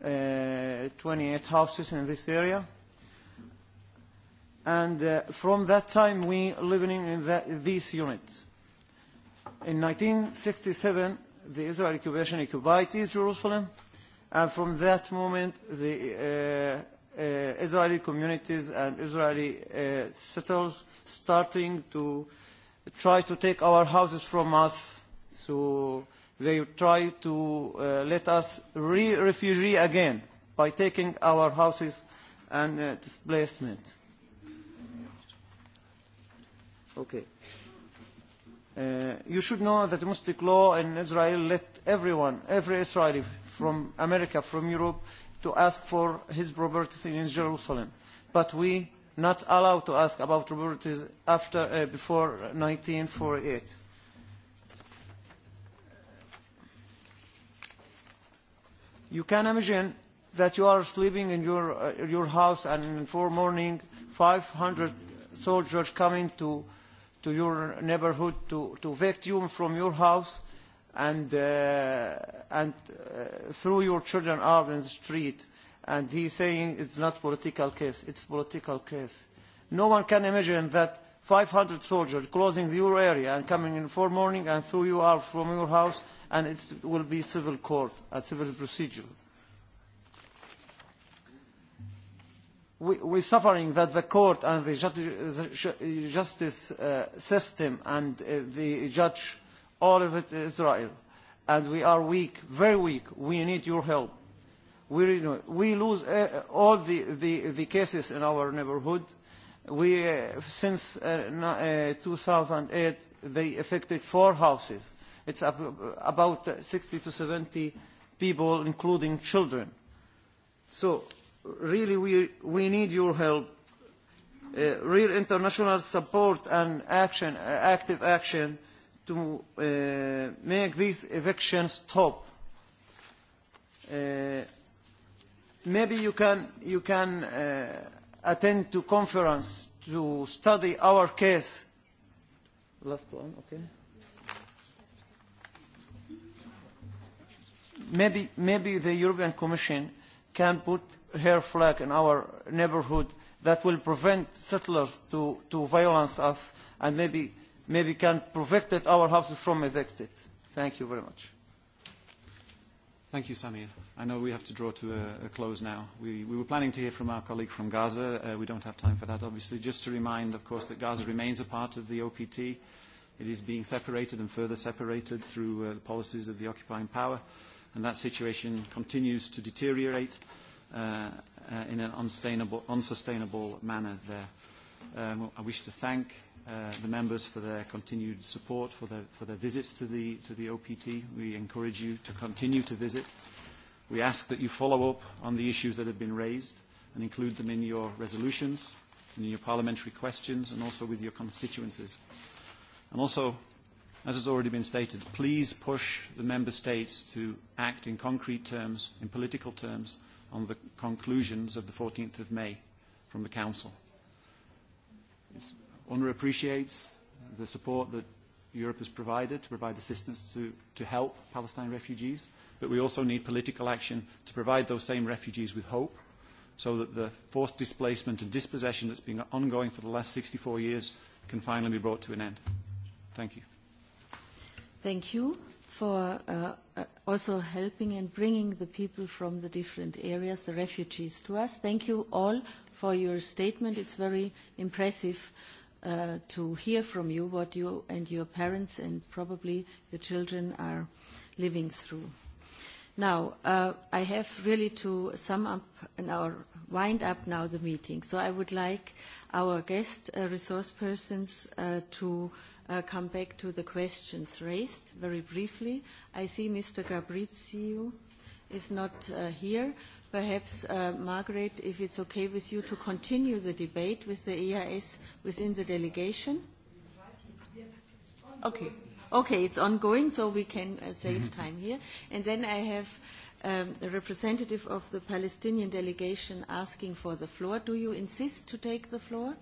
28 houses in this area and from that time we live in these units. In 1967 the Israeli occupation occupied Jerusalem And from that moment, the Israeli communities and Israeli settlers starting to try to take our houses from us. So they try to let us re-refugee again by taking our houses and displacement. Okay. You should know that Muslim law in Israel let everyone, every Israeli from America, from Europe, to ask for his properties in Jerusalem. But we not allowed to ask about properties after, before 1948. You can imagine that you are sleeping in your, your house and in four morning 500 soldiers coming to, to your neighborhood to, to evict you from your house and and threw your children out in the street and he's saying it's not a political case it's political case no one can imagine that 500 soldiers closing your area and coming in four morning and threw you out from your house and it will be civil court a civil procedure we are suffering that the court and the justice system and the judge all of it is Israel. And we are weak, very weak. We need your help. We, we lose all the, the, the cases in our neighborhood. We, since 2008, they affected four houses. It's about 60 to 70 people, including children. So really we, we need your help. real international support and action, active action to make these evictions stop. Maybe you can you can attend to conference to study our case. Last one, okay. Maybe maybe the European Commission can put her flag in our neighborhood that will prevent settlers to to violence us and maybe maybe can protect our houses from evicted. Thank you very much. Thank you, Samir. I know we have to draw to a close now. We we were planning to hear from our colleague from Gaza. We don't have time for that, obviously. Just to remind, of course, that Gaza remains a part of the OPT. It is being separated and further separated through the policies of the occupying power, and that situation continues to deteriorate in an unsustainable manner there. I wish to thank the members for their continued support, for their, for their visits to the, to the OPT. We encourage you to continue to visit. We ask that you follow up on the issues that have been raised and include them in your resolutions, in your parliamentary questions, and also with your constituencies. And also, as has already been stated, please push the member states to act in concrete terms, in political terms, on the conclusions of the 14th of May from the Council. UNRWA appreciates the support that Europe has provided to provide assistance to, help Palestine refugees, but we also need political action to provide those same refugees with hope so that the forced displacement and dispossession that's been ongoing for the last 64 years can finally be brought to an end. Thank you. Thank you for also helping and bringing the people from the different areas, the refugees, to us. Thank you all for your statement. It's very impressive to hear from you what you and your parents and probably your children are living through. Now, I have really to sum up and wind up now the meeting. So I would like our guest resource persons to come back to the questions raised very briefly. I see Mr. Gabrizio is not here perhaps, Margaret, if it's okay with you to continue the debate with the EIS within the delegation? Okay. Okay, it's ongoing, so we can save time here. And then I have a representative of the Palestinian delegation asking for the floor. Do you insist to take the floor?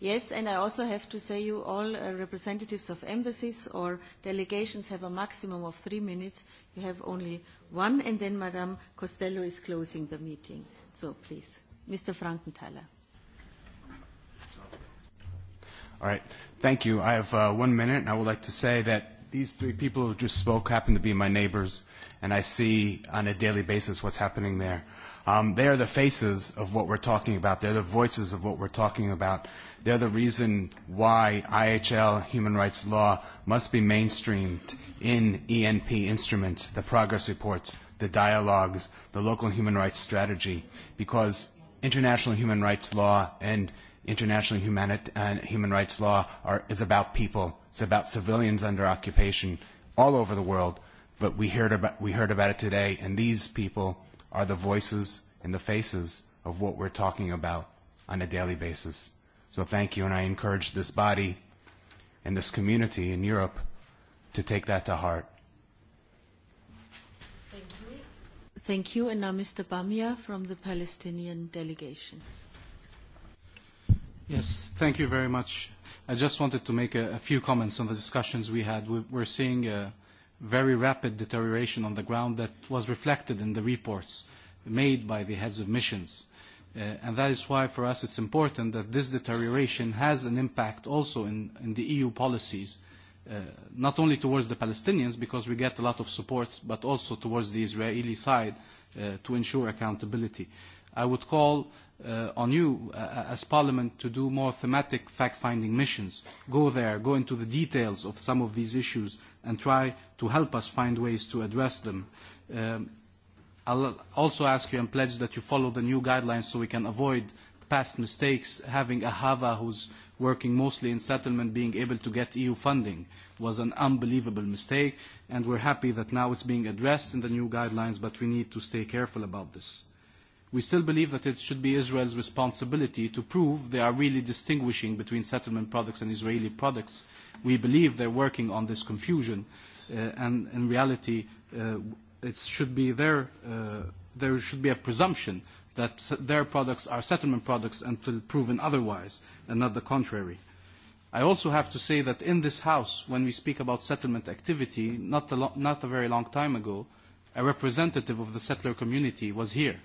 Yes, and I also have to say you all representatives of embassies or delegations have a maximum of three minutes. You have only one, and then Madame Costello is closing the meeting. So please, Mr. Frankenthaler. All right. Thank you. I have one minute, and I would like to say that these three people who just spoke happen to be my neighbors, and I see on a daily basis what's happening there. They are the faces of what we're talking about. They're the voices of what we're talking about. They're the reason why IHL human rights law must be mainstreamed in ENP instruments, the progress reports, the dialogues, the local human rights strategy, because international human rights law and international human rights law is about people. It's about civilians under occupation all over the world, but we heard about it today, and these people are the voices and the faces of what we're talking about on a daily basis. So thank you, and I encourage this body and this community in Europe to take that to heart. Thank you. Thank you. And now Mr. Bamia from the Palestinian delegation. Yes, thank you very much. I just wanted to make a few comments on the discussions we had. We're seeing a very rapid deterioration on the ground that was reflected in the reports made by the heads of missions. And that is why for us it's important that this deterioration has an impact also in the EU policies, not only towards the Palestinians, because we get a lot of support, but also towards the Israeli side to ensure accountability. I would call on you as Parliament to do more thematic fact-finding missions. Go there, go into the details of some of these issues and try to help us find ways to address them. I'll also ask you and pledge that you follow the new guidelines so we can avoid past mistakes, having a HAVA who's working mostly in settlement being able to get EU funding was an unbelievable mistake, and we're happy that now it's being addressed in the new guidelines, but we need to stay careful about this. We still believe that it should be Israel's responsibility to prove they are really distinguishing between settlement products and Israeli products we believe they're working on this confusion, and in reality it should be there should be a presumption that their products are settlement products until proven otherwise, and not the contrary. I also have to say that in this House, when we speak about settlement activity, not a very long time ago, a representative of the settler community was here.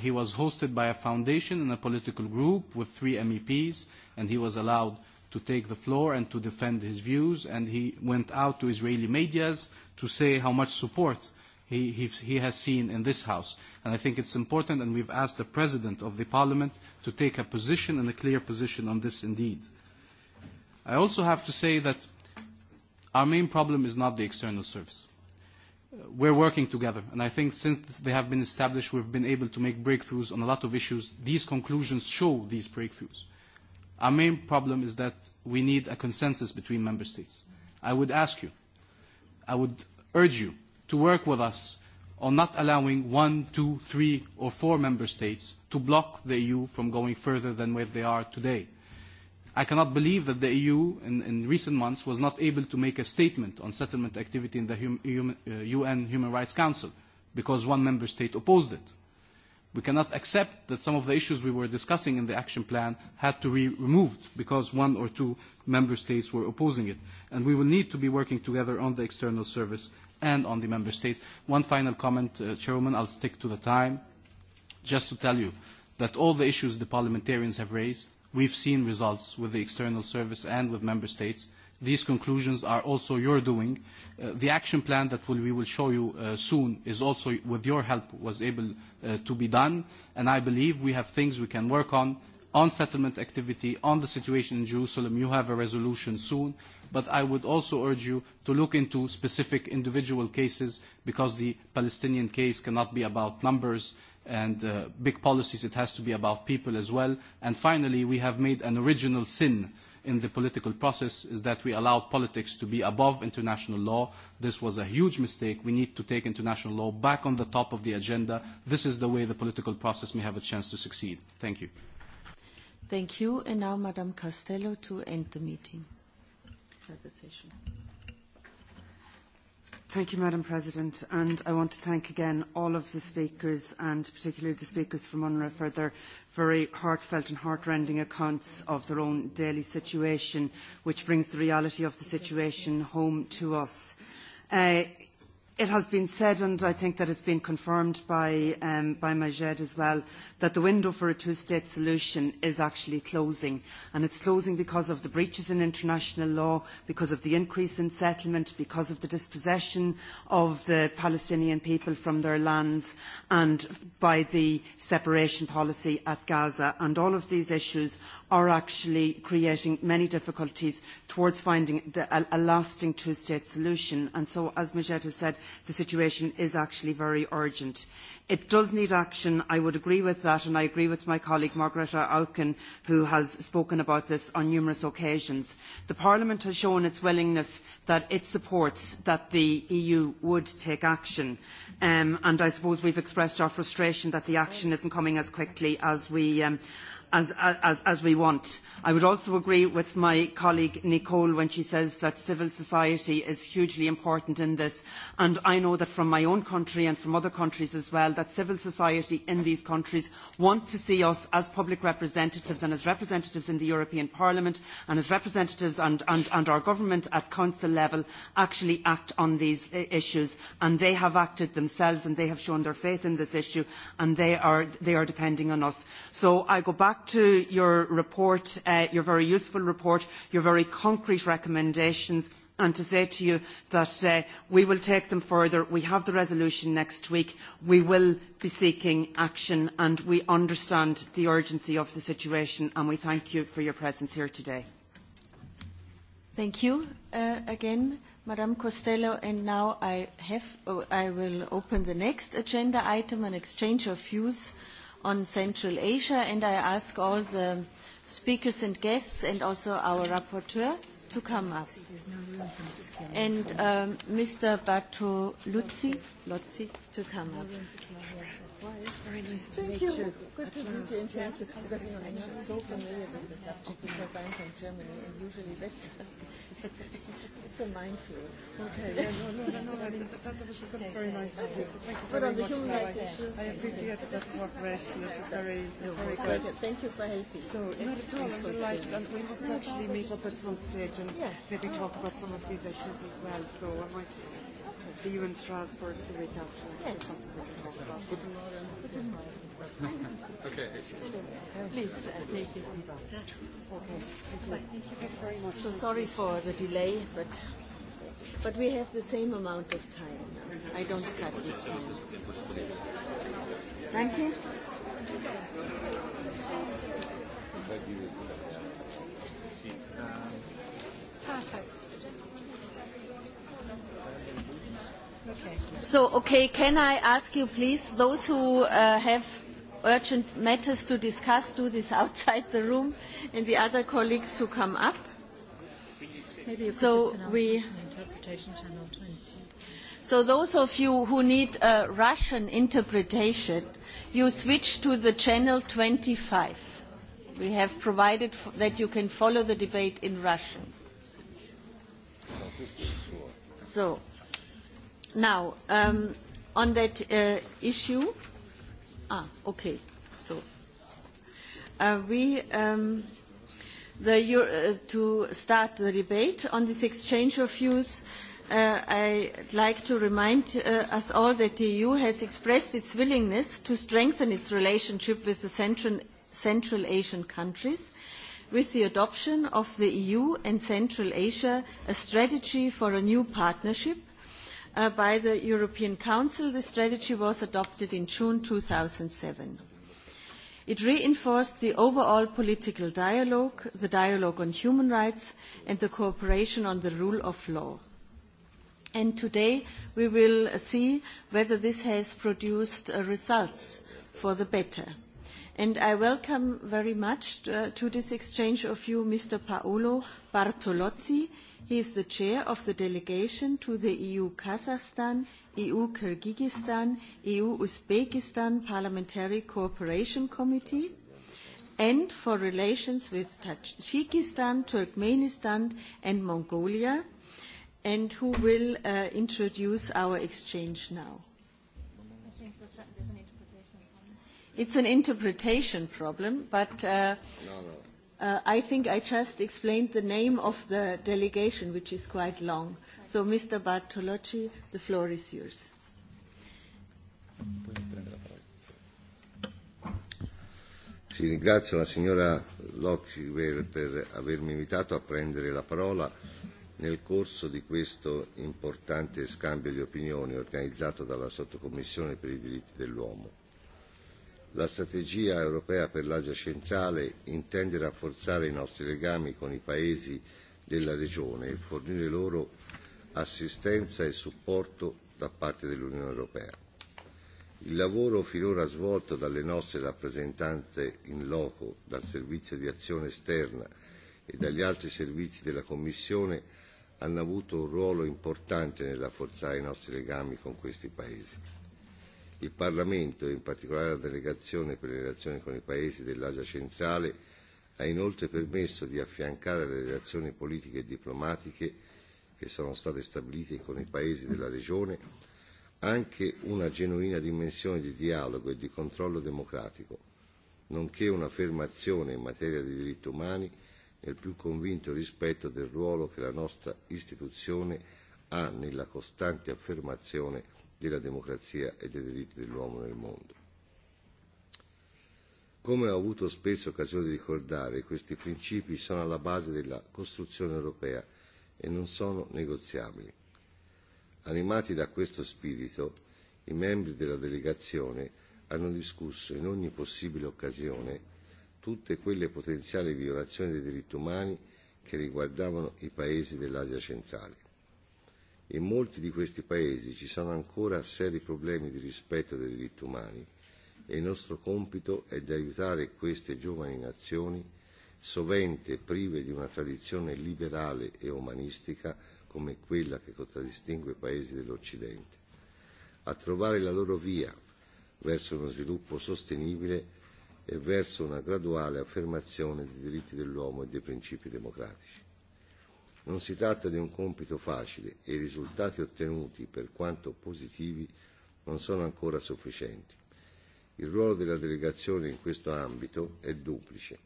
He was hosted by a foundation and a political group with three MEPs, and he was allowed to take the floor and to defend his views, and he went out to Israeli medias to say how much support he has seen in this House. And I think it's important, and we've asked the President of the Parliament to take a position and a clear position on this indeed. I also have to say that our main problem is not the External Service. We're working together, and I think since they have been established, we've been able to make breakthroughs on a lot of issues. These conclusions show these breakthroughs. Our main problem is that we need a consensus between member states. I would ask you, I would urge you to work with us on not allowing one, two, three or four member states to block the EU from going further than where they are today. I cannot believe that the EU in recent months was not able to make a statement on settlement activity in the UN Human Rights Council because one member state opposed it. We cannot accept that some of the issues we were discussing in the action plan had to be removed because one or two member states were opposing it. And we will need to be working together on the external service and on the member states. One final comment, Chairman, I'll stick to the time, just to tell you that all the issues the parliamentarians have raised, we've seen results with the external service and with member states. These conclusions are also your doing. The action plan that we will show you soon is also, with your help, was able to be done. And I believe we have things we can work on, on settlement activity, on the situation in Jerusalem. You have a resolution soon. But I would also urge you to look into specific individual cases, because the Palestinian case cannot be about numbers and big policies. It has to be about people as well. And finally, we have made an original sin in the political process is that we allow politics to be above international law. This was a huge mistake. We need to take international law back on the top of the agenda. This is the way the political process may have a chance to succeed. Thank you. Thank you. And now Madam Castello to end the meeting. Session. Thank you, Madam President, and I want to thank again all of the speakers and particularly the speakers from UNRWA for their very heartfelt and heartrending accounts of their own daily situation, which brings the reality of the situation home to us. It has been said, and I think that it has been confirmed by Majed as well, that the window for a two-state solution is actually closing. And it's closing because of the breaches in international law, because of the increase in settlement, because of the dispossession of the Palestinian people from their lands, and by the separation policy at Gaza. And all of these issues are actually creating many difficulties towards finding a lasting two-state solution. And so, as Majed has said, the situation is actually very urgent. It does need action. I would agree with that, and I agree with my colleague Margareta Auken, who has spoken about this on numerous occasions. The Parliament has shown its willingness that it supports that the EU would take action, and I suppose we've expressed our frustration that the action isn't coming as quickly as we as we want. I would also agree with my colleague Nicole when she says that civil society is hugely important in this, and I know that from my own country and from other countries as well, that civil society in these countries want to see us as public representatives and as representatives in the European Parliament and as representatives and our government at council level actually act on these issues, and they have acted themselves and they have shown their faith in this issue, and they are depending on us. So I go back to your report, your very useful report, your very concrete recommendations and to say to you that we will take them further. We have the resolution next week. We will be seeking action and we understand the urgency of the situation and we thank you for your presence here today. Thank you again, Madam Costello. And now I will open the next agenda item, an exchange of views on Central Asia, and I ask all the speakers and guests and also our rapporteur to come up. And um, Mr. Batu Luzzi to come up. Well, it's very nice to meet you. Good to meet you in person because I'm so familiar with the subject because I'm from Germany and usually that's It's a minefield. Okay, yeah, no, no, no, no, I mean, that, that was just very nice of you. So thank you very much. I, I appreciate that progress. was it very, no, very good. Thank you for helping. So, not at all, I'm delighted. And we must actually meet up at some stage and maybe talk about some of these issues as well. So I might see you in Strasbourg the week after. Yes. Something we can talk about. So sorry for the delay, but but we have the same amount of time I don't cut this Thank you. Perfect. So okay, can I ask you please those who have urgent matters to discuss, do this outside the room, and the other colleagues to come up. So we. So those of you who need a Russian interpretation, you switch to the channel 25. We have provided that you can follow the debate in Russian. So now on that issue. Ah, okay. to start the debate on this exchange of views. I'd like to remind us all that the EU has expressed its willingness to strengthen its relationship with the Central Asian countries with the adoption of the EU and Central Asia, a strategy for a new partnership by the European Council. The strategy was adopted in June 2007. It reinforced the overall political dialogue, the dialogue on human rights and the cooperation on the rule of law. And today we will see whether this has produced results for the better. And I welcome very much to this exchange of you Mr. Paolo Bartolozzi. He is the chair of the delegation to the EU-Kazakhstan, EU-Kyrgyzstan, EU-Uzbekistan Parliamentary Cooperation Committee and for relations with Tajikistan, Turkmenistan and Mongolia and who will introduce our exchange now. It's an interpretation problem, but I think I just explained the name of the delegation, which is quite long. So, Mr. Bartolocci, the floor is yours. Sì, ringrazio la signora Lockyer per avermi invitato a prendere la parola nel corso di questo importante scambio di opinioni organizzato dalla Sottocommissione per i diritti dell'uomo La strategia europea per l'Asia centrale intende rafforzare i nostri legami con i paesi della regione e fornire loro assistenza e supporto da parte dell'Unione europea. Il lavoro finora svolto dalle nostre rappresentanze in loco, dal Servizio di azione esterna e dagli altri servizi della Commissione hanno avuto un ruolo importante nel rafforzare i nostri legami con questi paesi. Il Parlamento, e in particolare la delegazione per le relazioni con i paesi dell'Asia centrale, ha inoltre permesso di affiancare le relazioni politiche e diplomatiche che sono state stabilite con i paesi della regione anche una genuina dimensione di dialogo e di controllo democratico, nonché un'affermazione in materia di diritti umani nel più convinto rispetto del ruolo che la nostra istituzione ha nella costante affermazione della democrazia e dei diritti dell'uomo nel mondo. Come ho avuto spesso occasione di ricordare, questi principi sono alla base della costruzione europea e non sono negoziabili. Animati da questo spirito, i membri della delegazione hanno discusso in ogni possibile occasione tutte quelle potenziali violazioni dei diritti umani che riguardavano i paesi dell'Asia centrale. In molti di questi paesi ci sono ancora seri problemi di rispetto dei diritti umani e il nostro compito è di aiutare queste giovani nazioni, sovente prive di una tradizione liberale e umanistica come quella che contraddistingue i paesi dell'Occidente, a trovare la loro via verso uno sviluppo sostenibile e verso una graduale affermazione dei diritti dell'uomo e dei principi democratici. Non si tratta di un compito facile e i risultati ottenuti, per quanto positivi, non sono ancora sufficienti. Il ruolo della delegazione in questo ambito è duplice.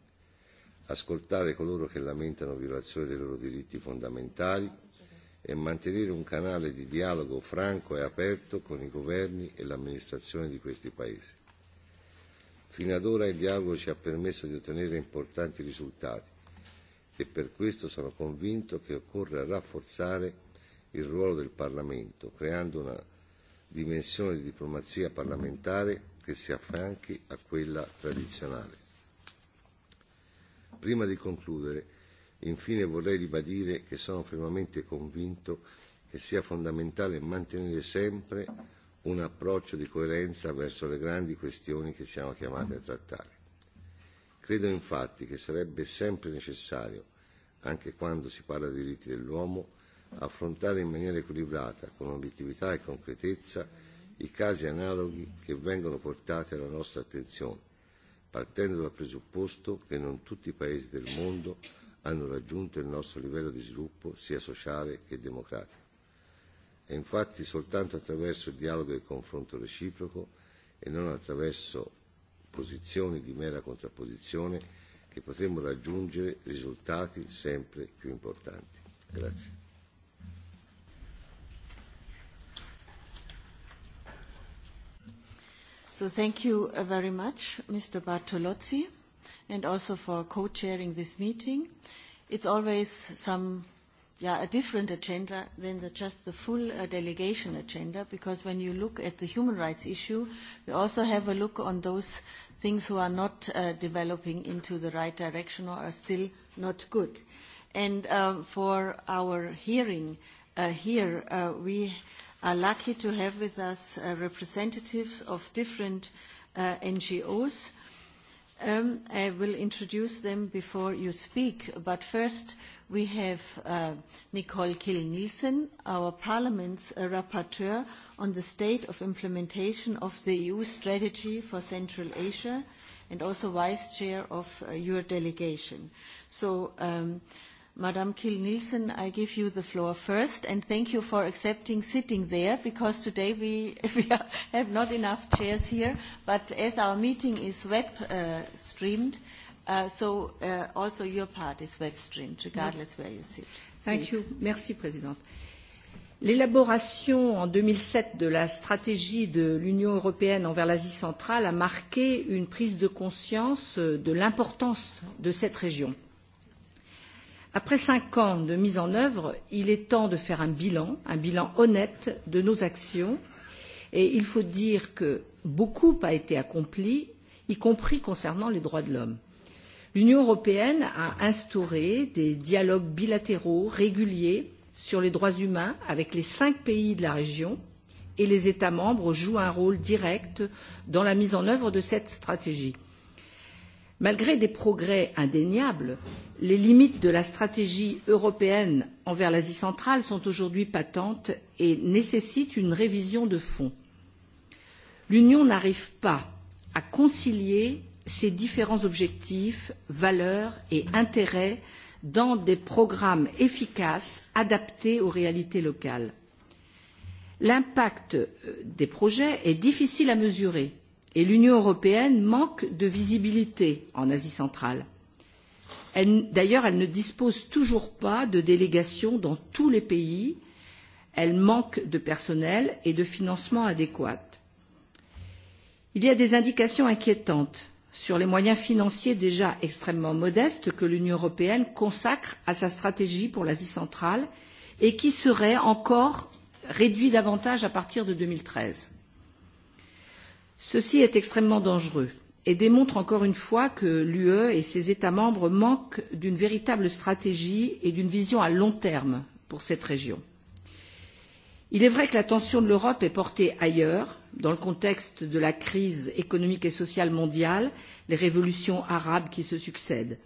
Ascoltare coloro che lamentano violazioni dei loro diritti fondamentali e mantenere un canale di dialogo franco e aperto con i governi e l'amministrazione di questi paesi. Fino ad ora il dialogo ci ha permesso di ottenere importanti risultati e per questo sono convinto che occorre rafforzare il ruolo del Parlamento, creando una dimensione di diplomazia parlamentare che si affianchi a quella tradizionale. Prima di concludere, infine vorrei ribadire che sono fermamente convinto che sia fondamentale mantenere sempre un approccio di coerenza verso le grandi questioni che siamo chiamati a trattare. Credo infatti che sarebbe sempre necessario, anche quando si parla di diritti dell'uomo, affrontare in maniera equilibrata, con obiettività e concretezza, i casi analoghi che vengono portati alla nostra attenzione, partendo dal presupposto che non tutti i paesi del mondo hanno raggiunto il nostro livello di sviluppo sia sociale che democratico. E infatti soltanto attraverso il dialogo e il confronto reciproco e non attraverso Posizioni di mera contrapposizione che potremo raggiungere risultati sempre più importanti. Grazie. So thank you very much, Mr. Bartolozzi, and also for co-chairing this meeting. It's always some, yeah, a different agenda than the just the full delegation agenda, because when you look at the human rights issue, we also have a look on those things who are not developing into the right direction or are still not good. And for our hearing here, we are lucky to have with us representatives of different NGOs. I will introduce them before you speak, but first We have Nicole Kiel-Nielsen, our Parliament's rapporteur on the state of implementation of the EU strategy for Central Asia and also vice chair of your delegation. So, Madam Kiel-Nielsen, I give you the floor first, and thank you for accepting sitting there, because today we have not enough chairs here, but as our meeting is web-streamed, So also your part is web streamed, regardless where you sit. Thank you. Merci, Présidente. L'élaboration en 2007 de la stratégie de l'Union européenne envers l'Asie centrale a marqué une prise de conscience de l'importance de cette région. Après cinq ans de mise en œuvre, il est temps de faire un bilan, un bilan honnête de nos actions. Et il faut dire que beaucoup a été accompli, y compris concernant les droits de l'homme. L'Union européenne a instauré des dialogues bilatéraux réguliers sur les droits humains avec les cinq pays de la région et les États membres jouent un rôle direct dans la mise en œuvre de cette stratégie. Malgré des progrès indéniables, les limites de la stratégie européenne envers l'Asie centrale sont aujourd'hui patentes et nécessitent une révision de fond. L'Union n'arrive pas à concilier ces différents objectifs, valeurs et intérêts dans des programmes efficaces adaptés aux réalités locales. L'impact des projets est difficile à mesurer et l'Union européenne manque de visibilité en Asie centrale. D'ailleurs, elle ne dispose toujours pas de délégations dans tous les pays, elle manque de personnel et de financement adéquat. Il y a des indications inquiétantes sur les moyens financiers déjà extrêmement modestes que l'Union européenne consacre à sa stratégie pour l'Asie centrale et qui seraient encore réduits davantage à partir de 2013. Ceci est extrêmement dangereux et démontre encore une fois que l'UE et ses États membres manquent d'une véritable stratégie et d'une vision à long terme pour cette région. Il est vrai que l'attention de l'Europe est portée ailleurs, dans le contexte de la crise économique et sociale mondiale, les révolutions arabes qui se succèdent.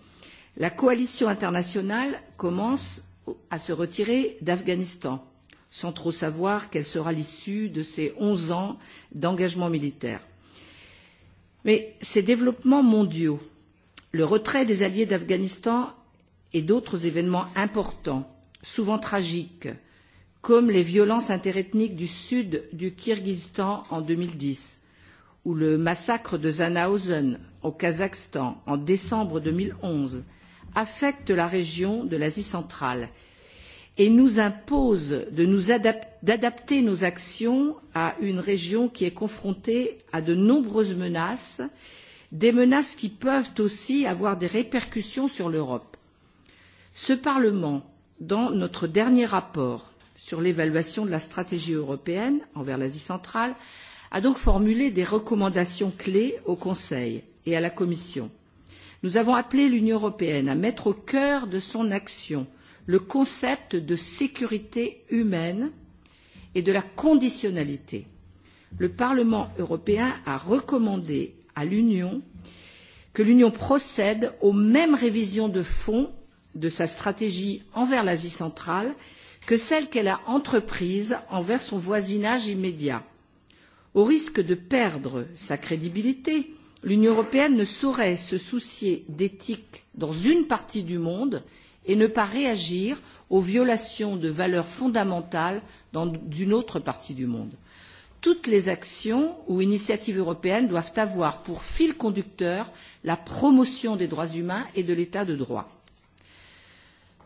La coalition internationale commence à se retirer d'Afghanistan, sans trop savoir quelle sera l'issue de ces onze ans d'engagement militaire. Mais ces développements mondiaux, le retrait des alliés d'Afghanistan et d'autres événements importants, souvent tragiques, comme les violences interethniques du sud du Kirghizistan en 2010 ou le massacre de Zanaozen au Kazakhstan en décembre 2011 affectent la région de l'Asie centrale et nous impose d'adapter nos actions à une région qui est confrontée à de nombreuses menaces, des menaces qui peuvent aussi avoir des répercussions sur l'Europe. Ce Parlement, dans notre dernier rapport, sur l'évaluation de la stratégie européenne envers l'Asie centrale, a donc formulé des recommandations clés au Conseil et à la Commission. Nous avons appelé l'Union européenne à mettre au cœur de son action le concept de sécurité humaine et de la conditionnalité. Le Parlement européen a recommandé à l'Union que l'Union procède aux mêmes révisions de fond de sa stratégie envers l'Asie centrale que celle qu'elle a entreprise envers son voisinage immédiat. Au risque de perdre sa crédibilité, l'Union européenne ne saurait se soucier d'éthique dans une partie du monde et ne pas réagir aux violations de valeurs fondamentales dans une autre partie du monde. Toutes les actions ou initiatives européennes doivent avoir pour fil conducteur la promotion des droits humains et de l'état de droit.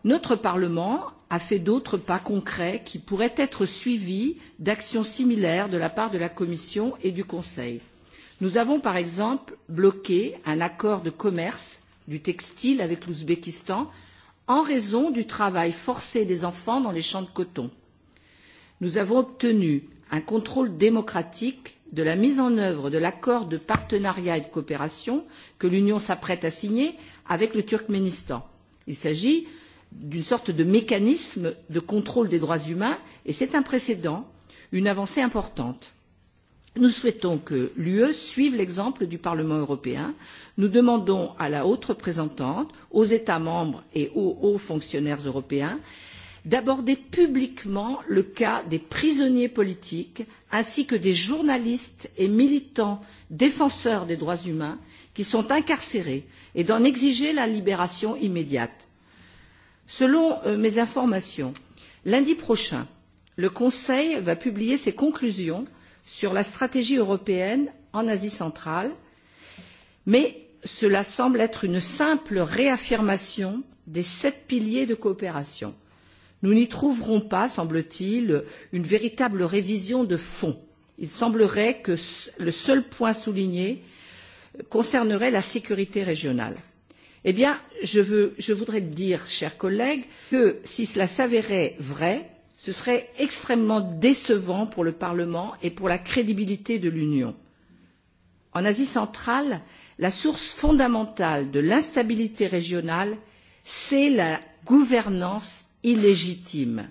Notre Parlement a fait d'autres pas concrets qui pourraient être suivis d'actions similaires de la part de la Commission et du Conseil. Nous avons, par exemple, bloqué un accord de commerce du textile avec l'Ouzbékistan en raison du travail forcé des enfants dans les champs de coton. Nous avons obtenu un contrôle démocratique de la mise en œuvre de l'accord de partenariat et de coopération que l'Union s'apprête à signer avec le Turkménistan. Il s'agit d'une sorte de mécanisme de contrôle des droits humains et c'est un précédent, une avancée importante. Nous souhaitons que l'UE suive l'exemple du Parlement européen. Nous demandons à la haute représentante, aux États membres et aux hauts fonctionnaires européens d'aborder publiquement le cas des prisonniers politiques ainsi que des journalistes et militants défenseurs des droits humains qui sont incarcérés et d'en exiger la libération immédiate. Selon mes informations, lundi prochain, le Conseil va publier ses conclusions sur la stratégie européenne en Asie centrale, mais cela semble être une simple réaffirmation des sept piliers de coopération. Nous n'y trouverons pas, semble-t-il, une véritable révision de fond. Il semblerait que le seul point souligné concernerait la sécurité régionale eh bien je voudrais dire chers collègues que si cela s'avérait vrai ce serait extrêmement décevant pour le parlement et pour la crédibilité de l'union. en asie centrale la source fondamentale de l'instabilité régionale c'est la gouvernance illégitime.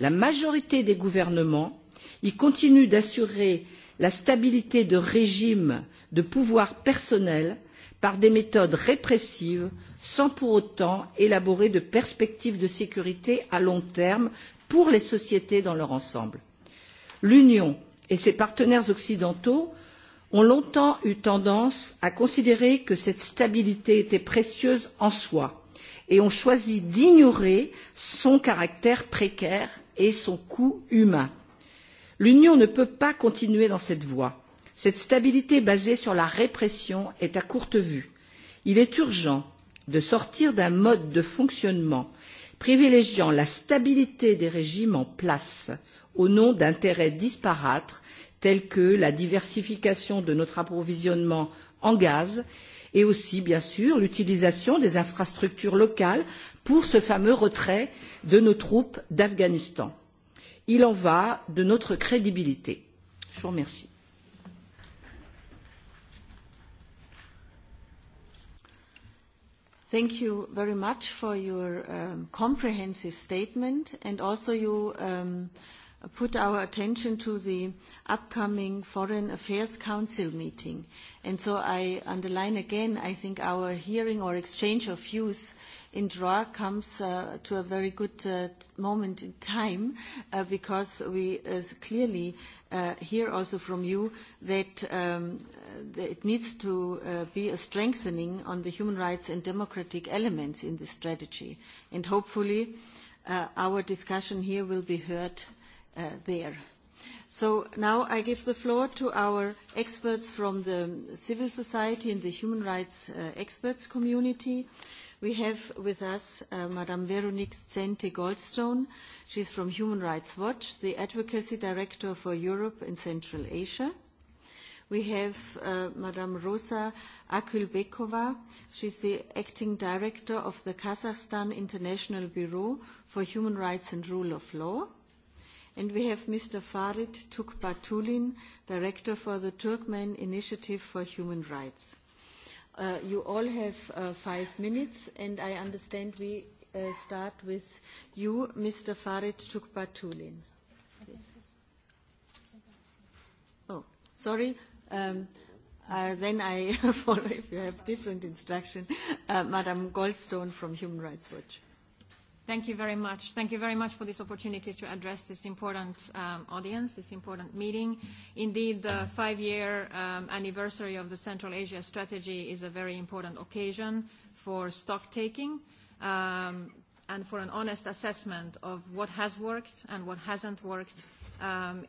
la majorité des gouvernements y continuent d'assurer la stabilité de régimes de pouvoir personnels par des méthodes répressives sans pour autant élaborer de perspectives de sécurité à long terme pour les sociétés dans leur ensemble. l'union et ses partenaires occidentaux ont longtemps eu tendance à considérer que cette stabilité était précieuse en soi et ont choisi d'ignorer son caractère précaire et son coût humain. l'union ne peut pas continuer dans cette voie Cette stabilité basée sur la répression est à courte vue. Il est urgent de sortir d'un mode de fonctionnement privilégiant la stabilité des régimes en place au nom d'intérêts disparates tels que la diversification de notre approvisionnement en gaz et aussi, bien sûr, l'utilisation des infrastructures locales pour ce fameux retrait de nos troupes d'Afghanistan. Il en va de notre crédibilité. Je vous remercie. Thank you very much for your comprehensive statement and also you put our attention to the upcoming Foreign Affairs Council meeting. And so I underline again, I think our hearing or exchange of views in DRA comes to a very good moment in time because we clearly hear also from you that it needs to be a strengthening on the human rights and democratic elements in this strategy. And hopefully our discussion here will be heard there. So now I give the floor to our experts from the civil society and the human rights experts community. We have with us Madame Veronique Zente Goldstone. She is from Human Rights Watch, the Advocacy Director for Europe and Central Asia. We have Madame Rosa Akulbekova. is the acting director of the Kazakhstan International Bureau for Human Rights and Rule of Law. And we have Mr. Farid Tukbatulin, director for the Turkmen Initiative for Human Rights. You all have five minutes, and I understand we start with you, Mr. Farid Tukbatulin. Oh, sorry, Then I follow if you have different instruction. Madam Goldstone from Human Rights Watch. Thank you very much. Thank you very much for this opportunity to address this important audience, this important meeting. Indeed, the five-year anniversary of the Central Asia Strategy is a very important occasion for stock-taking and for an honest assessment of what has worked and what hasn't worked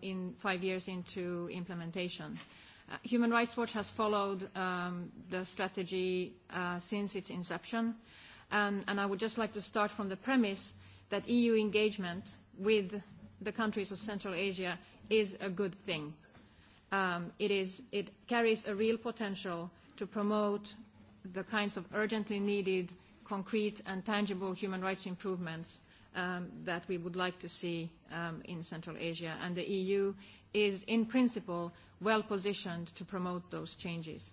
in five years into implementation. Human Rights Watch has followed the strategy since its inception, and I would just like to start from the premise that EU engagement with the countries of Central Asia is a good thing. It carries a real potential to promote the kinds of urgently needed, concrete and tangible human rights improvements that we would like to see in Central Asia, and the EU is in principle well-positioned to promote those changes.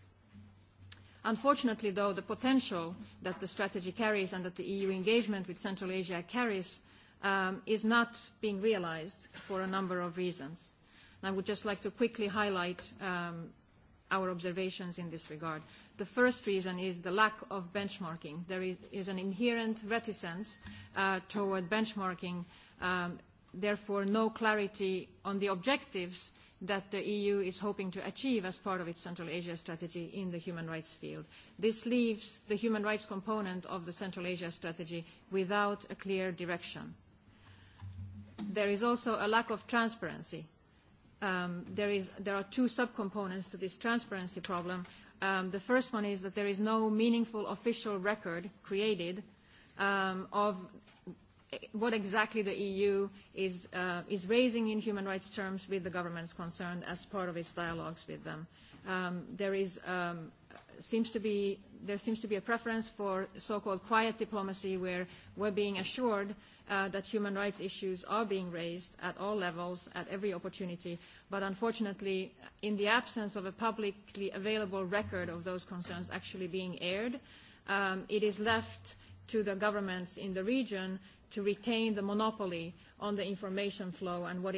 Unfortunately, though, the potential that the strategy carries and that the EU engagement with Central Asia carries is not being realized for a number of reasons. I would just like to quickly highlight our observations in this regard. The first reason is the lack of benchmarking. There is an inherent reticence toward benchmarking, therefore no clarity on the objectives that the EU is hoping to achieve as part of its Central Asia strategy in the human rights field. This leaves the human rights component of the Central Asia strategy without a clear direction. There is also a lack of transparency. There are two subcomponents to this transparency problem. The first one is that there is no meaningful official record created of what exactly the EU is raising in human rights terms with the governments concerned as part of its dialogues with them. There seems to be a preference for so-called quiet diplomacy where we're being assured that human rights issues are being raised at all levels, at every opportunity, but unfortunately in the absence of a publicly available record of those concerns actually being aired, it is left to the governments in the region to retain the monopoly on the information flow and what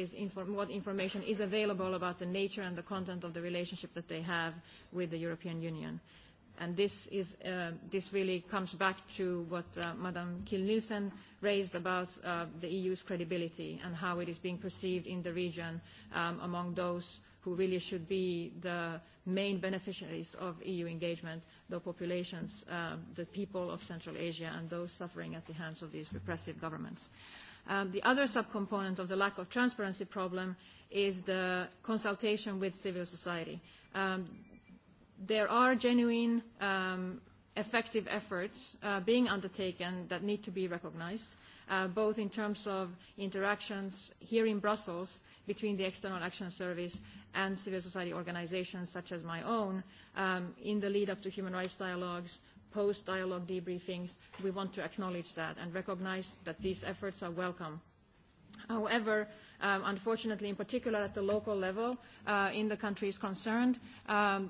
information is available about the nature and the content of the relationship that they have with the European Union. And this really comes back to what Madam Kiel-Nielsen raised about the EU's credibility and how it is being perceived in the region among those who really should be the main beneficiaries of EU engagement, the populations, the people of Central Asia and those suffering at the hands of these repressive governments. The other subcomponent of the lack of transparency problem is the consultation with civil society. There are genuine effective efforts being undertaken that need to be recognized, both in terms of interactions here in Brussels between the External Action Service and civil society organizations such as my own in the lead up to human rights dialogues, post-dialogue debriefings. We want to acknowledge that and recognize that these efforts are welcome. However, unfortunately, in particular at the local level in the countries concerned,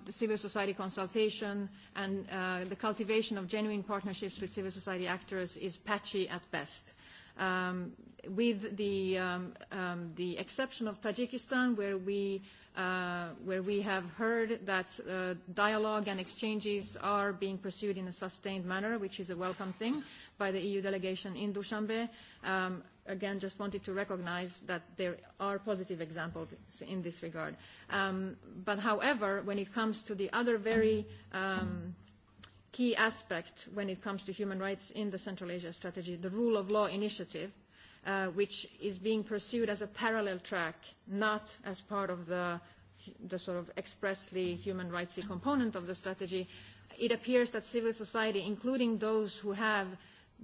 civil society consultation and the cultivation of genuine partnerships with civil society actors is patchy at best. With the exception of Tajikistan, where we where we have heard that dialogue and exchanges are being pursued in a sustained manner, which is a welcome thing, by the EU delegation in Dushanbe. Again, just wanted to recognize that there are positive examples in this regard. But however, when it comes to the other very key aspect when it comes to human rights in the Central Asia Strategy, the rule of law initiative, which is being pursued as a parallel track, not as part of the sort of expressly human rights component of the strategy, it appears that civil society, including those who have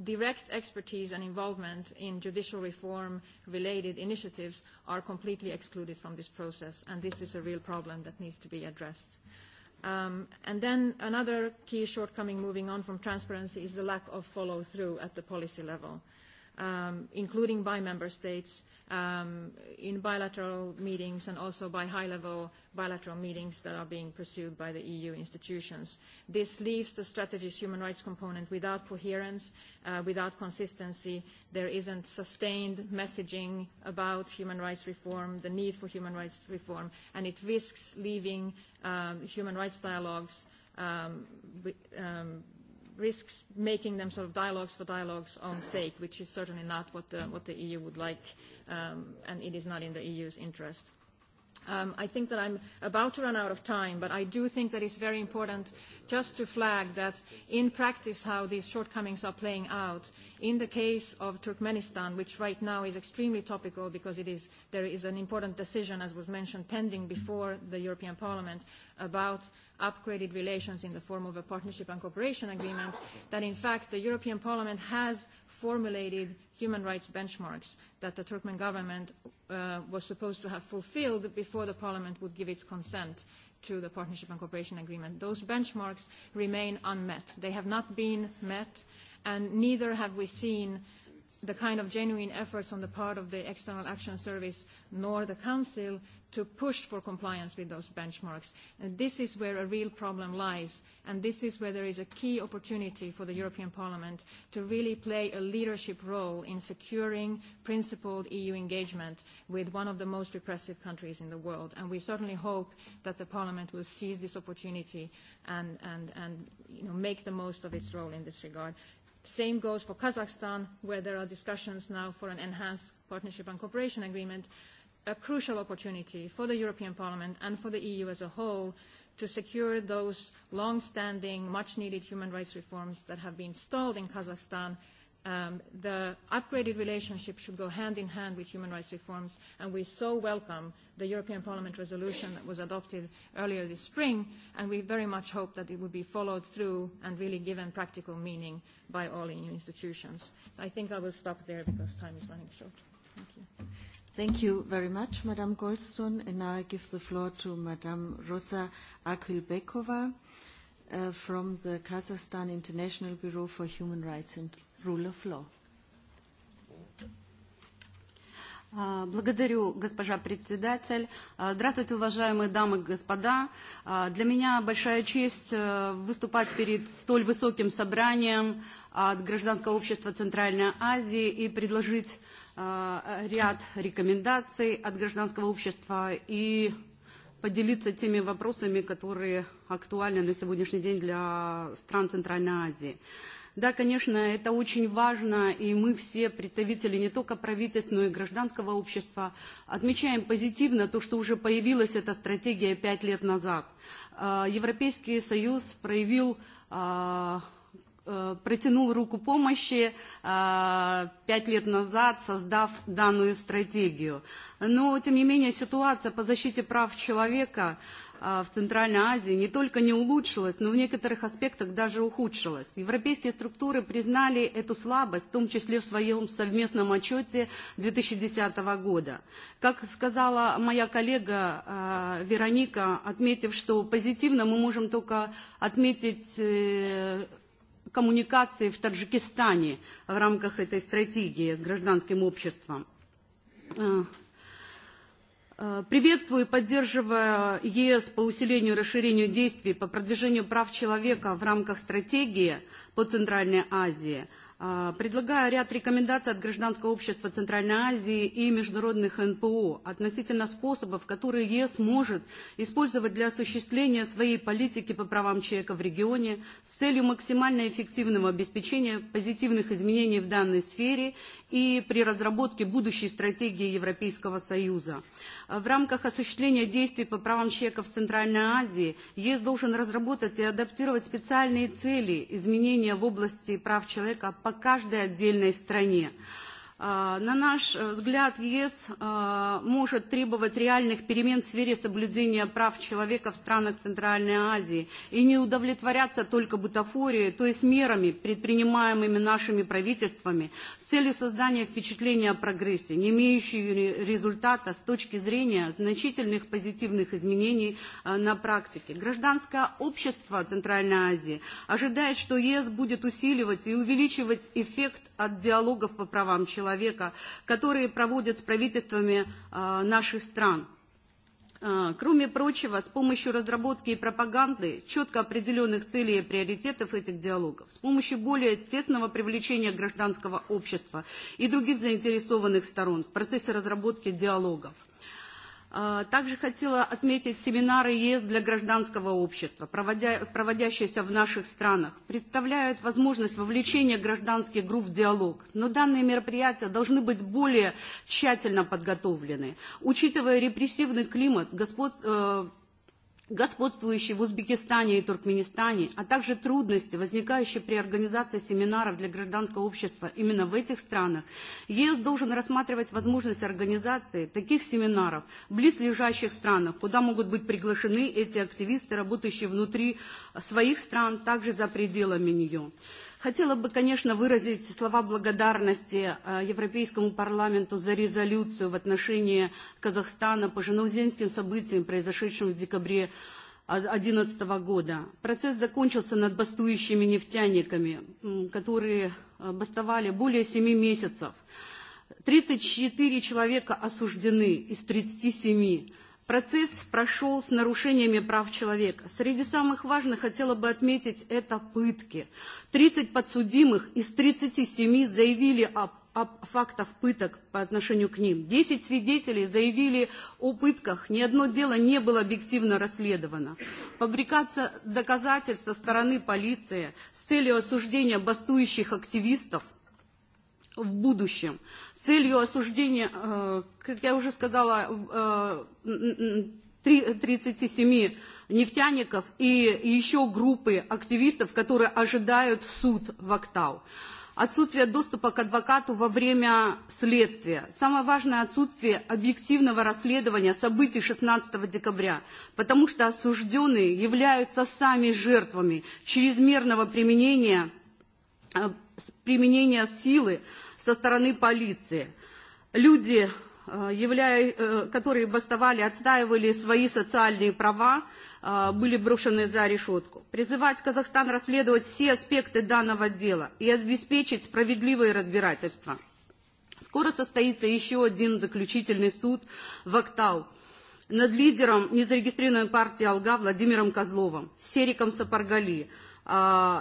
direct expertise and involvement in judicial reform-related initiatives, are completely excluded from this process, and this is a real problem that needs to be addressed. And then another key shortcoming moving on from transparency is the lack of follow-through at the policy level including by member states in bilateral meetings and also by high-level bilateral meetings that are being pursued by the EU institutions. This leaves the strategy's human rights component without coherence, without consistency. There isn't sustained messaging about human rights reform, the need for human rights reform, and it risks leaving human rights dialogues risks making them sort of dialogues for dialogues' own sake, which is certainly not what the EU would like, and it is not in the EU's interest. I think that I'm about to run out of time, but I do think that it's very important just to flag that in practice how these shortcomings are playing out. In the case of Turkmenistan, which right now is extremely topical because there is an important decision, as was mentioned, pending before the European Parliament about upgraded relations in the form of a partnership and cooperation agreement, that in fact the European Parliament has formulated human rights benchmarks that the Turkmen government was supposed to have fulfilled before the parliament would give its consent to the partnership and cooperation agreement. Those benchmarks remain unmet. They have not been met, and neither have we seen the kind of genuine efforts on the part of the External Action Service nor the Council to push for compliance with those benchmarks. And this is where a real problem lies, and this is where there is a key opportunity for the European Parliament to really play a leadership role in securing principled EU engagement with one of the most repressive countries in the world. And we certainly hope that the Parliament will seize this opportunity and make the most of its role in this regard. Same goes for Kazakhstan, where there are discussions now for an enhanced partnership and cooperation agreement, a crucial opportunity for the European Parliament and for the EU as a whole to secure those long-standing, much-needed human rights reforms that have been stalled in Kazakhstan the upgraded relationship should go hand in hand with human rights reforms, and we so welcome the European Parliament resolution that was adopted earlier this spring, and we very much hope that it will be followed through and really given practical meaning by all EU institutions. I think I will stop there because time is running short. Thank you. Thank you very much, Madam Goldstone. And now I give the floor to Madam Rosa Akhilbekova from the Kazakhstan International Bureau for Human Rights and rule of law. Благодарю, госпожа председатель. Здравствуйте, уважаемые дамы и господа. Для меня большая честь выступать перед столь высоким собранием от Гражданского общества Центральной Азии и предложить ряд рекомендаций от Гражданского общества и поделиться теми вопросами, которые актуальны на сегодняшний день для стран Центральной Азии. Да, конечно, это очень важно, и мы все представители не только правительств, но и гражданского общества отмечаем позитивно то, что уже появилась эта стратегия пять лет назад. Европейский Союз проявил протянул руку помощи пять лет назад, создав данную стратегию. Но, тем не менее, ситуация по защите прав человека в Центральной Азии не только не улучшилась, но в некоторых аспектах даже ухудшилась. Европейские структуры признали эту слабость, в том числе в своем совместном отчете 2010 года. Как сказала моя коллега Вероника, отметив, что позитивно мы можем только отметить коммуникации в Таджикистане в рамках этой стратегии с гражданским обществом. Приветствую и поддерживаю ЕС по усилению и расширению действий по продвижению прав человека в рамках стратегии по Центральной Азии – Предлагаю ряд рекомендаций от гражданского общества Центральной Азии и международных НПО относительно способов, которые ЕС может использовать для осуществления своей политики по правам человека в регионе с целью максимально эффективного обеспечения позитивных изменений в данной сфере и при разработке будущей стратегии Европейского Союза в рамках осуществления действий по правам человека в Центральной Азии ЕС должен разработать и адаптировать специальные цели изменения в области прав человека по каждой отдельной стране. На наш взгляд, ЕС может требовать реальных перемен в сфере соблюдения прав человека в странах Центральной Азии и не удовлетворяться только бутафорией, то есть мерами, предпринимаемыми нашими правительствами с целью создания впечатления о прогрессе, не имеющей результата с точки зрения значительных позитивных изменений на практике. Гражданское общество Центральной Азии ожидает, что ЕС будет усиливать и увеличивать эффект от диалогов по правам человека человека, которые проводят с правительствами наших стран. Кроме прочего, с помощью разработки и пропаганды четко определенных целей и приоритетов этих диалогов, с помощью более тесного привлечения гражданского общества и других заинтересованных сторон в процессе разработки диалогов, Также хотела отметить семинары ЕС для гражданского общества, проводящиеся в наших странах, представляют возможность вовлечения гражданских групп в диалог, но данные мероприятия должны быть более тщательно подготовлены. Учитывая репрессивный климат, господ господствующие в Узбекистане и Туркменистане, а также трудности, возникающие при организации семинаров для гражданского общества именно в этих странах, ЕС должен рассматривать возможность организации таких семинаров в близлежащих странах, куда могут быть приглашены эти активисты, работающие внутри своих стран, также за пределами нее. Хотела бы, конечно, выразить слова благодарности Европейскому парламенту за резолюцию в отношении Казахстана по женаузенским событиям, произошедшим в декабре 2011 года. Процесс закончился над бастующими нефтяниками, которые бастовали более 7 месяцев. 34 человека осуждены из 37 Процесс прошел с нарушениями прав человека. Среди самых важных хотела бы отметить это пытки. 30 подсудимых из 37 заявили о фактах пыток по отношению к ним. Десять свидетелей заявили о пытках. Ни одно дело не было объективно расследовано. Фабрикация доказательств со стороны полиции с целью осуждения бастующих активистов – в будущем. Целью осуждения, как я уже сказала, 37 нефтяников и еще группы активистов, которые ожидают суд в ОКТАУ, Отсутствие доступа к адвокату во время следствия. Самое важное отсутствие объективного расследования событий 16 декабря, потому что осужденные являются сами жертвами чрезмерного применения, применения силы, со стороны полиции. Люди, которые бастовали, отстаивали свои социальные права, были брошены за решетку. Призывать Казахстан расследовать все аспекты данного дела и обеспечить справедливое разбирательство. Скоро состоится еще один заключительный суд в Актау над лидером незарегистрированной партии «Алга» Владимиром Козловым, Сериком Сапаргали –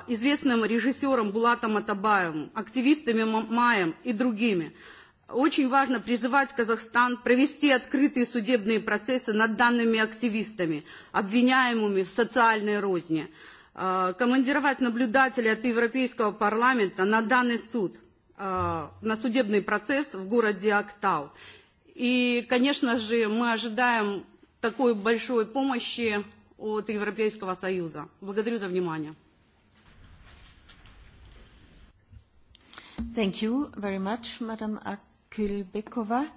известным режиссером Булатом Атабаевым, активистами Маем и другими. Очень важно призывать Казахстан провести открытые судебные процессы над данными активистами, обвиняемыми в социальной розни, командировать наблюдателей от Европейского парламента на данный суд, на судебный процесс в городе Актау. И, конечно же, мы ожидаем такой большой помощи от Европейского Союза. Благодарю за внимание. Thank you very much, Madam Akülbekova.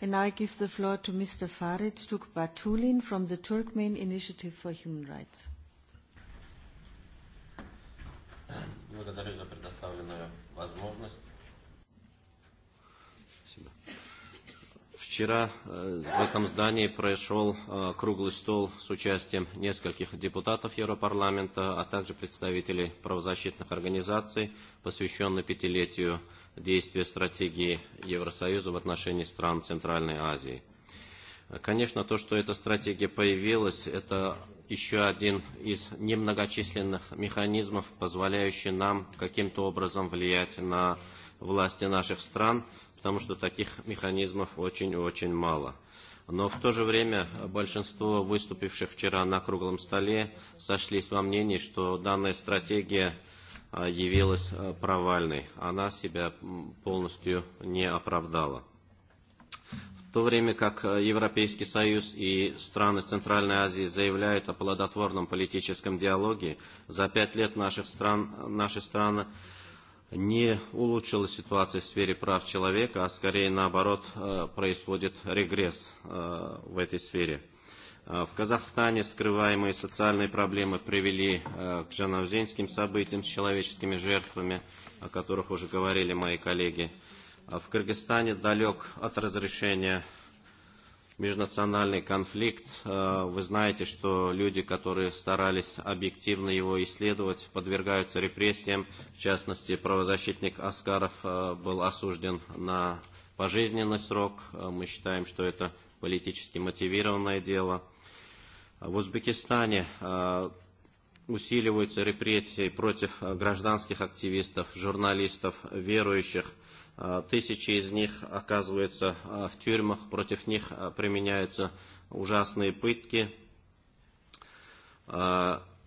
And now I give the floor to Mr. Farid Tugbatulin from the Turkmen Initiative for Human Rights. Благодарю за предоставленную возможность. Вчера в этом здании прошел круглый стол с участием нескольких депутатов Европарламента, а также представителей правозащитных организаций, посвященный пятилетию действия стратегии Евросоюза в отношении стран Центральной Азии. Конечно, то, что эта стратегия появилась, это еще один из немногочисленных механизмов, позволяющий нам каким-то образом влиять на власти наших стран – потому что таких механизмов очень-очень мало. Но в то же время большинство выступивших вчера на круглом столе сошлись во мнении, что данная стратегия явилась провальной. Она себя полностью не оправдала. В то время как Европейский Союз и страны Центральной Азии заявляют о плодотворном политическом диалоге, за пять лет наших стран, наши страны не улучшила ситуацию в сфере прав человека, а скорее наоборот происходит регресс в этой сфере. В Казахстане скрываемые социальные проблемы привели к жановзинским событиям с человеческими жертвами, о которых уже говорили мои коллеги. В Кыргызстане далек от разрешения межнациональный конфликт. Вы знаете, что люди, которые старались объективно его исследовать, подвергаются репрессиям. В частности, правозащитник Аскаров был осужден на пожизненный срок. Мы считаем, что это политически мотивированное дело. В Узбекистане усиливаются репрессии против гражданских активистов, журналистов, верующих Тысячи из них оказываются в тюрьмах, против них применяются ужасные пытки.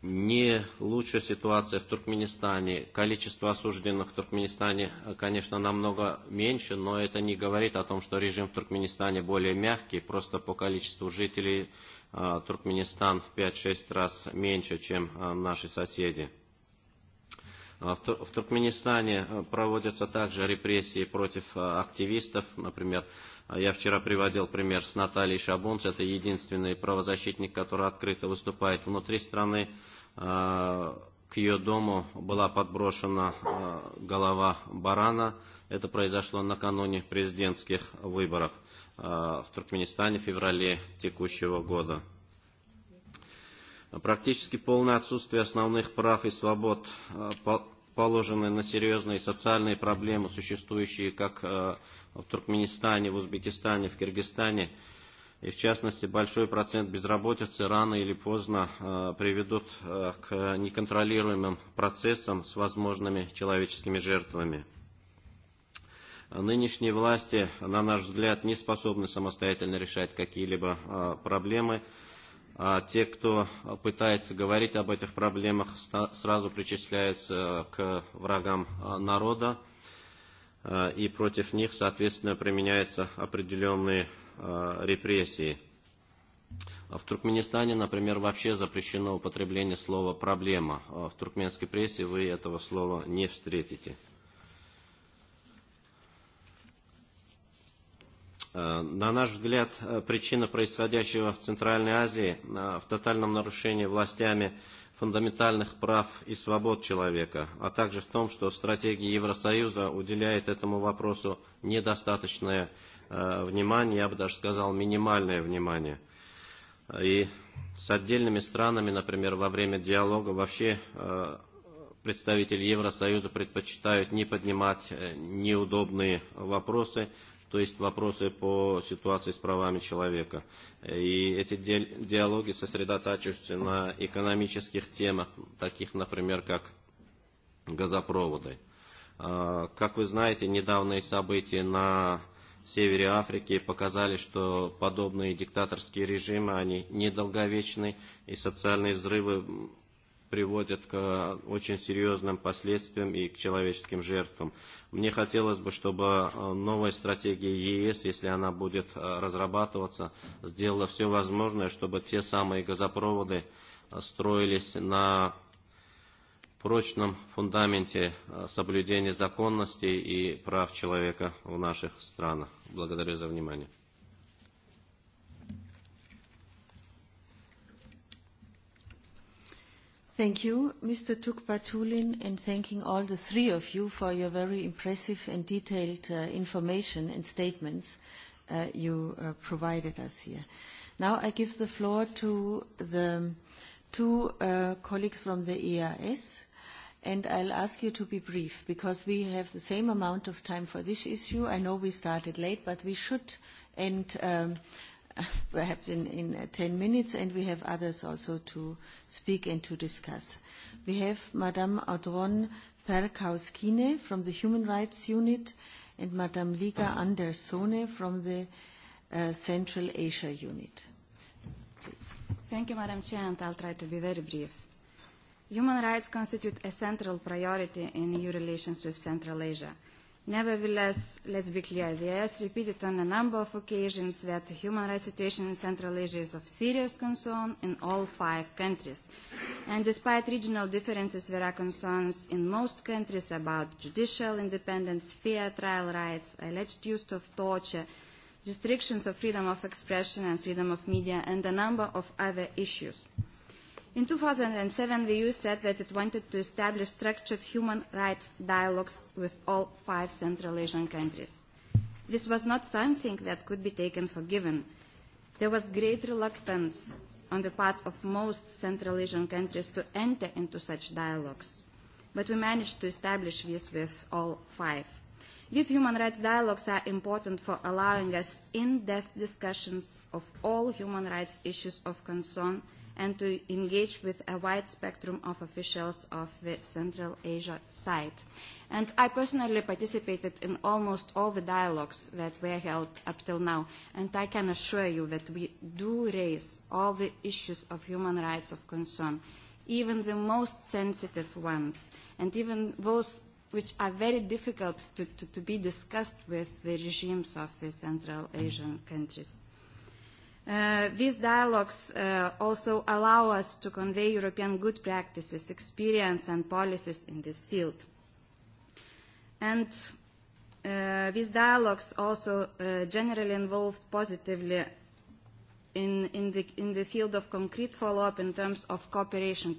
Не лучшая ситуация в Туркменистане. Количество осужденных в Туркменистане, конечно, намного меньше, но это не говорит о том, что режим в Туркменистане более мягкий. Просто по количеству жителей Туркменистан в 5-6 раз меньше, чем наши соседи. В Туркменистане проводятся также репрессии против активистов. Например, я вчера приводил пример с Натальей Шабунц. Это единственный правозащитник, который открыто выступает внутри страны. К ее дому была подброшена голова барана. Это произошло накануне президентских выборов в Туркменистане в феврале текущего года. Практически полное отсутствие основных прав и свобод положены на серьезные социальные проблемы, существующие как в Туркменистане, в Узбекистане, в Киргизстане. И в частности, большой процент безработицы рано или поздно приведут к неконтролируемым процессам с возможными человеческими жертвами. Нынешние власти, на наш взгляд, не способны самостоятельно решать какие-либо проблемы, Те, кто пытается говорить об этих проблемах, сразу причисляются к врагам народа, и против них, соответственно, применяются определенные репрессии. В Туркменистане, например, вообще запрещено употребление слова «проблема». В туркменской прессе вы этого слова не встретите. На наш взгляд, причина происходящего в Центральной Азии в тотальном нарушении властями фундаментальных прав и свобод человека, а также в том, что стратегия Евросоюза уделяет этому вопросу недостаточное внимание, я бы даже сказал, минимальное внимание. И с отдельными странами, например, во время диалога вообще представители Евросоюза предпочитают не поднимать неудобные вопросы, то есть вопросы по ситуации с правами человека. И эти диалоги сосредотачиваются на экономических темах, таких, например, как газопроводы. Как вы знаете, недавние события на севере Африки показали, что подобные диктаторские режимы, они недолговечны, и социальные взрывы приводит к очень серьезным последствиям и к человеческим жертвам. Мне хотелось бы, чтобы новая стратегия ЕС, если она будет разрабатываться, сделала все возможное, чтобы те самые газопроводы строились на прочном фундаменте соблюдения законности и прав человека в наших странах. Благодарю за внимание. Thank you, Mr. Tukpatulin, and thanking all the three of you for your very impressive and detailed information and statements you provided us here. Now I give the floor to the two colleagues from the ERS, and I'll ask you to be brief, because we have the same amount of time for this issue. I know we started late, but we should end perhaps in 10 minutes, and we have others also to speak and to discuss. We have Madame Audron Perkauskine from the Human Rights Unit and Madame Liga Andersone from the Central Asia Unit. Thank you, Madam Chair, and I'll try to be very brief. Human rights constitute a central priority in EU relations with Central Asia. Nevertheless, let's be clear, the IS repeated on a number of occasions that the human rights situation in Central Asia is of serious concern in all five countries. And despite regional differences, there are concerns in most countries about judicial independence, fair trial rights, alleged use of torture, restrictions of freedom of expression and freedom of media, and a number of other issues. In 2007, the EU said that it wanted to establish structured human rights dialogues with all five Central Asian countries. This was not something that could be taken for given. There was great reluctance on the part of most Central Asian countries to enter into such dialogues, but we managed to establish this with all five. These human rights dialogues are important for allowing us in-depth discussions of all human rights issues of concern and to engage with a wide spectrum of officials of the Central Asia side. And I personally participated in almost all the dialogues that were held up till now, and I can assure you that we do raise all the issues of human rights of concern, even the most sensitive ones, and even those which are very difficult to be discussed with the regimes of the Central Asian countries. These dialogues also allow us to convey European good practices, experience and policies in this field. And these dialogues also generally involved positively in the field of concrete follow-up in terms of cooperation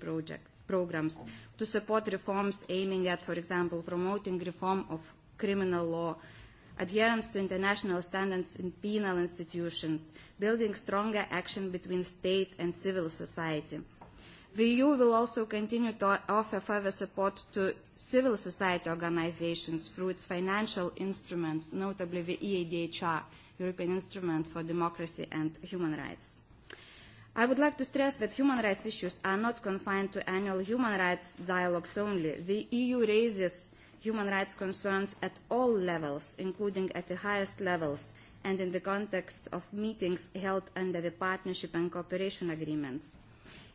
programs to support reforms aiming at, for example, promoting reform of criminal law adherence to international standards in penal institutions, building stronger action between state and civil society. The EU will also continue to offer further support to civil society organisations through its financial instruments, notably the EADHR, European Instrument for Democracy and Human Rights. I would like to stress that human rights issues are not confined to annual human rights dialogues only. The EU raises human rights concerns at all levels, including at the highest levels and in the context of meetings held under the partnership and cooperation agreements.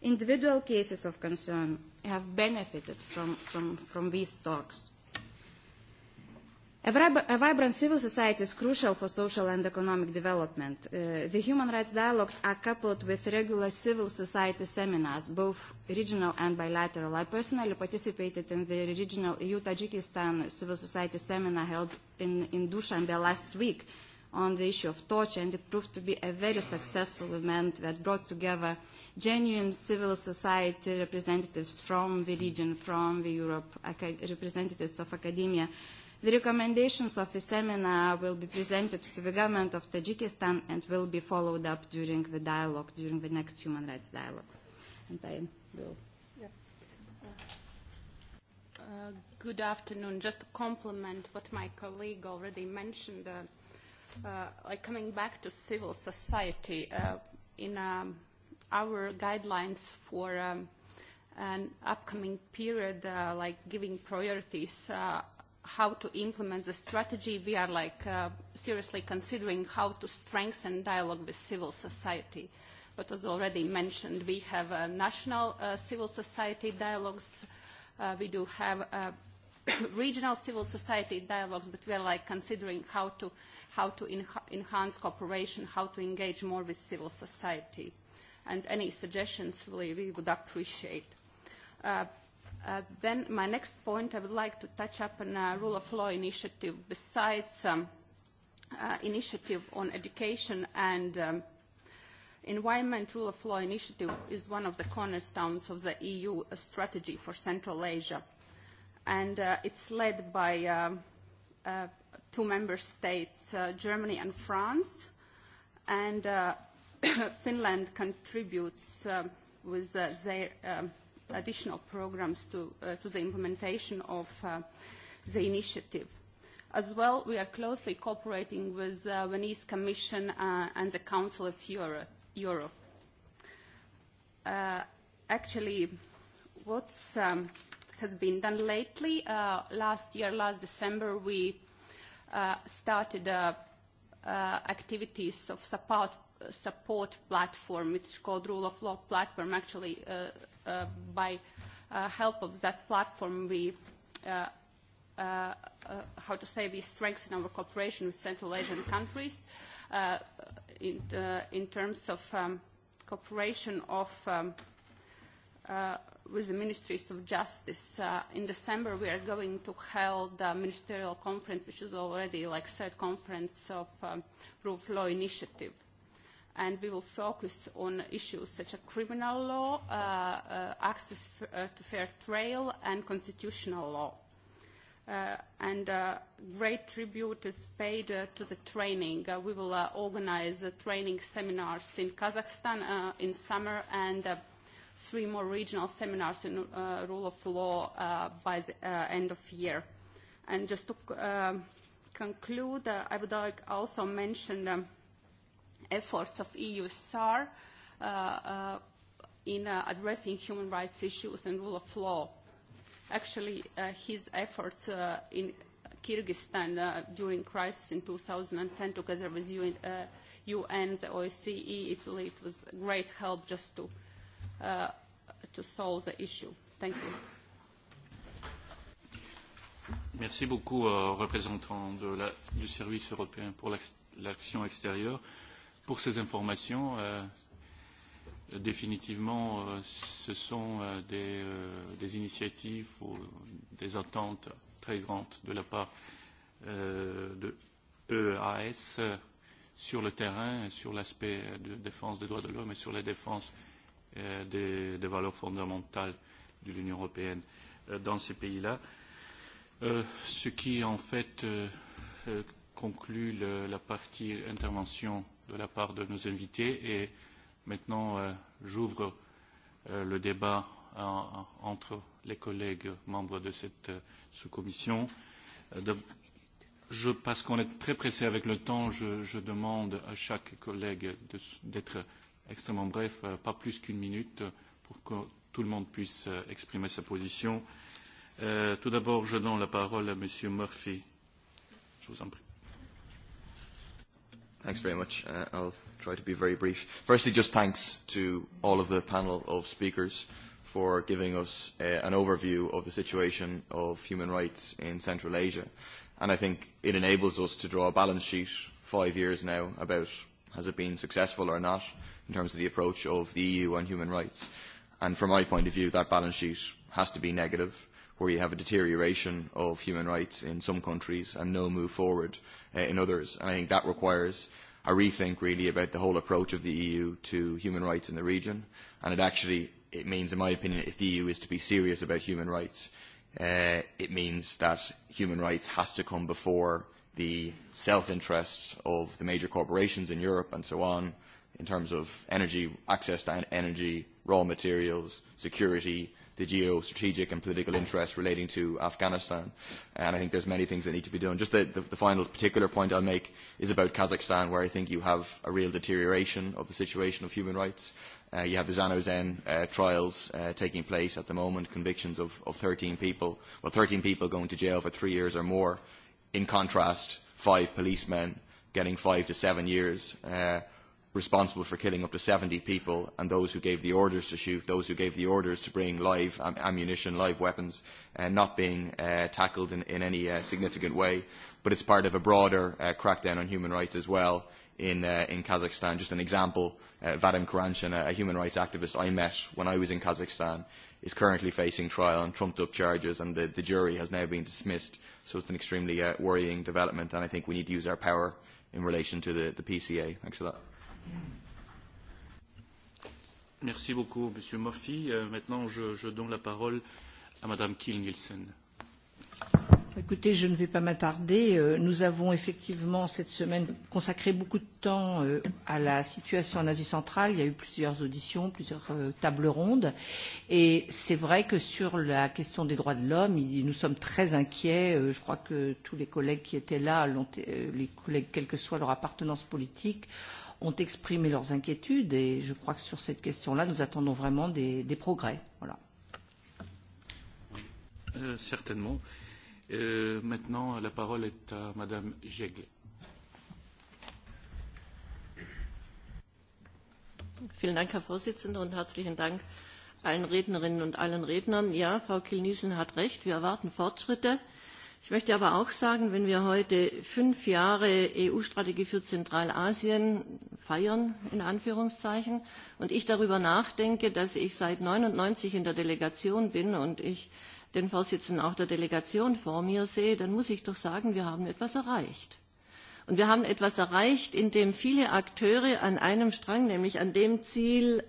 Individual cases of concern have benefited from these talks. A vibrant civil society is crucial for social and economic development. The human rights dialogues are coupled with regular civil society seminars, both regional and bilateral. I personally participated in the regional EU-Tajikistan civil society seminar held in Dushanbe last week on the issue of torture, and it proved to be a very successful event that brought together genuine civil society representatives from the region, from the Europe, representatives of academia The recommendations of the seminar will be presented to the government of Tajikistan and will be followed up during the dialogue, during the next human rights dialogue. And will. Good afternoon. Just to complement what my colleague already mentioned, like coming back to civil society, in our guidelines for an upcoming period, like giving priorities how to implement the strategy. We are like seriously considering how to strengthen dialogue with civil society. But as already mentioned, we have national civil society dialogues. We do have regional civil society dialogues, but we are like considering how to how to enhance cooperation, how to engage more with civil society. And any suggestions, really, we would appreciate. Then my next point, I would like to touch up on a rule of law initiative besides initiative on education and environment rule of law initiative is one of the cornerstones of the EU strategy for Central Asia. And it's led by two member states, Germany and France. And Finland contributes with their additional programmes to the implementation of the initiative. As well, we are closely cooperating with the Venice Commission and the Council of Europe. Actually, what has been done lately, last year, last December, we started activities of support support platform. It's called Rule of Law platform. Actually, by help of that platform, we, how to say, we strengthen our cooperation with Central Asian countries in terms of cooperation of with the Ministries of Justice. In December, we are going to hold a ministerial conference, which is already like third conference of Rule of Law initiative and we will focus on issues such as criminal law, access to fair trial, and constitutional law. And great tribute is paid to the training. We will organize training seminars in Kazakhstan in summer and three more regional seminars in rule of law by the end of year. And just to conclude, I would like also mention efforts of EU SAR in addressing human rights issues and rule of law. Actually, his efforts in Kyrgyzstan during crisis in 2010, together with UN, the OSCE, Italy, it was great help just to to solve the issue. Thank you. Merci beaucoup, représentant du service européen pour l'action extérieure pour ces informations. Définitivement, ce sont des initiatives ou des attentes très grandes de la part de EAS sur le terrain, sur l'aspect de défense des droits de l'homme et sur la défense des valeurs fondamentales de l'Union européenne dans ces pays-là. Ce qui, en fait, conclut la partie intervention de la part de nos invités. Et maintenant, j'ouvre le débat entre les collègues membres de cette sous-commission. Parce qu'on est très pressé avec le temps, je demande à chaque collègue d'être extrêmement bref, pas plus qu'une minute, pour que tout le monde puisse exprimer sa position. Tout d'abord, je donne la parole à M. Murphy. Je vous en prie. Thanks very much. I'll try to be very brief. Firstly, just thanks to all of the panel of speakers for giving us an overview of the situation of human rights in Central Asia. And I think it enables us to draw a balance sheet five years now about has it been successful or not in terms of the approach of the EU on human rights. And from my point of view, that balance sheet has to be negative, where you have a deterioration of human rights in some countries and no move forward in others. And I think that requires a rethink, really, about the whole approach of the EU to human rights in the region. And it actually it means, in my opinion, if the EU is to be serious about human rights, it means that human rights has to come before the self-interests of the major corporations in Europe and so on, in terms of energy, access to energy, raw materials, security, the geostrategic and political interests relating to Afghanistan. And I think there's many things that need to be done. Just the, the, the final particular point I'll make is about Kazakhstan, where I think you have a real deterioration of the situation of human rights. you have the Zanozen uh, trials taking place at the moment, convictions of, of 13 people, well, 13 people going to jail for three years or more. In contrast, five policemen getting five to seven years. Uh, responsible for killing up to 70 people and those who gave the orders to shoot, those who gave the orders to bring live ammunition, live weapons, not being tackled in any significant way. But it's part of a broader crackdown on human rights as well in Kazakhstan. Just an example, Vadim Karanchin, a human rights activist I met when I was in Kazakhstan, is currently facing trial on trumped-up charges and the jury has now been dismissed. So it's an extremely worrying development and I think we need to use our power in relation to the PCA. Thanks a lot. Merci beaucoup, Monsieur Murphy. Maintenant, je donne la parole à Madame Kiel-Nielsen. Écoutez, je ne vais pas m'attarder. Nous avons effectivement cette semaine consacré beaucoup de temps à la situation en Asie centrale. Il y a eu plusieurs auditions, plusieurs tables rondes. Et c'est vrai que sur la question des droits de l'homme, nous sommes très inquiets. Je crois que tous les collègues qui étaient là, les collègues, quelle que soit leur appartenance politique, ont exprimé leurs inquiétudes et je crois que sur cette question-là, nous attendons vraiment des, des progrès. Voilà. Euh, certainement. Euh, maintenant, la parole est à Madame Jegle. Vielen Dank, Herr Vorsitzender, und herzlichen Dank allen Rednerinnen und allen Rednern. Ja, Frau Kilnissen hat recht. Wir erwarten Fortschritte. Ich möchte aber auch sagen, wenn wir heute fünf Jahre EU-Strategie für Zentralasien feiern, in Anführungszeichen, und ich darüber nachdenke, dass ich seit 1999 in der Delegation bin und ich den Vorsitzenden auch der Delegation vor mir sehe, dann muss ich doch sagen, wir haben etwas erreicht. Und wir haben etwas erreicht, in dem viele Akteure an einem Strang, nämlich an dem Ziel,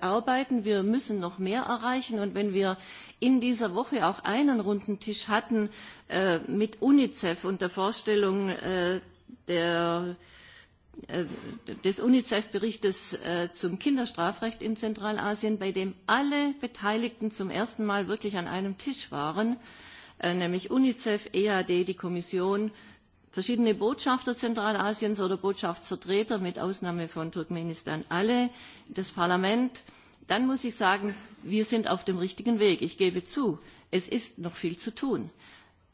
arbeiten. Wir müssen noch mehr erreichen. Und wenn wir in dieser Woche auch einen runden Tisch hatten mit UNICEF und der Vorstellung des UNICEF-Berichtes zum Kinderstrafrecht in Zentralasien, bei dem alle Beteiligten zum ersten Mal wirklich an einem Tisch waren, nämlich UNICEF, EAD, die Kommission, verschiedene Botschafter Zentralasiens oder Botschaftsvertreter mit Ausnahme von Turkmenistan alle, das Parlament, dann muss ich sagen, wir sind auf dem richtigen Weg. Ich gebe zu, es ist noch viel zu tun.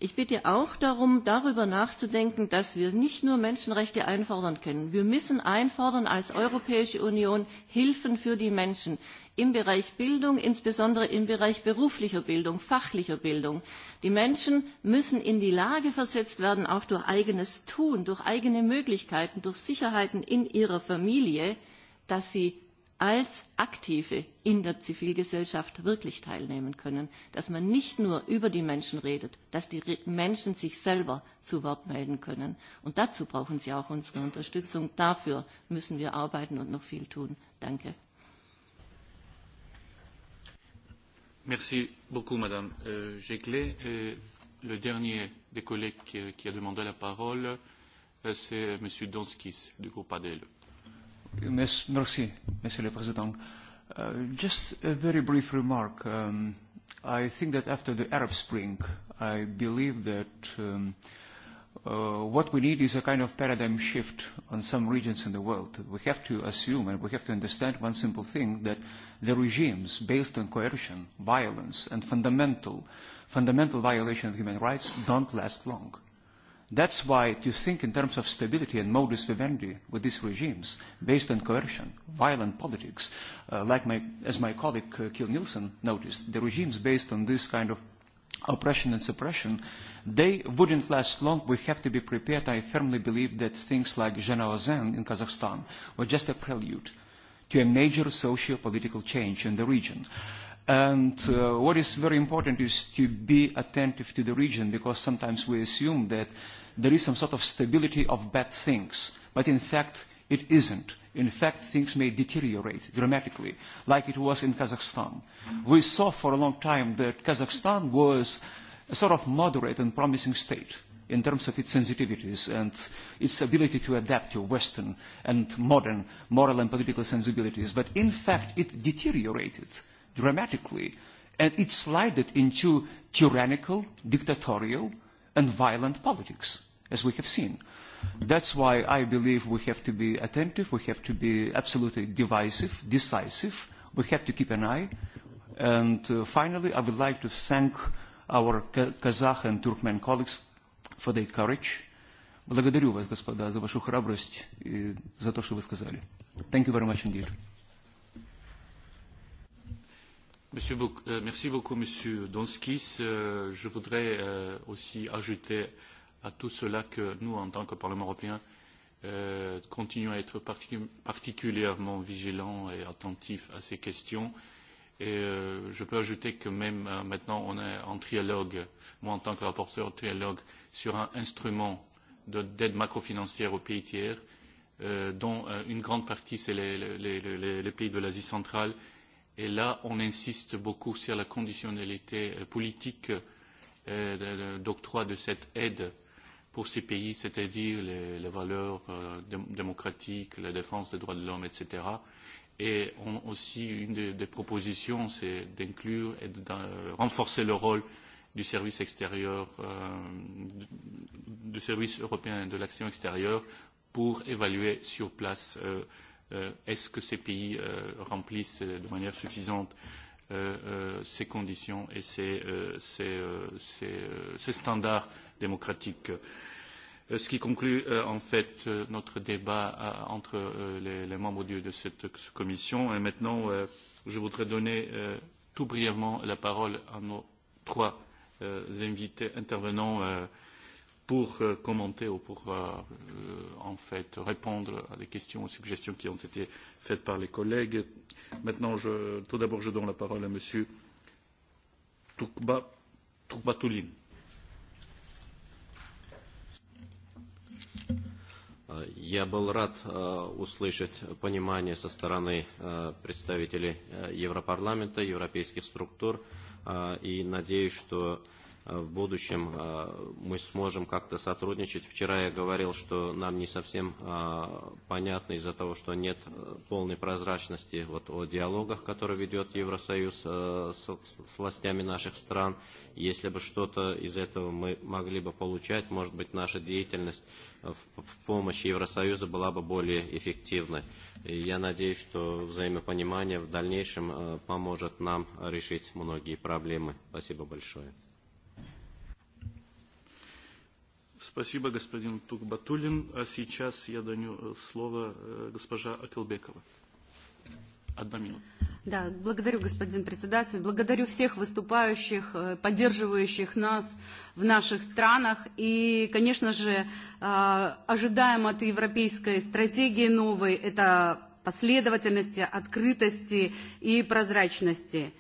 Ich bitte auch darum, darüber nachzudenken, dass wir nicht nur Menschenrechte einfordern können. Wir müssen als Europäische Union Hilfen für die Menschen im Bereich Bildung, insbesondere im Bereich beruflicher Bildung, fachlicher Bildung. Die Menschen müssen in die Lage versetzt werden, auch durch eigenes Tun, durch eigene Möglichkeiten, durch Sicherheiten in ihrer Familie, dass sie als Aktive in der Zivilgesellschaft wirklich teilnehmen können, dass man nicht nur über die Menschen redet, dass die Menschen sich selber zu Wort melden können. Und dazu brauchen sie auch unsere Unterstützung. Dafür müssen wir arbeiten und noch viel tun. Danke. Merci beaucoup, Madame Jeglé. Le dernier des collègues qui a demandé la parole, c'est Monsieur Donskis du groupe ADLE. Mr Monsieur le Président. Just a very brief remark. I think that after the Arab Spring, I believe that what we need is a kind of paradigm shift on some regions in the world. We have to assume and we have to understand one simple thing, that the regimes based on coercion, violence, and fundamental fundamental violation of human rights don't last long. That's why to think in terms of stability and modus vivendi with these regimes based on coercion, violent politics, like as my colleague Kiel Nielsen noticed, the regimes based on this kind of oppression and suppression, they wouldn't last long. We have to be prepared. I firmly believe that things like zhanaozen in Kazakhstan were just a prelude to a major socio-political change in the region. And what is very important is to be attentive to the region because sometimes we assume that there is some sort of stability of bad things. But in fact, it isn't. In fact, things may deteriorate dramatically, like it was in Kazakhstan. We saw for a long time that Kazakhstan was a sort of moderate and promising state in terms of its sensitivities and its ability to adapt to Western and modern moral and political sensibilities. But in fact, it deteriorated dramatically, and it slided into tyrannical, dictatorial, and violent politics, as we have seen. That's why I believe we have to be attentive, we have to be absolutely divisive, decisive, we have to keep an eye. And finally, I would like to thank our Kazakh and Turkmen colleagues for their courage. Благодарю вас, господа, за вашу храбрость и за то, что вы сказали. Thank you very much indeed. Merci beaucoup, Monsieur Donskis. Je voudrais aussi ajouter à tout cela que nous, en tant que Parlement européen, continuons à être particulièrement vigilants et attentifs à ces questions. Et je peux ajouter que même maintenant, on est en trialogue, moi en tant que rapporteur trialogue, sur un instrument d'aide macrofinancière aux pays tiers, dont une grande partie, c'est les pays de l'Asie centrale Et là, on insiste beaucoup sur la conditionnalité politique d'octroi de cette aide pour ces pays, c'est-à-dire les valeurs démocratiques, la défense des droits de l'homme, etc. Et aussi, une des propositions, c'est d'inclure et de renforcer le rôle du service extérieur, du service européen de l'action extérieure pour évaluer sur place Est-ce que ces pays remplissent de manière suffisante ces conditions et ces standards démocratiques Ce qui conclut en fait notre débat entre les membres de cette commission. Et maintenant, je voudrais donner tout brièvement la parole à nos trois invités intervenants pour commenter ou pour en fait répondre à des questions, ou suggestions qui ont été faites par les collègues. Maintenant, je, tout d'abord, je donne la parole à Monsieur Toukbatouline. Я был рад услышать понимание со стороны представителей Европарламента, европейских структур, и надеюсь, что в будущем мы сможем как-то сотрудничать. Вчера я говорил, что нам не совсем понятно из-за того, что нет полной прозрачности вот о диалогах, которые ведет Евросоюз с властями наших стран. Если бы что-то из этого мы могли бы получать, может быть, наша деятельность в помощи Евросоюза была бы более эффективной. И я надеюсь, что взаимопонимание в дальнейшем поможет нам решить многие проблемы. Спасибо большое. Спасибо, господин Тукбатулин. А сейчас я даю слово госпожа Акелбекова. Одна минута. Да, благодарю, господин председатель. Благодарю всех выступающих, поддерживающих нас в наших странах. И, конечно же, ожидаем от европейской стратегии новой это последовательности, открытости и прозрачности.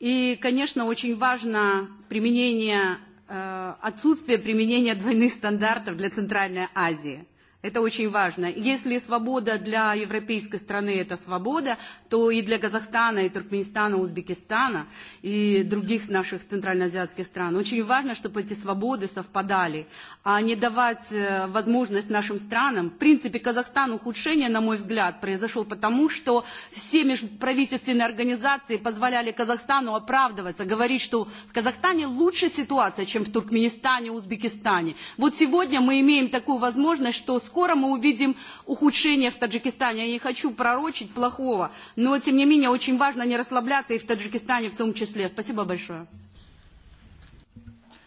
И, конечно, очень важно применение отсутствие применения двойных стандартов для Центральной Азии. Это очень важно. Если свобода для европейской страны – это свобода, то и для Казахстана, и Туркменистана, Узбекистана, и других наших центральноазиатских стран очень важно, чтобы эти свободы совпадали, а не давать возможность нашим странам. В принципе, Казахстан ухудшение, на мой взгляд, произошло потому, что все межправительственные организации позволяли Казахстану оправдываться, говорить, что в Казахстане лучше ситуация, чем в Туркменистане, Узбекистане. Вот сегодня мы имеем такую возможность, что скоро мы увидим ухудшение в Таджикистане. Я не хочу пророчить плохого, но, тем не менее, очень важно не расслабляться и в Таджикистане в том числе. Спасибо большое.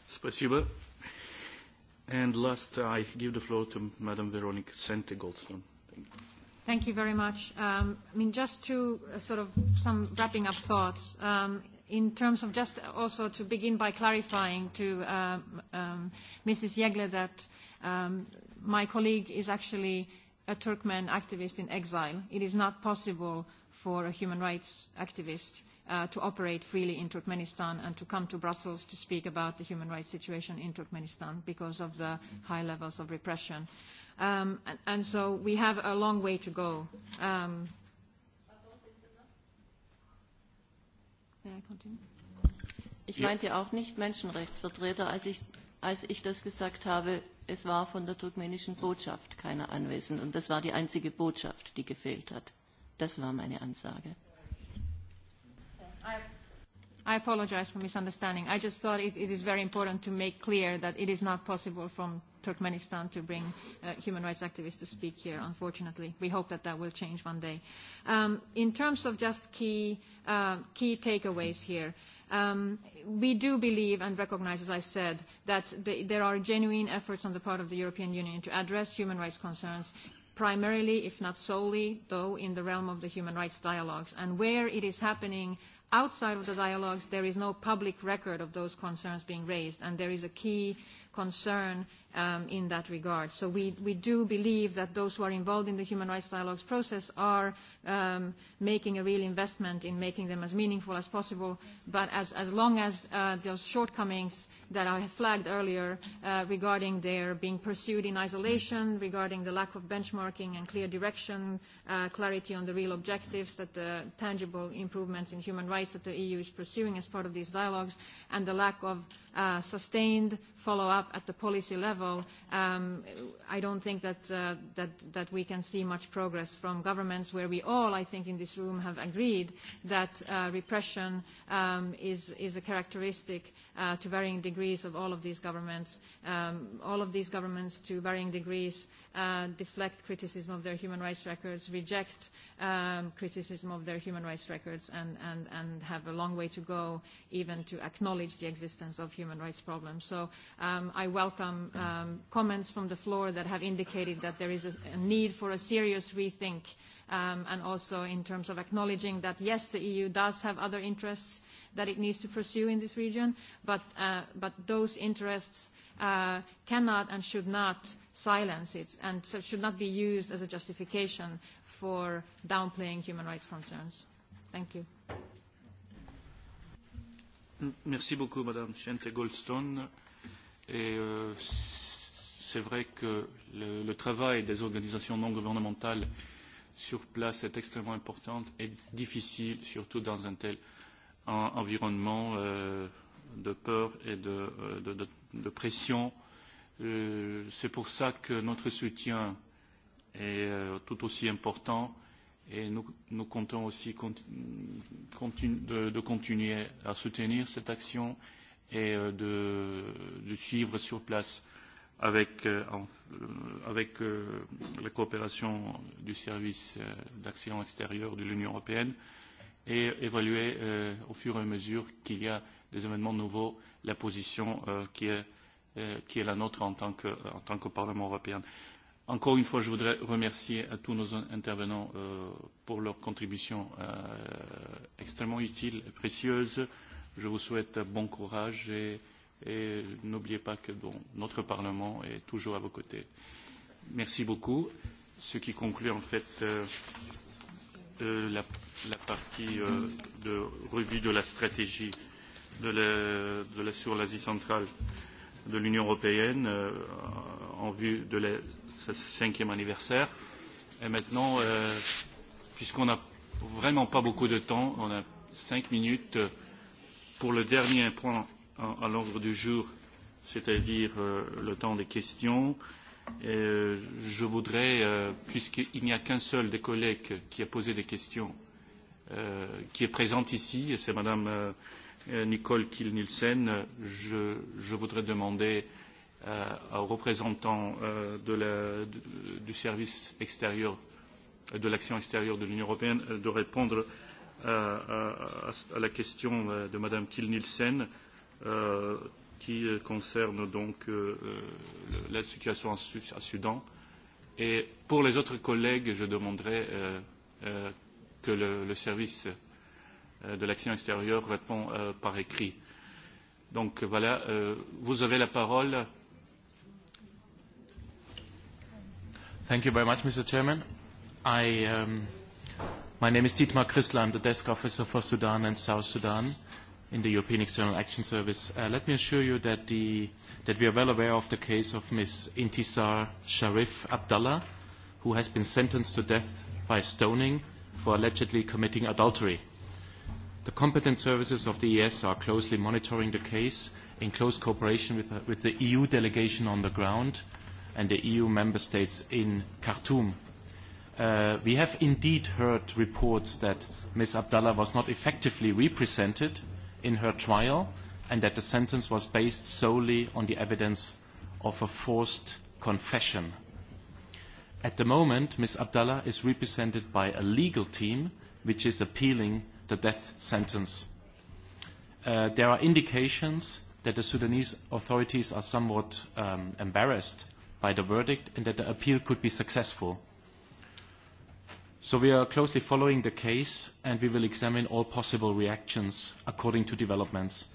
Спасибо. And last, I give the floor to Madam Veronica Sente-Goldstone. Thank you very much. Um, I mean, just to sort of some wrapping up thoughts, um, in terms of just also to begin by clarifying to um, Mrs. Yegler that my colleague is actually a Turkmen activist in exile. It is not possible for a human rights activist to operate freely in Turkmenistan and to come to Brussels to speak about the human rights situation in Turkmenistan because of the high levels of repression. Um And so we have a long way to go. Ich meinte auch nicht Menschenrechtsvertreter, als ich das gesagt habe Es war von der turkmenischen Botschaft keiner anwesend. Und das war die einzige Botschaft, die gefehlt hat. Das war meine Ansage. I apologize for misunderstanding. I just thought it it is very important to make clear that it is not possible from Turkmenistan to bring human rights activists to speak here, unfortunately. We hope that that will change one day. Um, In terms of just key takeaways here, We do believe and recognize, as I said, that there are genuine efforts on the part of the European Union to address human rights concerns, primarily, if not solely, though, in the realm of the human rights dialogues. And where it is happening outside of the dialogues, there is no public record of those concerns being raised, and there is a key concern in that regard. So we do believe that those who are involved in the human rights dialogues process are making a real investment in making them as meaningful as possible, but as long as those shortcomings that I have flagged earlier regarding their being pursued in isolation, regarding the lack of benchmarking and clear direction, clarity on the real objectives, that the tangible improvements in human rights that the EU is pursuing as part of these dialogues, and the lack of sustained follow-up at the policy level, level, I don't think that we can see much progress from governments where we all, I think, in this room have agreed that repression is a characteristic to varying degrees of all of these governments. All of these governments, to varying degrees, deflect criticism of their human rights records, reject criticism of their human rights records, and have a long way to go even to acknowledge the existence of human rights problems. So I welcome comments from the floor that have indicated that there is a need for a serious rethink and also in terms of acknowledging that, yes, the EU does have other interests that it needs to pursue in this region, but those interests cannot and should not silence it and should not be used as a justification for downplaying human rights concerns. Thank you. Merci beaucoup, Madame chente Goldstone. Et c'est vrai que le travail des organisations non gouvernementales sur place est extrêmement important et difficile, surtout dans un tel un environnement de peur et de pression. C'est pour ça que notre soutien est tout aussi important et nous comptons aussi de continuer à soutenir cette action et de suivre sur place avec la coopération du service d'action extérieure de l'Union européenne et évaluer au fur et à mesure qu'il y a des événements nouveaux la position qui est qui est la nôtre en tant que en tant que Parlement européen. Encore une fois, je voudrais remercier à tous nos intervenants pour leur contribution extrêmement utile et précieuse. Je vous souhaite bon courage et n'oubliez pas que notre Parlement est toujours à vos côtés. Merci beaucoup, ce qui conclut en fait la partie de revue de la stratégie sur l'Asie centrale de l'Union européenne en vue de ce cinquième anniversaire. Et maintenant, puisqu'on n'a vraiment pas beaucoup de temps, on a cinq minutes pour le dernier point à l'ordre du jour, c'est-à-dire le temps des questions. Je voudrais, puisqu'il n'y a qu'un seul des collègues qui a posé des questions, qui est présent ici, et c'est Madame Nicole Kiel-Nielsen, je voudrais demander aux représentants du service extérieur, de l'action extérieure de l'Union européenne, de répondre à la question de Madame Kiel-Nielsen qui concerne donc la situation à Soudan. Et pour les autres collègues, je demanderai que le service de l'action extérieure répond par écrit. Donc voilà, vous avez la parole. Thank you very much, Mr. Chairman. I, my name is Dietmar Christler. I'm the desk officer for Sudan and South Sudan in the European External Action Service. Let me assure you that we are well aware of the case of Ms. Intisar Sharif Abdallah, who has been sentenced to death by stoning for allegedly committing adultery. The competent services of the ES are closely monitoring the case in close cooperation with the EU delegation on the ground and the EU member states in Khartoum. We have indeed heard reports that Ms. Abdallah was not effectively represented in her trial and that the sentence was based solely on the evidence of a forced confession. At the moment, Ms. Abdallah is represented by a legal team which is appealing the death sentence. There are indications that the Sudanese authorities are somewhat embarrassed by the verdict and that the appeal could be successful. So we are closely following the case and we will examine all possible reactions according to developments.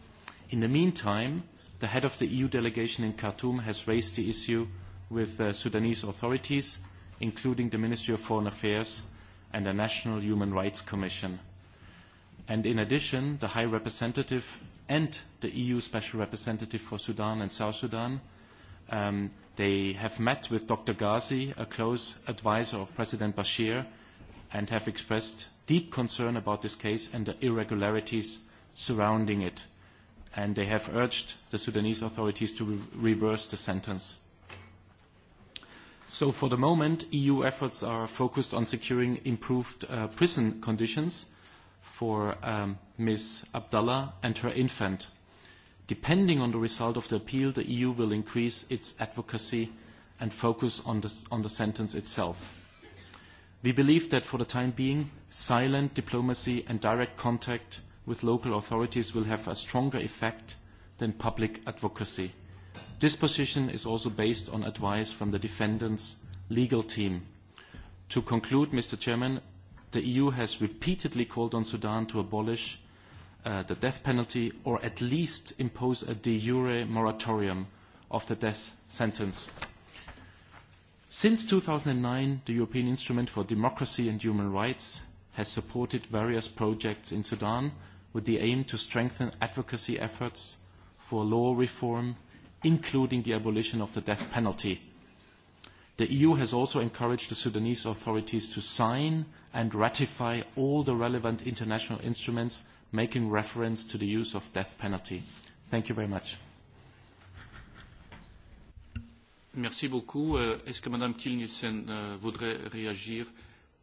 In the meantime, the head of the EU delegation in Khartoum has raised the issue with Sudanese authorities, including the Ministry of Foreign Affairs and the National Human Rights Commission. And in addition, the High Representative and the EU Special Representative for Sudan and South Sudan they have met with Dr. Ghazi, a close advisor of President Bashir, and have expressed deep concern about this case and the irregularities surrounding it. And they have urged the Sudanese authorities to reverse the sentence. So for the moment, EU efforts are focused on securing improved prison conditions for Ms. Abdallah and her infant. Depending on the result of the appeal, the EU will increase its advocacy and focus on the sentence itself. We believe that for the time being, silent diplomacy and direct contact with local authorities will have a stronger effect than public advocacy. This position is also based on advice from the defendant's legal team. To conclude, Mr. Chairman, the EU has repeatedly called on Sudan to abolish the death penalty or at least impose a de jure moratorium of the death sentence Since 2009, the European Instrument for Democracy and Human Rights has supported various projects in Sudan with the aim to strengthen advocacy efforts for law reform, including the abolition of the death penalty. The EU has also encouraged the Sudanese authorities to sign and ratify all the relevant international instruments making reference to the use of death penalty. Thank you very much. Merci beaucoup. Est-ce que Mme Kilnissen voudrait réagir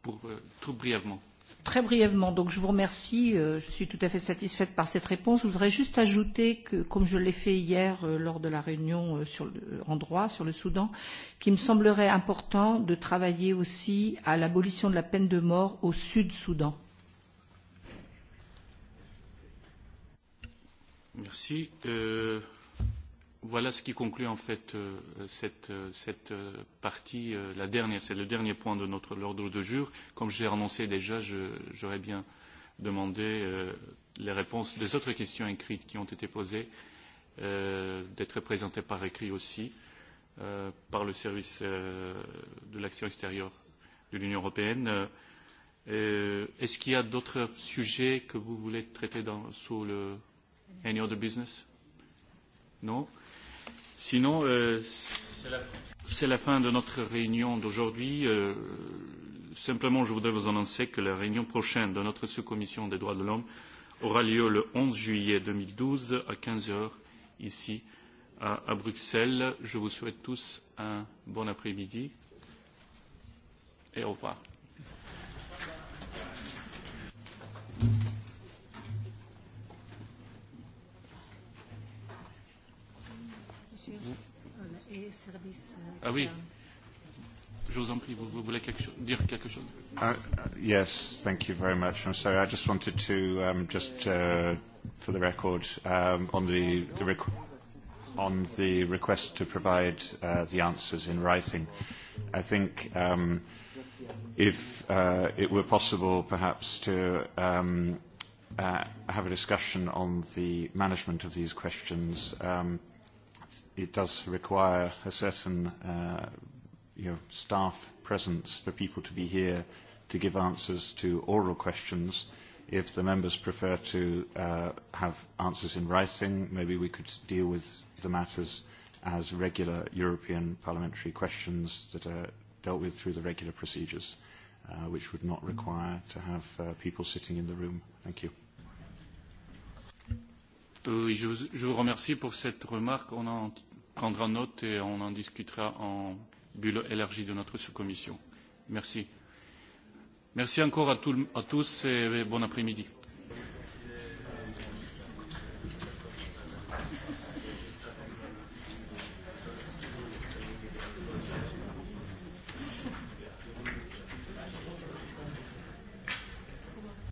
pour, tout brièvement Très brièvement, donc je vous remercie. Je suis tout à fait satisfaite par cette réponse. Je voudrais juste ajouter que, comme je l'ai fait hier lors de la réunion sur le, en droit sur le Soudan, qu'il me semblerait important de travailler aussi à l'abolition de la peine de mort au Sud-Soudan. Merci. Voilà ce qui conclut en fait cette partie, la dernière, c'est le dernier point de notre ordre de jour. Comme j'ai annoncé déjà, j'aurais bien demandé les réponses des autres questions écrites qui ont été posées, d'être présentées par écrit aussi par le service de l'action extérieure de l'Union européenne. Est-ce qu'il y a d'autres sujets que vous voulez traiter sous le Any Other Business Non Sinon, c'est la fin de notre réunion d'aujourd'hui. Simplement, je voudrais vous annoncer que la réunion prochaine de notre sous-commission des droits de l'homme aura lieu le 11 juillet 2012 à 15h ici à Bruxelles. Je vous souhaite tous un bon après-midi et au revoir. Ah oui. Je vous en prie, vous, voulez quelque chose, dire quelque chose Yes, thank you very much. I'm sorry, I just wanted to, um, just uh, for the record, um, on the, the requ on the request to provide uh, the answers in writing. I think um, if uh, it were possible perhaps to um, uh, have a discussion on the management of these questions, um, it does require a certain staff presence for people to be here to give answers to oral questions. If the members prefer to have answers in writing, maybe we could deal with the matters as regular European parliamentary questions that are dealt with through the regular procedures, which would not require to have people sitting in the room. Thank you. Je vous remercie pour cette remarque. On en prendra note et on en discutera en bulle élargie de notre sous-commission. Merci. Merci encore à tous et bon après-midi.